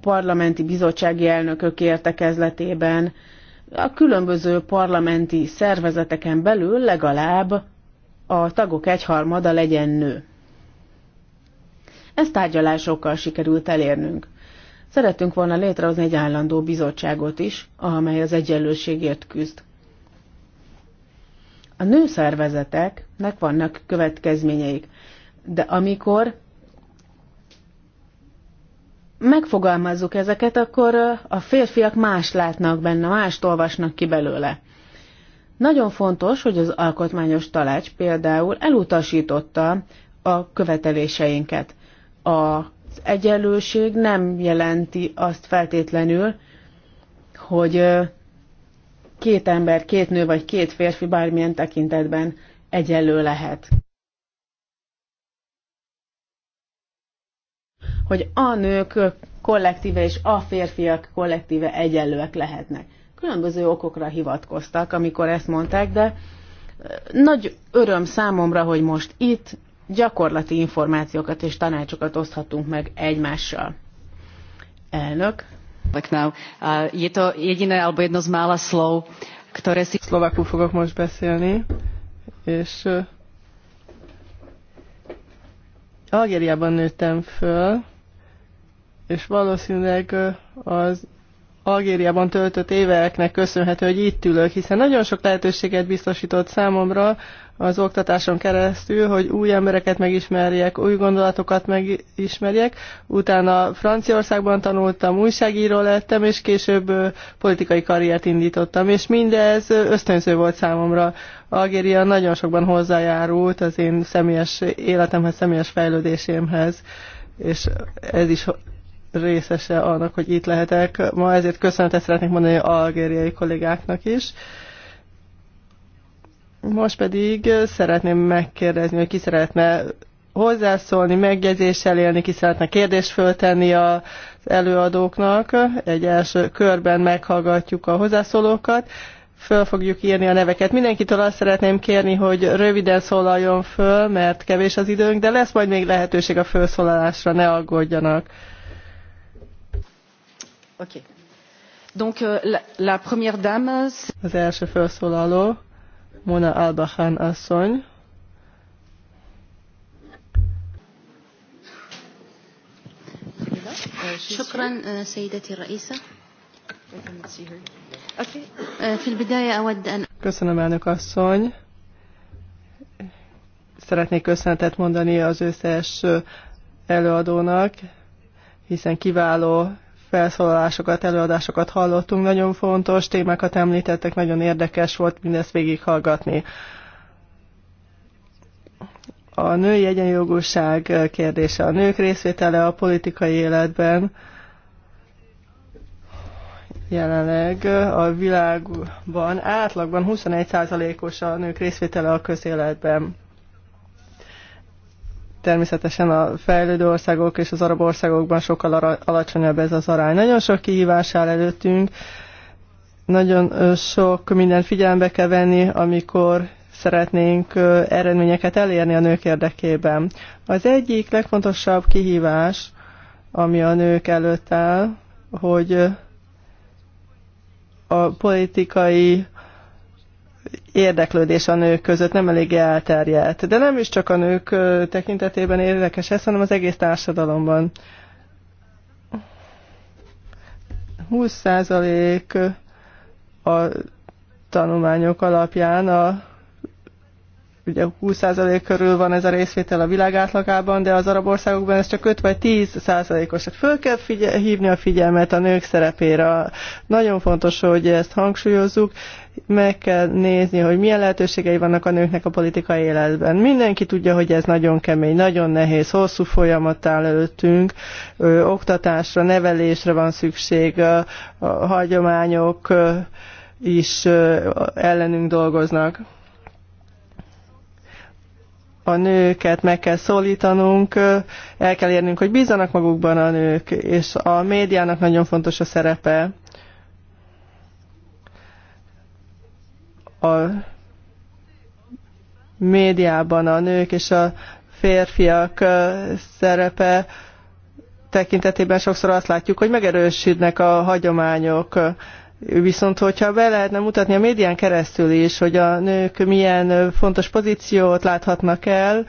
parlamenti bizottsági elnökök értekezletében, a különböző parlamenti szervezeteken belül legalább a tagok egyharmada legyen nő. Ezt tárgyalásokkal sikerült elérnünk. Szeretünk volna létrehozni egy állandó bizottságot is, amely az egyenlőségért küzd. A nőszervezeteknek vannak következményeik, de amikor megfogalmazzuk ezeket, akkor a férfiak más látnak benne, mást olvasnak ki belőle. Nagyon fontos, hogy az alkotmányos talács például elutasította a követeléseinket. A egyenlőség nem jelenti azt feltétlenül, hogy két ember, két nő vagy két férfi bármilyen tekintetben egyenlő lehet. Hogy a nők kollektíve és a férfiak kollektíve egyenlőek lehetnek. Különböző okokra hivatkoztak, amikor ezt mondták, de nagy öröm számomra, hogy most itt gyakorlati információkat és tanácsokat oszthatunk meg egymással. Elnök. Uh, je to jediné alebo jedno z mála slov, ktoré si... Szlovakul fogok most beszélni, és Algériában nőttem föl, és valószínűleg az Algériában töltött éveknek köszönhető, hogy itt ülök, hiszen nagyon sok lehetőséget biztosított számomra az oktatáson keresztül, hogy új embereket megismerjek, új gondolatokat megismerjek. Utána Franciaországban tanultam, újságíró lettem, és később politikai karriert indítottam, és mindez ösztönző volt számomra. Algéria nagyon sokban hozzájárult az én személyes életemhez, személyes fejlődésémhez és ez is részese annak, hogy itt lehetek. Ma ezért köszönetet szeretnék mondani algériai kollégáknak is. Most pedig szeretném megkérdezni, hogy ki szeretne hozzászólni, megjegyzéssel élni, ki szeretne kérdést föltenni az előadóknak. Egy első körben meghallgatjuk a hozzászólókat, föl fogjuk írni a neveket. Mindenkitől azt szeretném kérni, hogy röviden szólaljon föl, mert kevés az időnk, de lesz majd még lehetőség a felszólalásra, ne aggódjanak. Okay. Donc, euh, la, première dame... Az első felszólaló, Mona Albachán asszony. شكراً سيدتي الرئيسة في البداية أود أن Köszönöm, elnök asszony. Szeretnék köszönetet mondani az összes uh, előadónak, hiszen kiváló felszólalásokat, előadásokat hallottunk, nagyon fontos témákat említettek, nagyon érdekes volt mindezt végighallgatni. A női egyenjogúság kérdése, a nők részvétele a politikai életben jelenleg a világban átlagban 21%-os a nők részvétele a közéletben Természetesen a fejlődő országok és az arab országokban sokkal alacsonyabb ez az arány. Nagyon sok kihívás áll előttünk, nagyon sok mindent figyelembe kell venni, amikor szeretnénk eredményeket elérni a nők érdekében. Az egyik legfontosabb kihívás, ami a nők előtt áll, hogy a politikai érdeklődés a nők között nem eléggé elterjedt. De nem is csak a nők tekintetében érdekes ez, hanem az egész társadalomban. 20% a tanulmányok alapján a ugye 20% körül van ez a részvétel a világ átlagában, de az arab országokban ez csak 5 vagy 10 százalékos. Hát föl kell figyel, hívni a figyelmet a nők szerepére. Nagyon fontos, hogy ezt hangsúlyozzuk, meg kell nézni, hogy milyen lehetőségei vannak a nőknek a politikai életben. Mindenki tudja, hogy ez nagyon kemény, nagyon nehéz, hosszú folyamat áll előttünk, ö, oktatásra, nevelésre van szükség, a, a hagyományok ö, is ö, ellenünk dolgoznak. A nőket meg kell szólítanunk, el kell érnünk, hogy bízzanak magukban a nők, és a médiának nagyon fontos a szerepe a médiában a nők és a férfiak szerepe tekintetében sokszor azt látjuk, hogy megerősödnek a hagyományok. Viszont, hogyha be lehetne mutatni a médián keresztül is, hogy a nők milyen fontos pozíciót láthatnak el,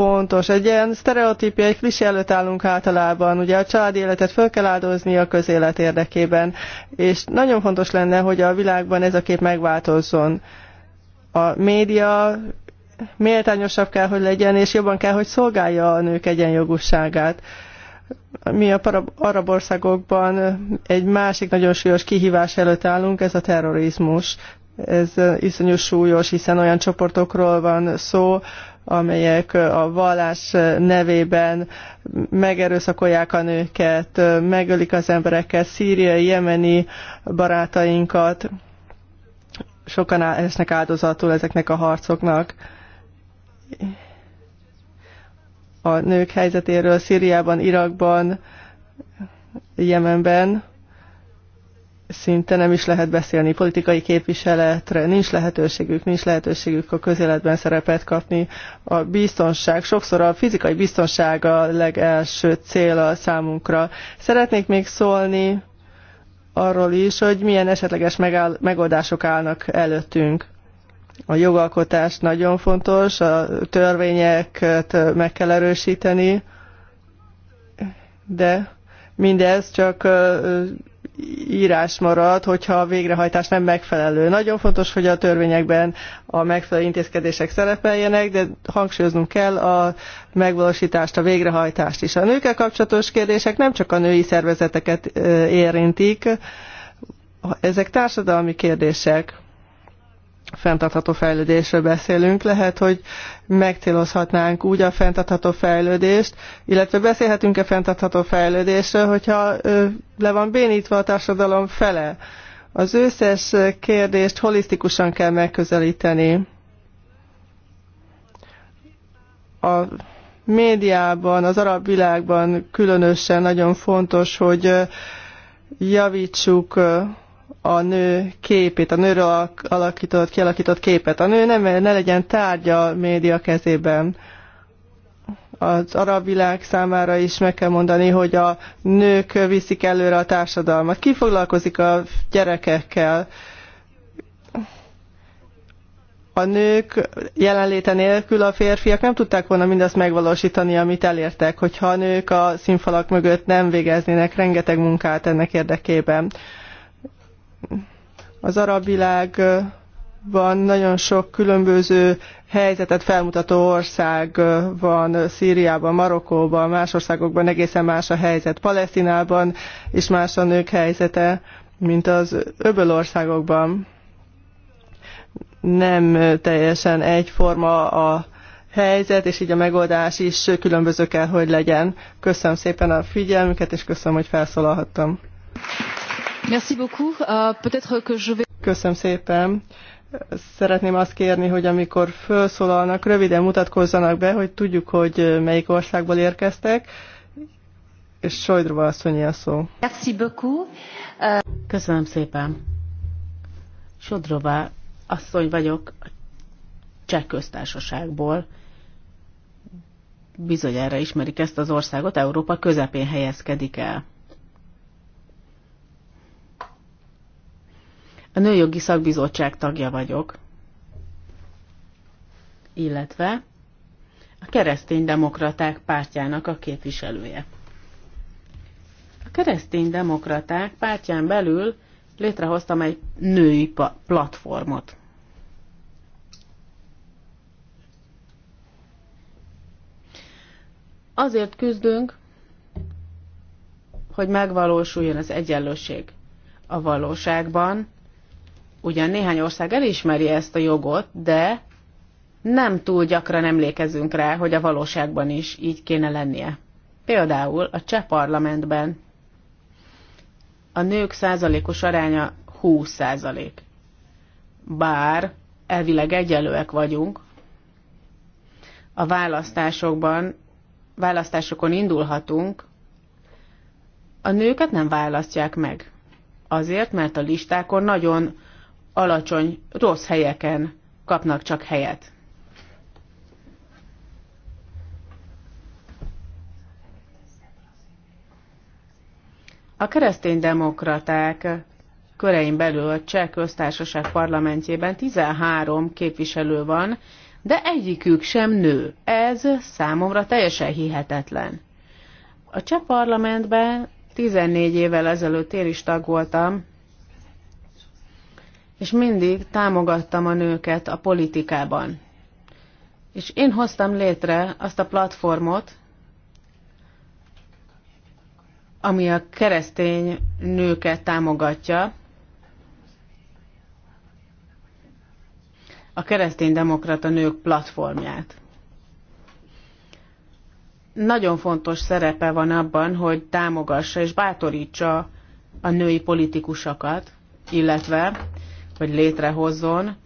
fontos. Egy ilyen sztereotípia, egy klisé előtt állunk általában. Ugye a család életet föl kell áldozni a közélet érdekében. És nagyon fontos lenne, hogy a világban ez a kép megváltozzon. A média méltányosabb kell, hogy legyen, és jobban kell, hogy szolgálja a nők egyenjogúságát. Mi a arab országokban egy másik nagyon súlyos kihívás előtt állunk, ez a terrorizmus. Ez iszonyú súlyos, hiszen olyan csoportokról van szó, amelyek a vallás nevében megerőszakolják a nőket, megölik az embereket, szíriai, jemeni barátainkat. Sokan esnek áldozatul ezeknek a harcoknak. A nők helyzetéről Szíriában, Irakban, Jemenben szinte nem is lehet beszélni politikai képviseletre, nincs lehetőségük, nincs lehetőségük a közéletben szerepet kapni. A biztonság, sokszor a fizikai biztonság a legelső cél a számunkra. Szeretnék még szólni arról is, hogy milyen esetleges megáll, megoldások állnak előttünk. A jogalkotás nagyon fontos, a törvényeket meg kell erősíteni, de mindez csak írás marad, hogyha a végrehajtás nem megfelelő. Nagyon fontos, hogy a törvényekben a megfelelő intézkedések szerepeljenek, de hangsúlyoznunk kell a megvalósítást, a végrehajtást is. A nőkkel kapcsolatos kérdések nem csak a női szervezeteket érintik, ezek társadalmi kérdések fenntartható fejlődésről beszélünk, lehet, hogy megcélozhatnánk úgy a fenntartható fejlődést, illetve beszélhetünk-e fenntartható fejlődésről, hogyha le van bénítva a társadalom fele. Az összes kérdést holisztikusan kell megközelíteni. A médiában, az arab világban különösen nagyon fontos, hogy javítsuk a nő képét, a nőről alakított, kialakított képet. A nő nem, ne legyen tárgya a média kezében. Az arab világ számára is meg kell mondani, hogy a nők viszik előre a társadalmat. Ki foglalkozik a gyerekekkel? a nők jelenléte nélkül a férfiak nem tudták volna mindazt megvalósítani, amit elértek, hogyha a nők a színfalak mögött nem végeznének rengeteg munkát ennek érdekében. Az arab világban nagyon sok különböző helyzetet felmutató ország van, Szíriában, Marokkóban, más országokban egészen más a helyzet, Palesztinában is más a nők helyzete, mint az öböl országokban. Nem teljesen egyforma a helyzet, és így a megoldás is különböző kell, hogy legyen. Köszönöm szépen a figyelmüket, és köszönöm, hogy felszólalhattam. Merci beaucoup. Uh, peut-être que je vais... Köszönöm szépen. Szeretném azt kérni, hogy amikor felszólalnak, röviden mutatkozzanak be, hogy tudjuk, hogy melyik országból érkeztek, és Sojdrova asszonyi a szó. Merci beaucoup. Uh... Köszönöm szépen. Sodrová asszony vagyok, cseh köztársaságból. Bizonyára ismerik ezt az országot, Európa közepén helyezkedik el. A Nőjogi Szakbizottság tagja vagyok, illetve a Demokraták pártjának a képviselője. A Demokraták pártján belül létrehoztam egy női platformot. Azért küzdünk, hogy megvalósuljon az egyenlőség a valóságban, Ugyan néhány ország elismeri ezt a jogot, de nem túl gyakran emlékezünk rá, hogy a valóságban is így kéne lennie. Például a cseh parlamentben a nők százalékos aránya 20 százalék. Bár elvileg egyelőek vagyunk, a választásokban, választásokon indulhatunk, a nőket nem választják meg. Azért, mert a listákon nagyon alacsony, rossz helyeken kapnak csak helyet. A keresztény demokraták körein belül a Cseh köztársaság parlamentjében 13 képviselő van, de egyikük sem nő. Ez számomra teljesen hihetetlen. A cseh parlamentben 14 évvel ezelőtt én is tag voltam, és mindig támogattam a nőket a politikában. És én hoztam létre azt a platformot, ami a keresztény nőket támogatja, a keresztény demokrata nők platformját. Nagyon fontos szerepe van abban, hogy támogassa és bátorítsa a női politikusokat, illetve vagy létrehozzon,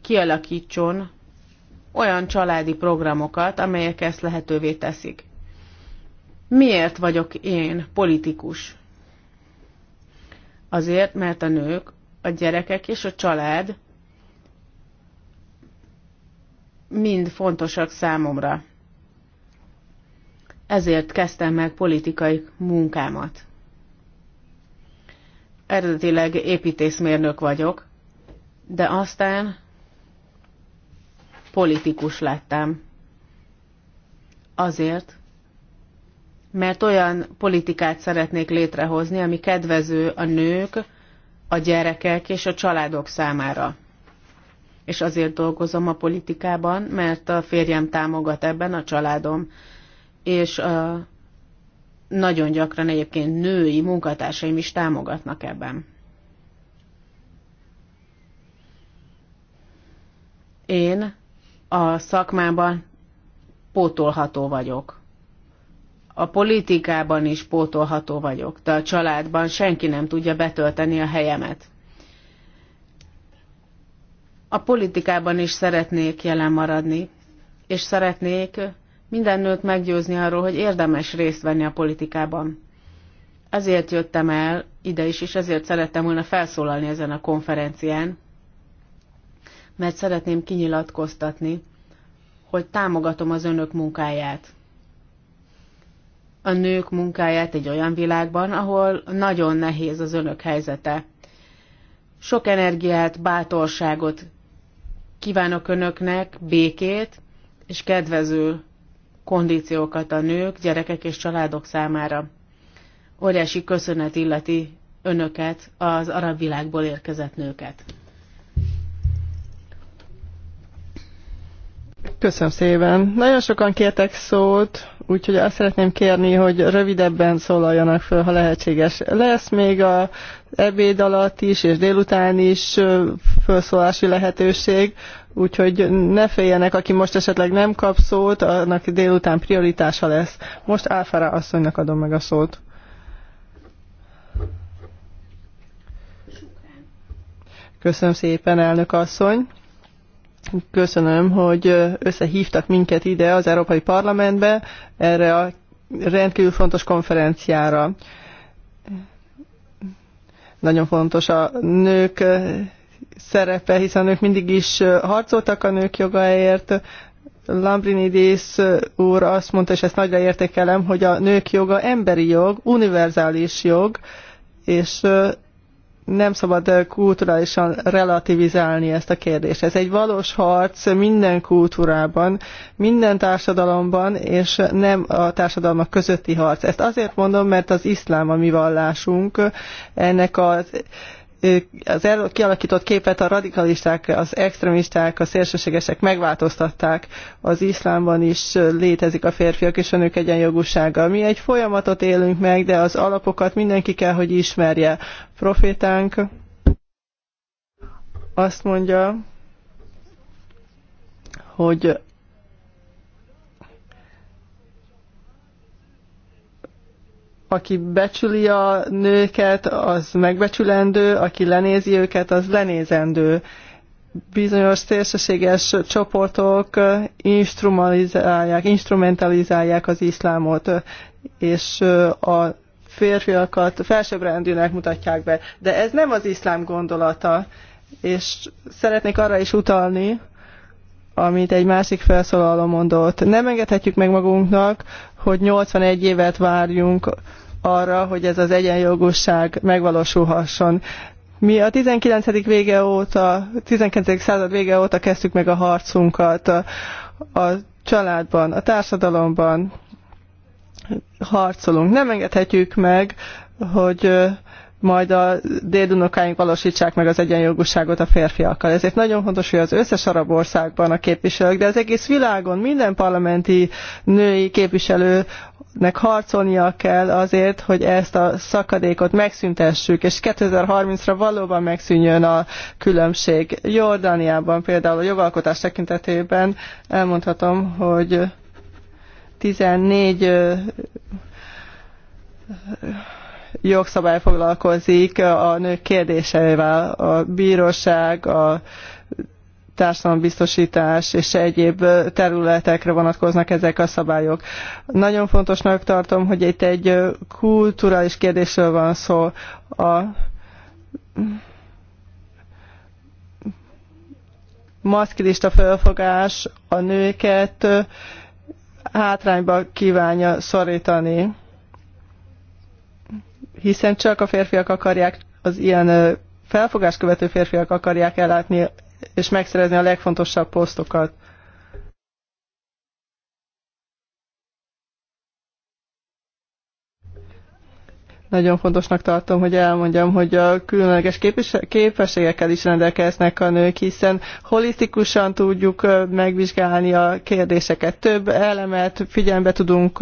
kialakítson olyan családi programokat, amelyek ezt lehetővé teszik. Miért vagyok én politikus? Azért, mert a nők, a gyerekek és a család mind fontosak számomra. Ezért kezdtem meg politikai munkámat eredetileg építészmérnök vagyok, de aztán politikus lettem. Azért, mert olyan politikát szeretnék létrehozni, ami kedvező a nők, a gyerekek és a családok számára. És azért dolgozom a politikában, mert a férjem támogat ebben a családom, és a nagyon gyakran egyébként női munkatársaim is támogatnak ebben. Én a szakmában pótolható vagyok. A politikában is pótolható vagyok, de a családban senki nem tudja betölteni a helyemet. A politikában is szeretnék jelen maradni, és szeretnék minden nőt meggyőzni arról, hogy érdemes részt venni a politikában. Ezért jöttem el ide is, és ezért szerettem volna felszólalni ezen a konferencián, mert szeretném kinyilatkoztatni, hogy támogatom az önök munkáját. A nők munkáját egy olyan világban, ahol nagyon nehéz az önök helyzete. Sok energiát, bátorságot kívánok önöknek, békét és kedvező kondíciókat a nők, gyerekek és családok számára. Óriási köszönet illeti önöket, az arab világból érkezett nőket. Köszönöm szépen. Nagyon sokan kértek szót, úgyhogy azt szeretném kérni, hogy rövidebben szólaljanak föl, ha lehetséges. Lesz még a ebéd alatt is, és délután is felszólási lehetőség. Úgyhogy ne féljenek, aki most esetleg nem kap szót, annak délután prioritása lesz. Most áfára asszonynak adom meg a szót. Köszönöm szépen, elnök asszony. Köszönöm, hogy összehívtak minket ide az Európai Parlamentbe, erre a rendkívül fontos konferenciára. Nagyon fontos a nők szerepe, hiszen ők mindig is harcoltak a nők jogaért. Lambrinidis úr azt mondta, és ezt nagyra értékelem, hogy a nők joga emberi jog, univerzális jog, és nem szabad kulturálisan relativizálni ezt a kérdést. Ez egy valós harc minden kultúrában, minden társadalomban, és nem a társadalmak közötti harc. Ezt azért mondom, mert az iszlám a mi vallásunk, ennek az az erről kialakított képet a radikalisták, az extremisták, a szélsőségesek megváltoztatták. Az iszlámban is létezik a férfiak és a nők egyenjogúsága. Mi egy folyamatot élünk meg, de az alapokat mindenki kell, hogy ismerje. Profétánk azt mondja, hogy aki becsüli a nőket, az megbecsülendő, aki lenézi őket, az lenézendő. Bizonyos szélsőséges csoportok instrumentalizálják, instrumentalizálják az iszlámot, és a férfiakat felsőbbrendűnek mutatják be. De ez nem az iszlám gondolata, és szeretnék arra is utalni, amit egy másik felszólaló mondott. Nem engedhetjük meg magunknak, hogy 81 évet várjunk arra, hogy ez az egyenjogosság megvalósulhasson. Mi a 19. vége óta, 19. század vége óta kezdtük meg a harcunkat a, a családban, a társadalomban harcolunk. Nem engedhetjük meg, hogy majd a dédunokáink valósítsák meg az egyenjogúságot a férfiakkal. Ezért nagyon fontos, hogy az összes arab országban a képviselők, de az egész világon minden parlamenti női képviselőnek harcolnia kell azért, hogy ezt a szakadékot megszüntessük, és 2030-ra valóban megszűnjön a különbség. Jordániában például a jogalkotás tekintetében elmondhatom, hogy 14 jogszabály foglalkozik a nők kérdéseivel, a bíróság, a társadalombiztosítás és egyéb területekre vonatkoznak ezek a szabályok. Nagyon fontosnak tartom, hogy itt egy kulturális kérdésről van szó. A maszkilista felfogás a nőket hátrányba kívánja szorítani hiszen csak a férfiak akarják, az ilyen felfogás követő férfiak akarják ellátni és megszerezni a legfontosabb posztokat. Nagyon fontosnak tartom, hogy elmondjam, hogy a különleges képességekkel is rendelkeznek a nők, hiszen holisztikusan tudjuk megvizsgálni a kérdéseket. Több elemet figyelembe tudunk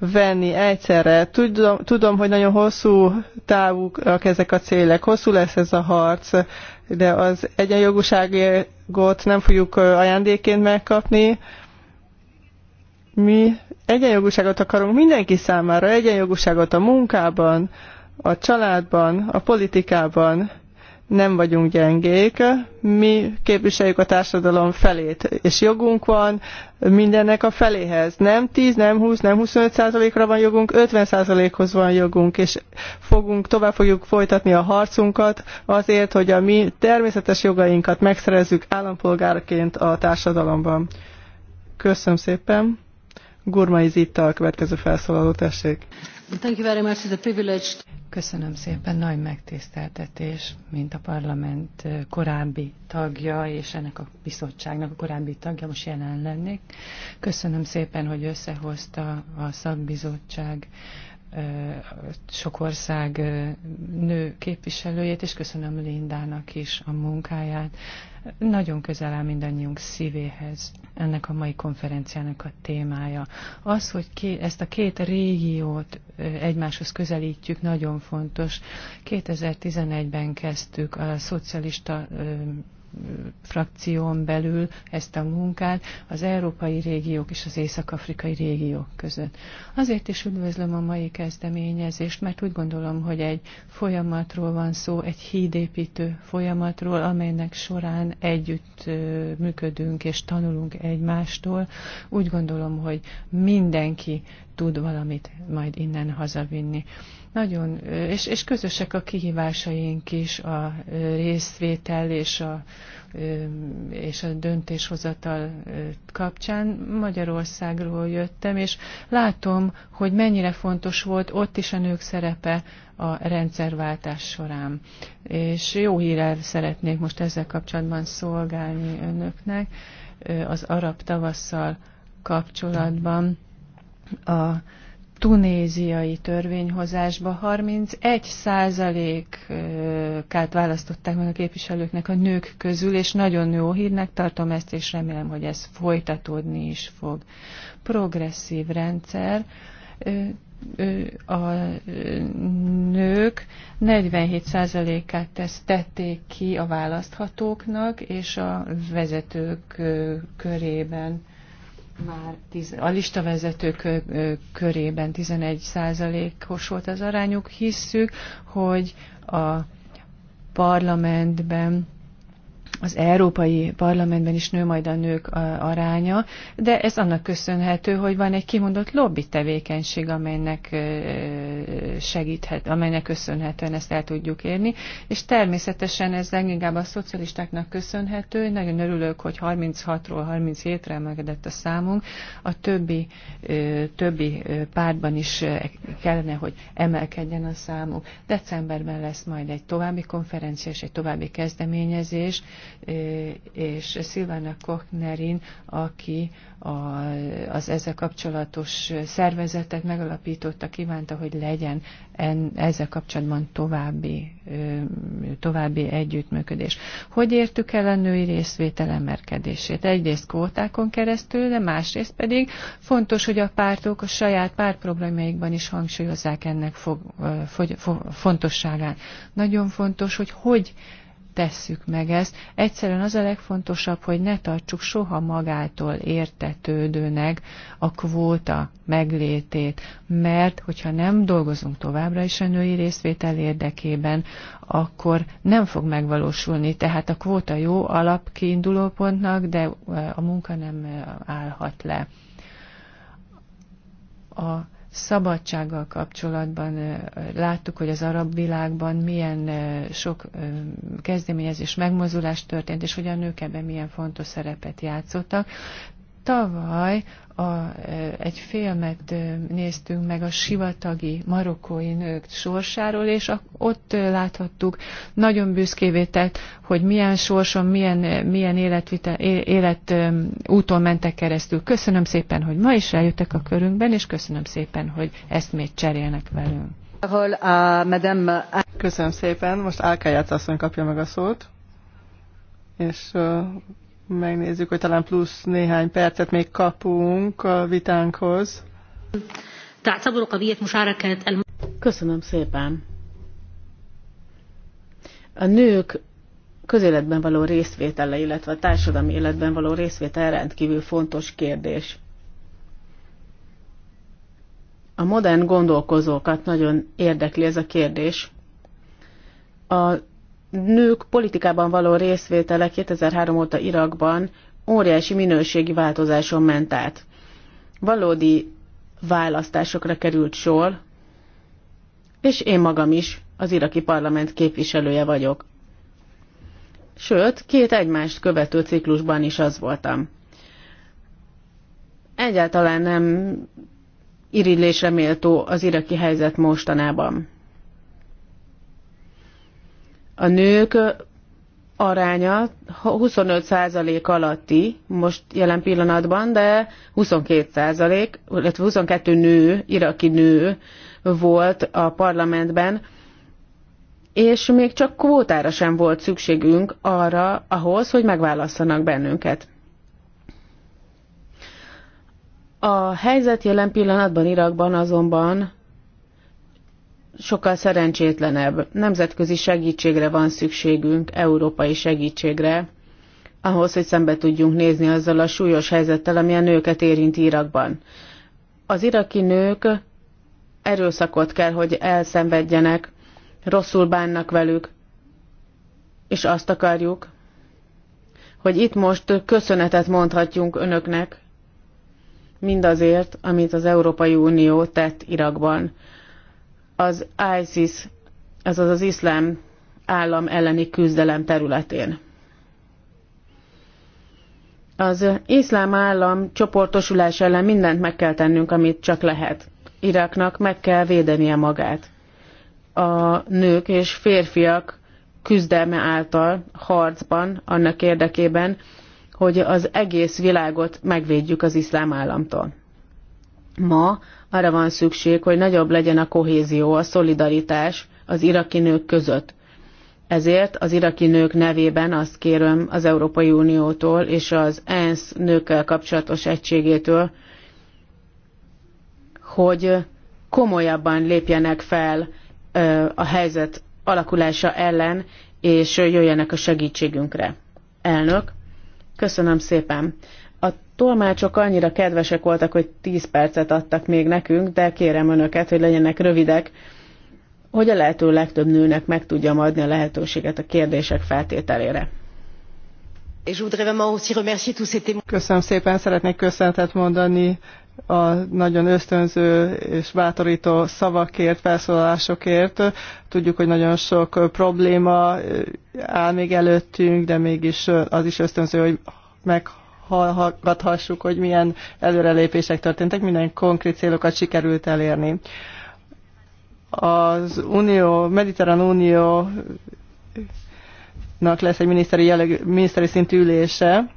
venni egyszerre. Tudom, tudom, hogy nagyon hosszú távúak ezek a célek, hosszú lesz ez a harc, de az egyenjogúságot nem fogjuk ajándéként megkapni. Mi egyenjogúságot akarunk mindenki számára, egyenjogúságot a munkában, a családban, a politikában, nem vagyunk gyengék, mi képviseljük a társadalom felét, és jogunk van mindennek a feléhez. Nem 10, nem 20, nem 25 százalékra van jogunk, 50 százalékhoz van jogunk, és fogunk, tovább fogjuk folytatni a harcunkat azért, hogy a mi természetes jogainkat megszerezzük állampolgárként a társadalomban. Köszönöm szépen. Gurmai Zitta a következő felszólaló, tessék. Köszönöm szépen, nagy megtiszteltetés, mint a parlament korábbi tagja, és ennek a bizottságnak a korábbi tagja, most jelen lennék. Köszönöm szépen, hogy összehozta a szakbizottság sok ország nő képviselőjét, és köszönöm Lindának is a munkáját. Nagyon közel áll mindannyiunk szívéhez ennek a mai konferenciának a témája. Az, hogy ké, ezt a két régiót egymáshoz közelítjük, nagyon fontos. 2011-ben kezdtük a szocialista frakción belül ezt a munkát az európai régiók és az észak-afrikai régiók között. Azért is üdvözlöm a mai kezdeményezést, mert úgy gondolom, hogy egy folyamatról van szó, egy hídépítő folyamatról, amelynek során együtt működünk és tanulunk egymástól. Úgy gondolom, hogy mindenki tud valamit majd innen hazavinni. Nagyon, és, és közösek a kihívásaink is, a részvétel és a, és a döntéshozatal kapcsán. Magyarországról jöttem, és látom, hogy mennyire fontos volt ott is a nők szerepe a rendszerváltás során. És jó hírrel szeretnék most ezzel kapcsolatban szolgálni önöknek az arab tavasszal kapcsolatban. A, tunéziai törvényhozásba 31 százalékát választották meg a képviselőknek a nők közül, és nagyon jó hírnek tartom ezt, és remélem, hogy ez folytatódni is fog. Progresszív rendszer. A nők 47%-át ezt tették ki a választhatóknak, és a vezetők körében már tiz, a listavezetők körében 11 százalékos volt az arányuk. Hisszük, hogy a parlamentben az Európai Parlamentben is nő majd a nők aránya, de ez annak köszönhető, hogy van egy kimondott lobby tevékenység, amelynek segíthet, amelynek köszönhetően ezt el tudjuk érni, és természetesen ez leginkább a szocialistáknak köszönhető, nagyon örülök, hogy 36-ról 37-re emelkedett a számunk, a többi, többi pártban is kellene, hogy emelkedjen a számunk. Decemberben lesz majd egy további konferencia és egy további kezdeményezés, és Szilvana Kochnerin, aki az ezzel kapcsolatos szervezetet megalapította, kívánta, hogy legyen en ezzel kapcsolatban további, további együttműködés. Hogy értük el a női részvétel emelkedését? Egyrészt kvótákon keresztül, de másrészt pedig fontos, hogy a pártok a saját pártproblémáikban is hangsúlyozzák ennek fog, fog, fog, fontosságát. Nagyon fontos, hogy hogy tesszük meg ezt. Egyszerűen az a legfontosabb, hogy ne tartsuk soha magától értetődőnek a kvóta meglétét, mert hogyha nem dolgozunk továbbra is a női részvétel érdekében, akkor nem fog megvalósulni. Tehát a kvóta jó alapkiinduló pontnak, de a munka nem állhat le. A szabadsággal kapcsolatban láttuk, hogy az arab világban milyen sok kezdeményezés, megmozulás történt, és hogy a nők ebben milyen fontos szerepet játszottak. Tavaly a, egy filmet néztünk meg a sivatagi marokkói nők sorsáról, és a, ott láthattuk, nagyon büszkévé tett, hogy milyen sorson, milyen, milyen életvite, élet úton mentek keresztül. Köszönöm szépen, hogy ma is eljöttek a körünkben, és köszönöm szépen, hogy ezt még cserélnek velünk. Köszönöm szépen, most Álkáját asszony kapja meg a szót, és Megnézzük, hogy talán plusz néhány percet még kapunk a vitánkhoz. Köszönöm szépen. A nők közéletben való részvétele, illetve a társadalmi életben való részvétele rendkívül fontos kérdés. A modern gondolkozókat nagyon érdekli ez a kérdés. A nők politikában való részvétele 2003 óta Irakban óriási minőségi változáson ment át. Valódi választásokra került sor, és én magam is az iraki parlament képviselője vagyok. Sőt, két egymást követő ciklusban is az voltam. Egyáltalán nem irillésre méltó az iraki helyzet mostanában a nők aránya 25% alatti most jelen pillanatban, de 22%, illetve 22 nő, iraki nő volt a parlamentben, és még csak kvótára sem volt szükségünk arra, ahhoz, hogy megválasszanak bennünket. A helyzet jelen pillanatban Irakban azonban sokkal szerencsétlenebb. Nemzetközi segítségre van szükségünk, európai segítségre, ahhoz, hogy szembe tudjunk nézni azzal a súlyos helyzettel, ami a nőket érint Irakban. Az iraki nők erőszakot kell, hogy elszenvedjenek, rosszul bánnak velük, és azt akarjuk, hogy itt most köszönetet mondhatjunk önöknek mindazért, amit az Európai Unió tett Irakban az ISIS, azaz az iszlám állam elleni küzdelem területén. Az iszlám állam csoportosulás ellen mindent meg kell tennünk, amit csak lehet. Iraknak meg kell védenie magát. A nők és férfiak küzdelme által harcban annak érdekében, hogy az egész világot megvédjük az iszlám államtól. Ma arra van szükség, hogy nagyobb legyen a kohézió, a szolidaritás az iraki nők között. Ezért az iraki nők nevében azt kérem az Európai Uniótól és az ENSZ nőkkel kapcsolatos egységétől, hogy komolyabban lépjenek fel a helyzet alakulása ellen, és jöjjenek a segítségünkre. Elnök, köszönöm szépen. A tolmácsok annyira kedvesek voltak, hogy 10 percet adtak még nekünk, de kérem önöket, hogy legyenek rövidek, hogy a lehető legtöbb nőnek meg tudjam adni a lehetőséget a kérdések feltételére. Köszönöm szépen, szeretnék köszönetet mondani a nagyon ösztönző és bátorító szavakért, felszólalásokért. Tudjuk, hogy nagyon sok probléma áll még előttünk, de mégis az is ösztönző, hogy meg hallgathassuk, hogy milyen előrelépések történtek, milyen konkrét célokat sikerült elérni. Az Unió, Mediterrán Unió lesz egy miniszteri, jelleg, miniszteri szintű ülése,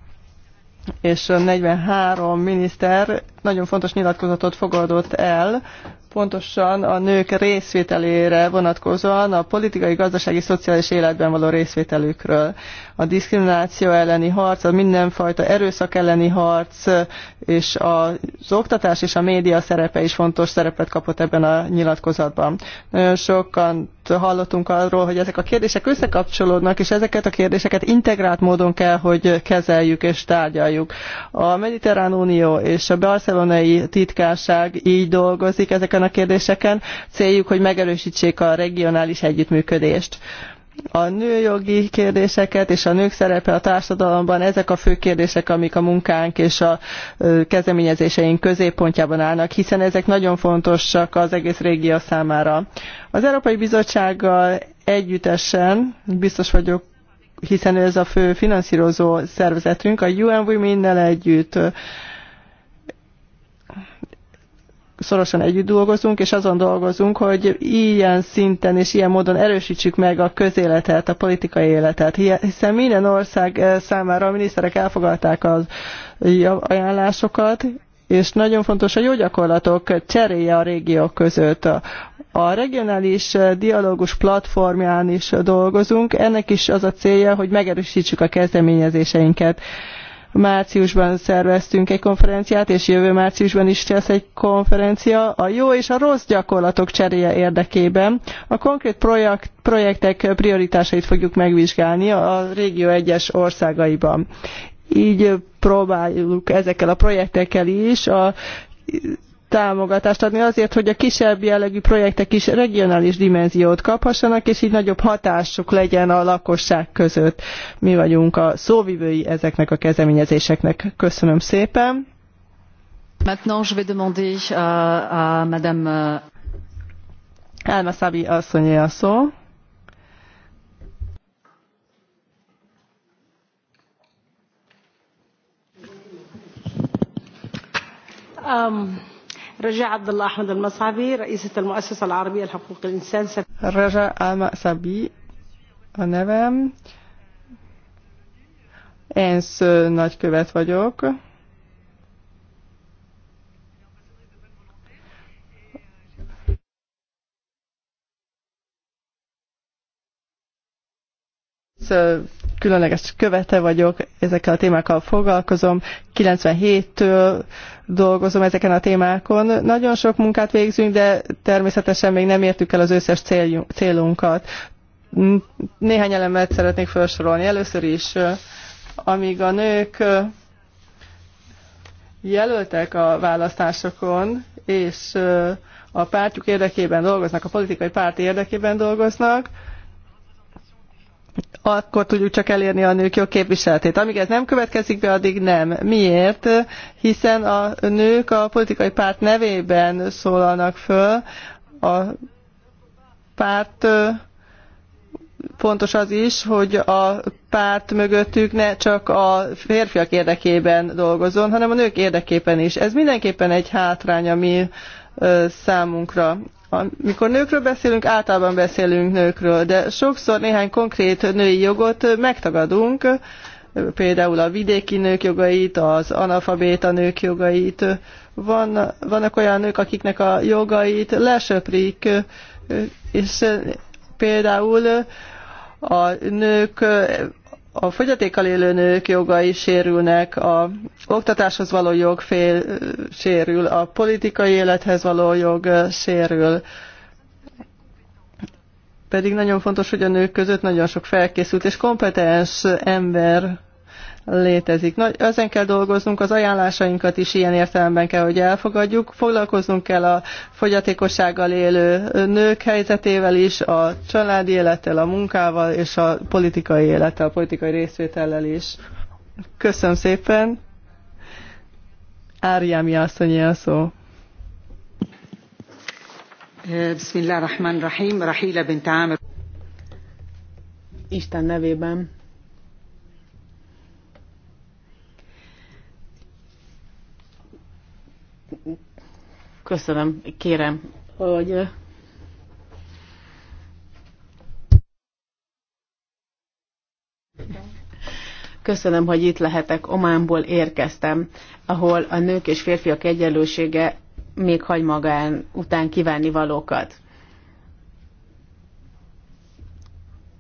és 43 miniszter nagyon fontos nyilatkozatot fogadott el, pontosan a nők részvételére vonatkozóan a politikai, gazdasági, szociális életben való részvételükről a diszkrimináció elleni harc, a mindenfajta erőszak elleni harc, és az oktatás és a média szerepe is fontos szerepet kapott ebben a nyilatkozatban. Nagyon sokan hallottunk arról, hogy ezek a kérdések összekapcsolódnak, és ezeket a kérdéseket integrált módon kell, hogy kezeljük és tárgyaljuk. A Mediterrán Unió és a barcelonai titkárság így dolgozik ezeken a kérdéseken. Céljuk, hogy megerősítsék a regionális együttműködést a nőjogi kérdéseket és a nők szerepe a társadalomban, ezek a fő kérdések, amik a munkánk és a kezdeményezéseink középpontjában állnak, hiszen ezek nagyon fontosak az egész régió számára. Az Európai Bizottsággal együttesen, biztos vagyok, hiszen ez a fő finanszírozó szervezetünk, a UN Women-nel együtt szorosan együtt dolgozunk, és azon dolgozunk, hogy ilyen szinten és ilyen módon erősítsük meg a közéletet, a politikai életet, hiszen minden ország eh, számára a miniszterek elfogadták az ajánlásokat, és nagyon fontos a jó gyakorlatok cseréje a régiók között. A regionális eh, dialógus platformján is dolgozunk, ennek is az a célja, hogy megerősítsük a kezdeményezéseinket. Márciusban szerveztünk egy konferenciát, és jövő márciusban is lesz egy konferencia a jó és a rossz gyakorlatok cseréje érdekében. A konkrét projekt, projektek prioritásait fogjuk megvizsgálni a régió egyes országaiban. Így próbáljuk ezekkel a projektekkel is a támogatást adni azért, hogy a kisebb jellegű projektek is regionális dimenziót kaphassanak, és így nagyobb hatásuk legyen a lakosság között. Mi vagyunk a szóvivői ezeknek a kezdeményezéseknek. Köszönöm szépen. Maintenant je vais demander à, euh, à madame euh, Elma Szabi asszonyé a Um, رجاء عبد الله أحمد المصعبي رئيسة المؤسسة العربية لحقوق الإنسان رجاء المصعبي a nevem. ENSZ nagykövet vagyok. különleges követe vagyok, ezekkel a témákkal foglalkozom. 97-től dolgozom ezeken a témákon. Nagyon sok munkát végzünk, de természetesen még nem értük el az összes célunkat. Néhány elemet szeretnék felsorolni. Először is, amíg a nők jelöltek a választásokon, és a pártjuk érdekében dolgoznak, a politikai párt érdekében dolgoznak, akkor tudjuk csak elérni a nők jogképviseletét. Amíg ez nem következik be, addig nem. Miért? Hiszen a nők a politikai párt nevében szólalnak föl. A párt fontos az is, hogy a párt mögöttük ne csak a férfiak érdekében dolgozzon, hanem a nők érdekében is. Ez mindenképpen egy hátrány, ami számunkra. Amikor nőkről beszélünk, általában beszélünk nőkről, de sokszor néhány konkrét női jogot megtagadunk, például a vidéki nők jogait, az analfabéta nők jogait. Van, vannak olyan nők, akiknek a jogait lesöprik, és például a nők a fogyatékkal élő nők jogai sérülnek, a oktatáshoz való jog fél, sérül, a politikai élethez való jog sérül. Pedig nagyon fontos, hogy a nők között nagyon sok felkészült és kompetens ember létezik. Nagy, ezen kell dolgoznunk, az ajánlásainkat is ilyen értelemben kell, hogy elfogadjuk. Foglalkoznunk kell a fogyatékossággal élő nők helyzetével is, a családi élettel, a munkával és a politikai élettel, a politikai részvétellel is. Köszönöm szépen. Áriámi asszonyi a szó. Bismillahirrahmanirrahim, Rahila bint Isten nevében Köszönöm, kérem, hogy Köszönöm, hogy itt lehetek. Ománból érkeztem, ahol a nők és férfiak egyenlősége még hagy magán után kívánni valókat.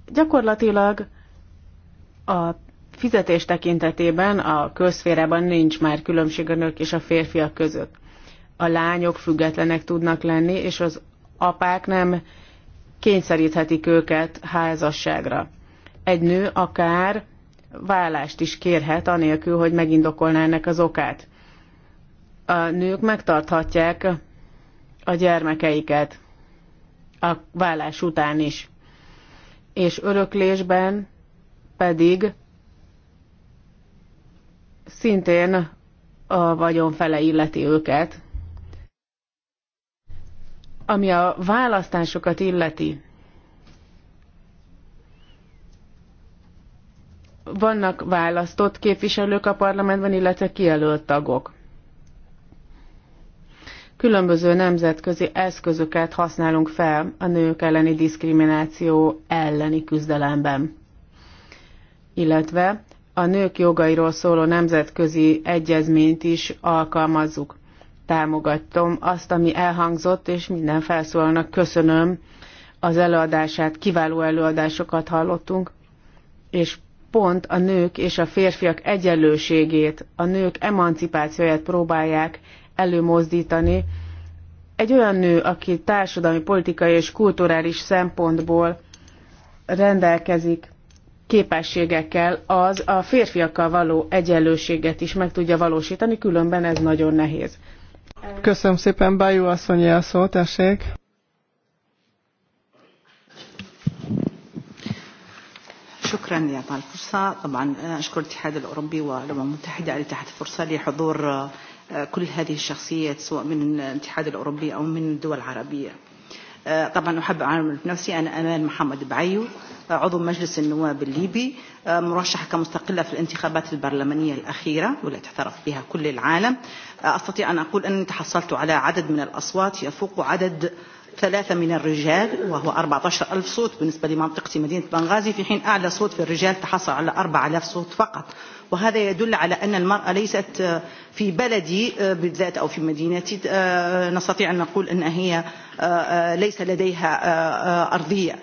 Gyakorlatilag a fizetés tekintetében a közszférában nincs már különbség a nők és a férfiak között a lányok függetlenek tudnak lenni, és az apák nem kényszeríthetik őket házasságra. Egy nő akár vállást is kérhet, anélkül, hogy megindokolná ennek az okát. A nők megtarthatják a gyermekeiket a vállás után is. És öröklésben pedig szintén a vagyon fele illeti őket, ami a választásokat illeti, vannak választott képviselők a parlamentben, illetve kijelölt tagok. Különböző nemzetközi eszközöket használunk fel a nők elleni diszkrimináció elleni küzdelemben, illetve a nők jogairól szóló nemzetközi egyezményt is alkalmazzuk támogatom azt, ami elhangzott, és minden felszólalnak köszönöm az előadását, kiváló előadásokat hallottunk, és pont a nők és a férfiak egyenlőségét, a nők emancipációját próbálják előmozdítani. Egy olyan nő, aki társadalmi, politikai és kulturális szempontból rendelkezik képességekkel, az a férfiakkal való egyenlőséget is meg tudja valósítani, különben ez nagyon nehéz. Köszönöm szépen, Bájú asszonyi a szó, tessék. شكرا يا طال الفرصة طبعا أشكر الاتحاد الأوروبي والأمم المتحدة التي تحت فرصة لحضور كل هذه الشخصيات سواء من الاتحاد الأوروبي أو من الدول العربية طبعا أحب أعلم نفسي أنا أمان محمد بعيو عضو مجلس النواب الليبي مرشحة كمستقلة في الانتخابات البرلمانية الأخيرة والتي اعترف بها كل العالم أستطيع أن أقول أنني تحصلت على عدد من الأصوات يفوق عدد ثلاثة من الرجال وهو 14 ألف صوت بالنسبة لمنطقة مدينة بنغازي في حين أعلى صوت في الرجال تحصل على 4 4000 صوت فقط وهذا يدل على أن المرأة ليست في بلدي بالذات أو في مدينتي نستطيع أن نقول أن هي ليس لديها أرضية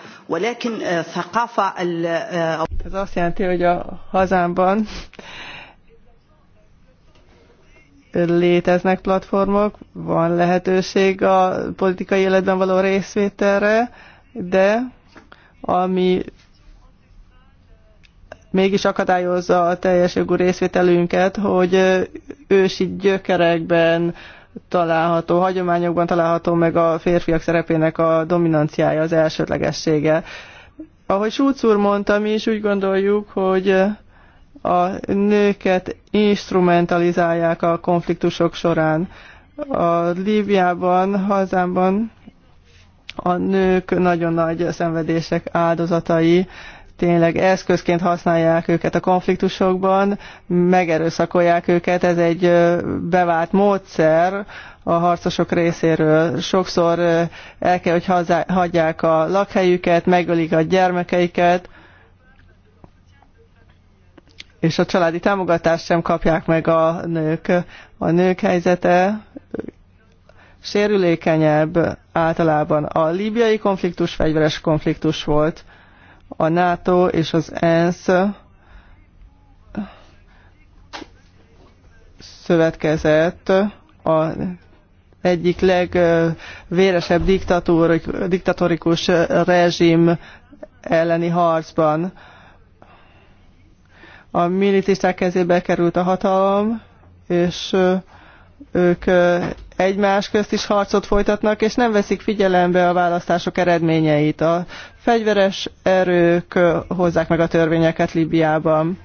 ez azt jelenti, hogy a hazámban léteznek platformok, van lehetőség a politikai életben való részvételre, de ami mégis akadályozza a teljes jogú részvételünket, hogy ősi gyökerekben található, hagyományokban található meg a férfiak szerepének a dominanciája, az elsődlegessége. Ahogy Schulz úr mondta, mi is úgy gondoljuk, hogy a nőket instrumentalizálják a konfliktusok során. A Líbiában, hazámban a nők nagyon nagy szenvedések áldozatai, tényleg eszközként használják őket a konfliktusokban, megerőszakolják őket, ez egy bevált módszer a harcosok részéről. Sokszor el kell, hogy hagyják a lakhelyüket, megölik a gyermekeiket, és a családi támogatást sem kapják meg a nők. A nők helyzete sérülékenyebb általában. A líbiai konfliktus fegyveres konfliktus volt a NATO és az ENSZ szövetkezett a egyik legvéresebb diktatórikus rezsim elleni harcban. A militisták kezébe került a hatalom, és ők egymás közt is harcot folytatnak, és nem veszik figyelembe a választások eredményeit. A fegyveres erők hozzák meg a törvényeket Libiában.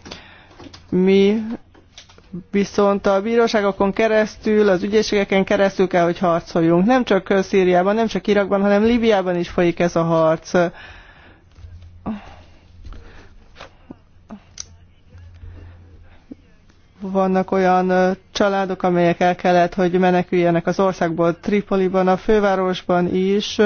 Mi viszont a bíróságokon keresztül, az ügyészségeken keresztül kell, hogy harcoljunk. Nem csak Szíriában, nem csak Irakban, hanem Libiában is folyik ez a harc. Vannak olyan családok, amelyek el kellett, hogy meneküljenek az országból, Tripoliban, a fővárosban is,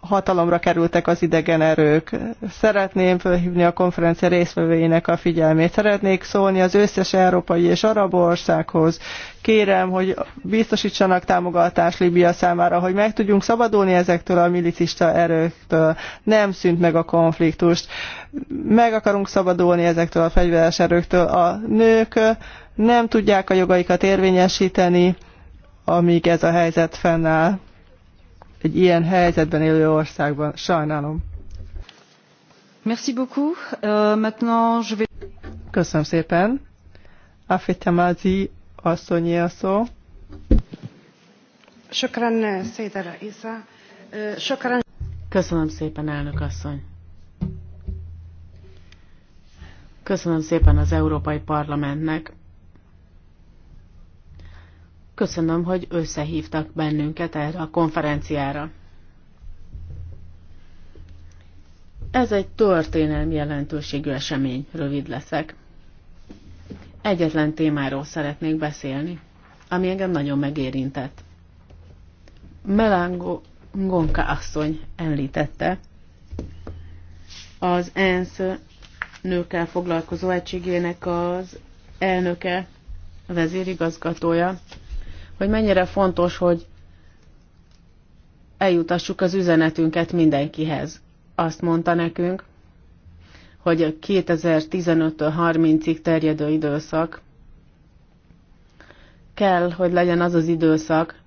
hatalomra kerültek az idegen erők. Szeretném felhívni a konferencia részvevőinek a figyelmét. Szeretnék szólni az összes európai és arab országhoz. Kérem, hogy biztosítsanak támogatást Libia számára, hogy meg tudjunk szabadulni ezektől a milicista erőktől. Nem szűnt meg a konfliktust. Meg akarunk szabadulni ezektől a fegyveres erőktől. A nők nem tudják a jogaikat érvényesíteni, amíg ez a helyzet fennáll egy ilyen helyzetben élő országban. Sajnálom. Merci beaucoup. Uh, maintenant je vais... Köszönöm szépen. Afetamazi asszonyi a szó. Sokran, eh, Szédera Isza. Eh, sokran... Köszönöm szépen, elnök asszony. Köszönöm szépen az Európai Parlamentnek Köszönöm, hogy összehívtak bennünket erre a konferenciára. Ez egy történelmi jelentőségű esemény, rövid leszek. Egyetlen témáról szeretnék beszélni, ami engem nagyon megérintett. Melango Gonka asszony említette az ENSZ nőkkel foglalkozó egységének az elnöke, vezérigazgatója, hogy mennyire fontos, hogy eljutassuk az üzenetünket mindenkihez. Azt mondta nekünk, hogy a 2015-től 30-ig terjedő időszak kell, hogy legyen az az időszak,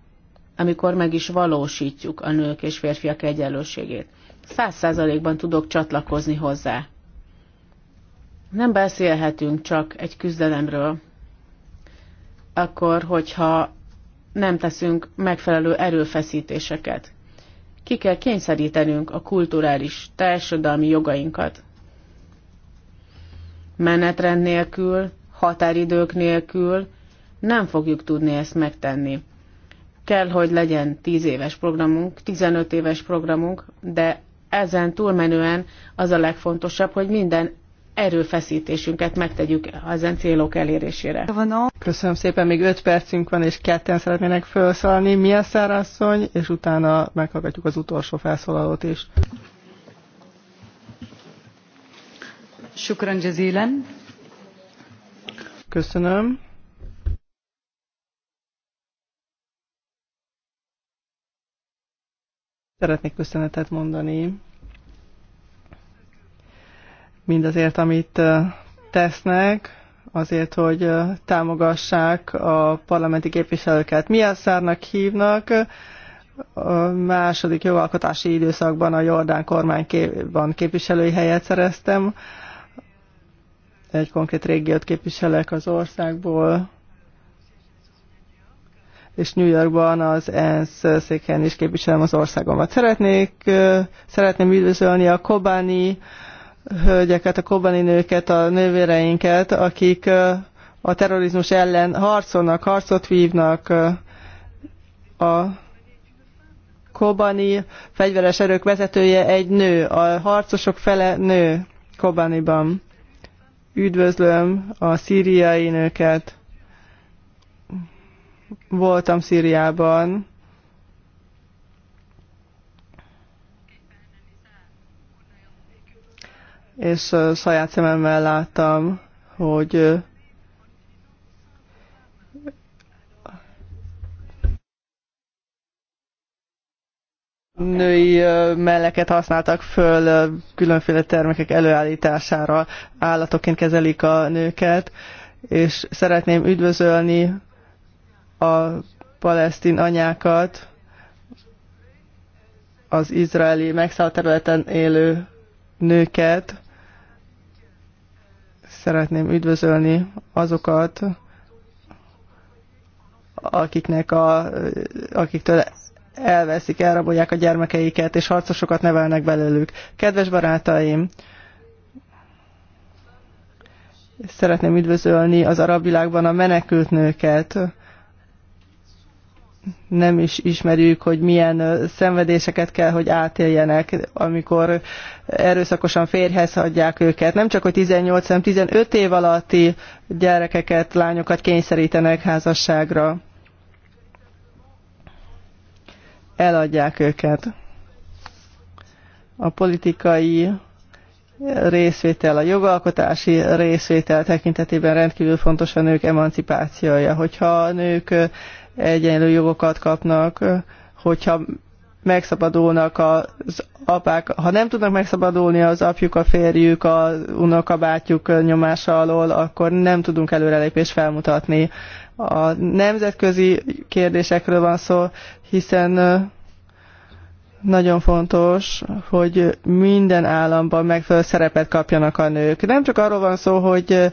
amikor meg is valósítjuk a nők és férfiak egyenlőségét. Száz százalékban tudok csatlakozni hozzá. Nem beszélhetünk csak egy küzdelemről, akkor, hogyha nem teszünk megfelelő erőfeszítéseket. Ki kell kényszerítenünk a kulturális, társadalmi jogainkat. Menetrend nélkül, határidők nélkül nem fogjuk tudni ezt megtenni. Kell, hogy legyen 10 éves programunk, 15 éves programunk, de ezen túlmenően az a legfontosabb, hogy minden erőfeszítésünket megtegyük ezen célok elérésére. Köszönöm szépen, még 5 percünk van, és ketten szeretnének felszólalni. Mi a szárasszony, és utána meghallgatjuk az utolsó felszólalót is. Sukran Köszönöm. Szeretnék köszönetet mondani mindazért, amit tesznek, azért, hogy támogassák a parlamenti képviselőket. Mi szárnak hívnak? A második jogalkotási időszakban a Jordán kormányban képviselői helyet szereztem. Egy konkrét régiót képviselek az országból, és New Yorkban az ENSZ széken is képviselem az országomat. Szeretnék, szeretném üdvözölni a Kobani hölgyeket, a kobani nőket, a nővéreinket, akik a terrorizmus ellen harcolnak, harcot vívnak. A kobani fegyveres erők vezetője egy nő, a harcosok fele nő Kobaniban. Üdvözlöm a szíriai nőket. Voltam Szíriában és saját szememmel láttam, hogy női melleket használtak föl különféle termékek előállítására, állatokként kezelik a nőket, és szeretném üdvözölni a palesztin anyákat, az izraeli megszállt területen élő nőket, szeretném üdvözölni azokat, akiknek a, akiktől elveszik, elrabolják a gyermekeiket, és harcosokat nevelnek belőlük. Kedves barátaim, szeretném üdvözölni az arab világban a menekült nőket, nem is ismerjük, hogy milyen szenvedéseket kell, hogy átéljenek, amikor erőszakosan férjhez hagyják őket. Nem csak, hogy 18, hanem 15 év alatti gyerekeket, lányokat kényszerítenek házasságra. Eladják őket. A politikai részvétel, a jogalkotási részvétel tekintetében rendkívül fontos a nők emancipációja. Hogyha a nők egyenlő jogokat kapnak, hogyha megszabadulnak az apák, ha nem tudnak megszabadulni az apjuk, a férjük, a unokabátyjuk nyomása alól, akkor nem tudunk előrelépést felmutatni. A nemzetközi kérdésekről van szó, hiszen nagyon fontos, hogy minden államban megfelelő szerepet kapjanak a nők. Nem csak arról van szó, hogy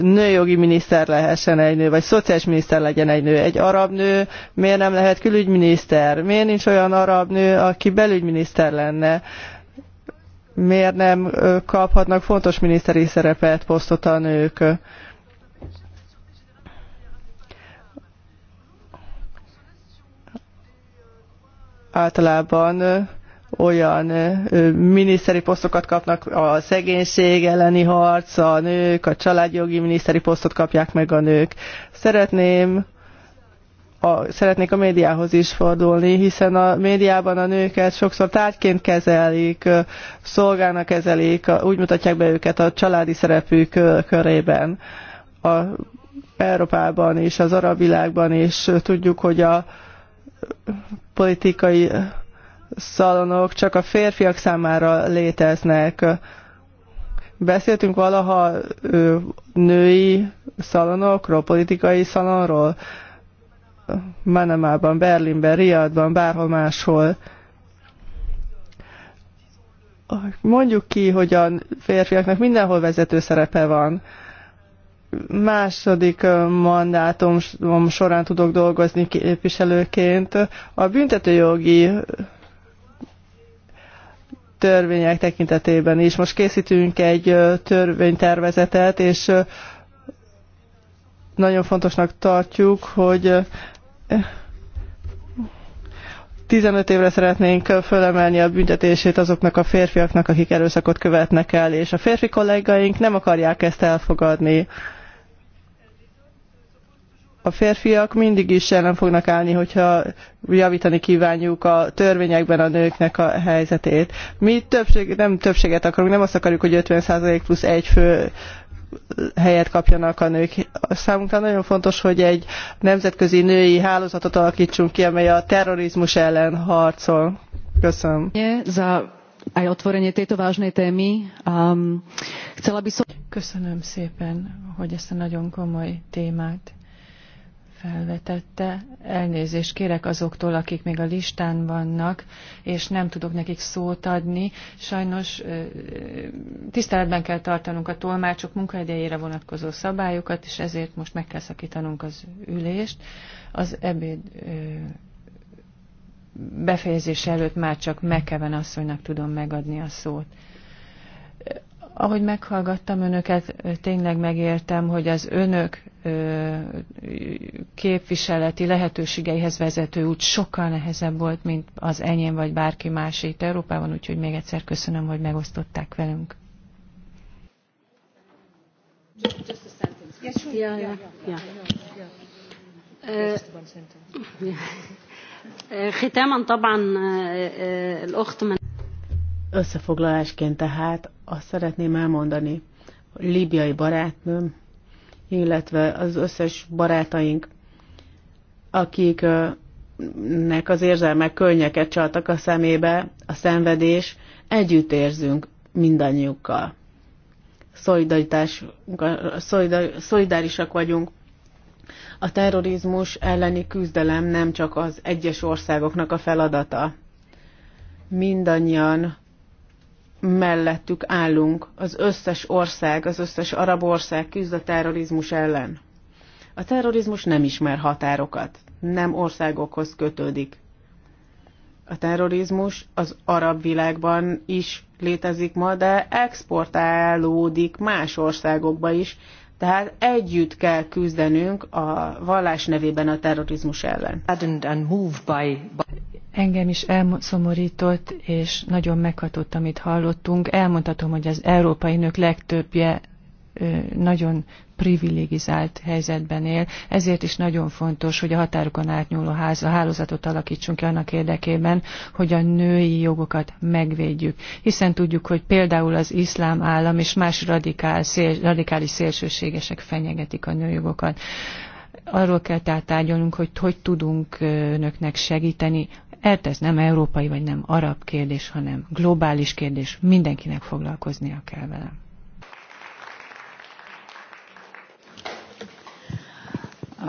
nőjogi miniszter lehessen egy nő, vagy szociális miniszter legyen egy nő. Egy arab nő miért nem lehet külügyminiszter? Miért nincs olyan arab nő, aki belügyminiszter lenne? Miért nem kaphatnak fontos miniszteri szerepet, posztot a nők? általában olyan miniszteri posztokat kapnak, a szegénység elleni harc, a nők, a családjogi miniszteri posztot kapják meg a nők. Szeretném a, szeretnék a médiához is fordulni, hiszen a médiában a nőket sokszor tárgyként kezelik, szolgálnak kezelik, úgy mutatják be őket a családi szerepük körében. A Európában és az arab világban is tudjuk, hogy a politikai szalonok csak a férfiak számára léteznek. Beszéltünk valaha női szalonokról, politikai szalonról? Manamában, Berlinben, Riadban, bárhol máshol. Mondjuk ki, hogy a férfiaknak mindenhol vezető szerepe van második mandátum során tudok dolgozni képviselőként. A büntetőjogi törvények tekintetében is. Most készítünk egy törvénytervezetet, és nagyon fontosnak tartjuk, hogy 15 évre szeretnénk fölemelni a büntetését azoknak a férfiaknak, akik erőszakot követnek el, és a férfi kollégaink nem akarják ezt elfogadni a férfiak mindig is ellen fognak állni, hogyha javítani kívánjuk a törvényekben a nőknek a helyzetét. Mi többség, nem többséget akarunk, nem azt akarjuk, hogy 50% plusz egy fő helyet kapjanak a nők. Számunkra nagyon fontos, hogy egy nemzetközi női hálózatot alakítsunk ki, amely a terrorizmus ellen harcol. Köszönöm. aj otvorenie tejto vážnej témy. Um, chcela by som... Köszönöm szépen, hogy ezt a nagyon komoly témát felvetette. Elnézést kérek azoktól, akik még a listán vannak, és nem tudok nekik szót adni. Sajnos tiszteletben kell tartanunk a tolmácsok munkaidejére vonatkozó szabályokat, és ezért most meg kell szakítanunk az ülést. Az ebéd befejezése előtt már csak Mekeven asszonynak tudom megadni a szót. Ahogy meghallgattam önöket, tényleg megértem, hogy az önök képviseleti lehetőségeihez vezető út sokkal nehezebb volt, mint az enyém vagy bárki más itt Európában, úgyhogy még egyszer köszönöm, hogy megosztották velünk. Yeah, yeah, yeah. yeah. yeah. yeah. yeah. Uh, Összefoglalásként tehát azt szeretném elmondani, hogy libiai barátnőm, illetve az összes barátaink, akiknek az érzelmek könnyeket csaltak a szemébe, a szenvedés, együtt érzünk mindannyiukkal. Szolidaritás, szolidárisak vagyunk. A terrorizmus elleni küzdelem nem csak az egyes országoknak a feladata. Mindannyian mellettük állunk. Az összes ország, az összes arab ország küzd a terrorizmus ellen. A terrorizmus nem ismer határokat, nem országokhoz kötődik. A terrorizmus az arab világban is létezik ma, de exportálódik más országokba is, tehát együtt kell küzdenünk a vallás nevében a terrorizmus ellen. Engem is elszomorított, és nagyon meghatott, amit hallottunk. Elmondhatom, hogy az európai nők legtöbbje nagyon privilegizált helyzetben él, ezért is nagyon fontos, hogy a határokon átnyúló ház, a hálózatot alakítsunk ki annak érdekében, hogy a női jogokat megvédjük. Hiszen tudjuk, hogy például az iszlám állam és más radikál, szél, radikális szélsőségesek fenyegetik a nőjogokat. Arról kell tehát tárgyalnunk, hogy hogy tudunk önöknek segíteni, Ert ez nem európai vagy nem arab kérdés, hanem globális kérdés, mindenkinek foglalkoznia kell vele. Ah.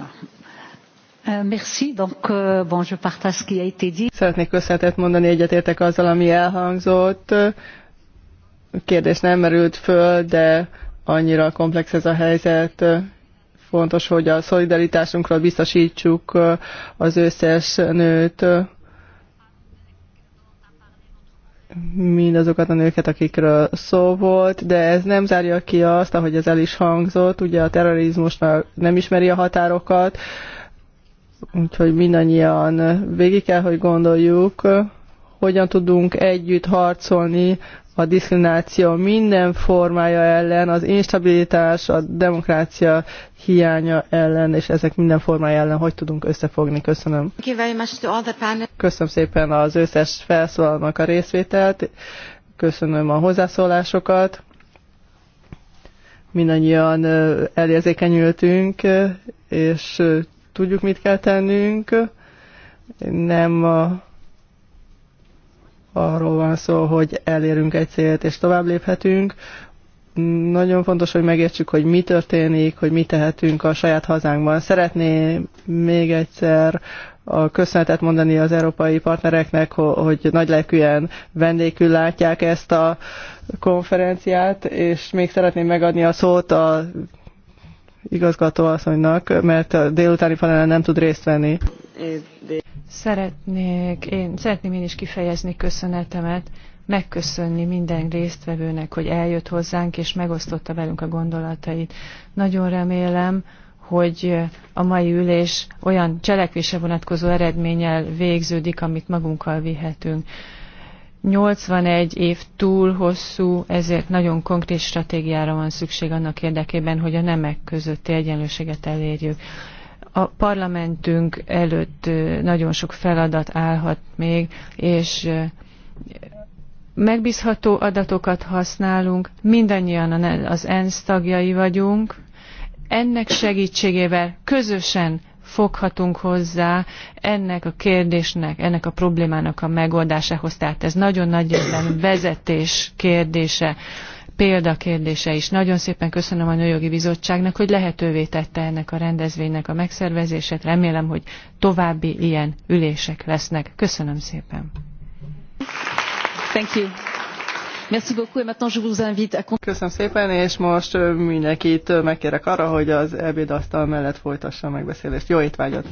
Euh, merci. Donc, euh, bon, je partage ce qui a été dit. Szeretnék köszönetet mondani, egyetértek azzal, ami elhangzott. Kérdés nem merült föl, de annyira komplex ez a helyzet. Fontos, hogy a szolidaritásunkról biztosítsuk az összes nőt mindazokat a nőket, akikről szó volt, de ez nem zárja ki azt, ahogy ez el is hangzott, ugye a terrorizmus már nem ismeri a határokat, úgyhogy mindannyian végig kell, hogy gondoljuk, hogyan tudunk együtt harcolni a diszkrimináció minden formája ellen, az instabilitás, a demokrácia hiánya ellen, és ezek minden formája ellen hogy tudunk összefogni. Köszönöm. Köszönöm szépen az összes felszólalnak a részvételt, köszönöm a hozzászólásokat. Mindannyian elérzékenyültünk, és tudjuk, mit kell tennünk. Nem a arról van szó, hogy elérünk egy célt és tovább léphetünk. Nagyon fontos, hogy megértsük, hogy mi történik, hogy mi tehetünk a saját hazánkban. Szeretné még egyszer a köszönetet mondani az európai partnereknek, hogy nagy lelkűen vendégül látják ezt a konferenciát, és még szeretném megadni a szót a igazgatóasszonynak, mert a délutáni panelen nem tud részt venni. Szeretnék, én, szeretném én is kifejezni köszönetemet, megköszönni minden résztvevőnek, hogy eljött hozzánk és megosztotta velünk a gondolatait. Nagyon remélem, hogy a mai ülés olyan cselekvése vonatkozó eredménnyel végződik, amit magunkkal vihetünk. 81 év túl hosszú, ezért nagyon konkrét stratégiára van szükség annak érdekében, hogy a nemek közötti egyenlőséget elérjük. A parlamentünk előtt nagyon sok feladat állhat még, és megbízható adatokat használunk, mindannyian az ENSZ tagjai vagyunk, ennek segítségével közösen foghatunk hozzá ennek a kérdésnek, ennek a problémának a megoldásához. Tehát ez nagyon nagy vezetés kérdése példakérdése is. Nagyon szépen köszönöm a Nőjogi Bizottságnak, hogy lehetővé tette ennek a rendezvénynek a megszervezését. Remélem, hogy további ilyen ülések lesznek. Köszönöm szépen. Thank you. Köszönöm szépen, és most mindenkit megkérek arra, hogy az ebédasztal mellett folytassa a megbeszélést. Jó étvágyat!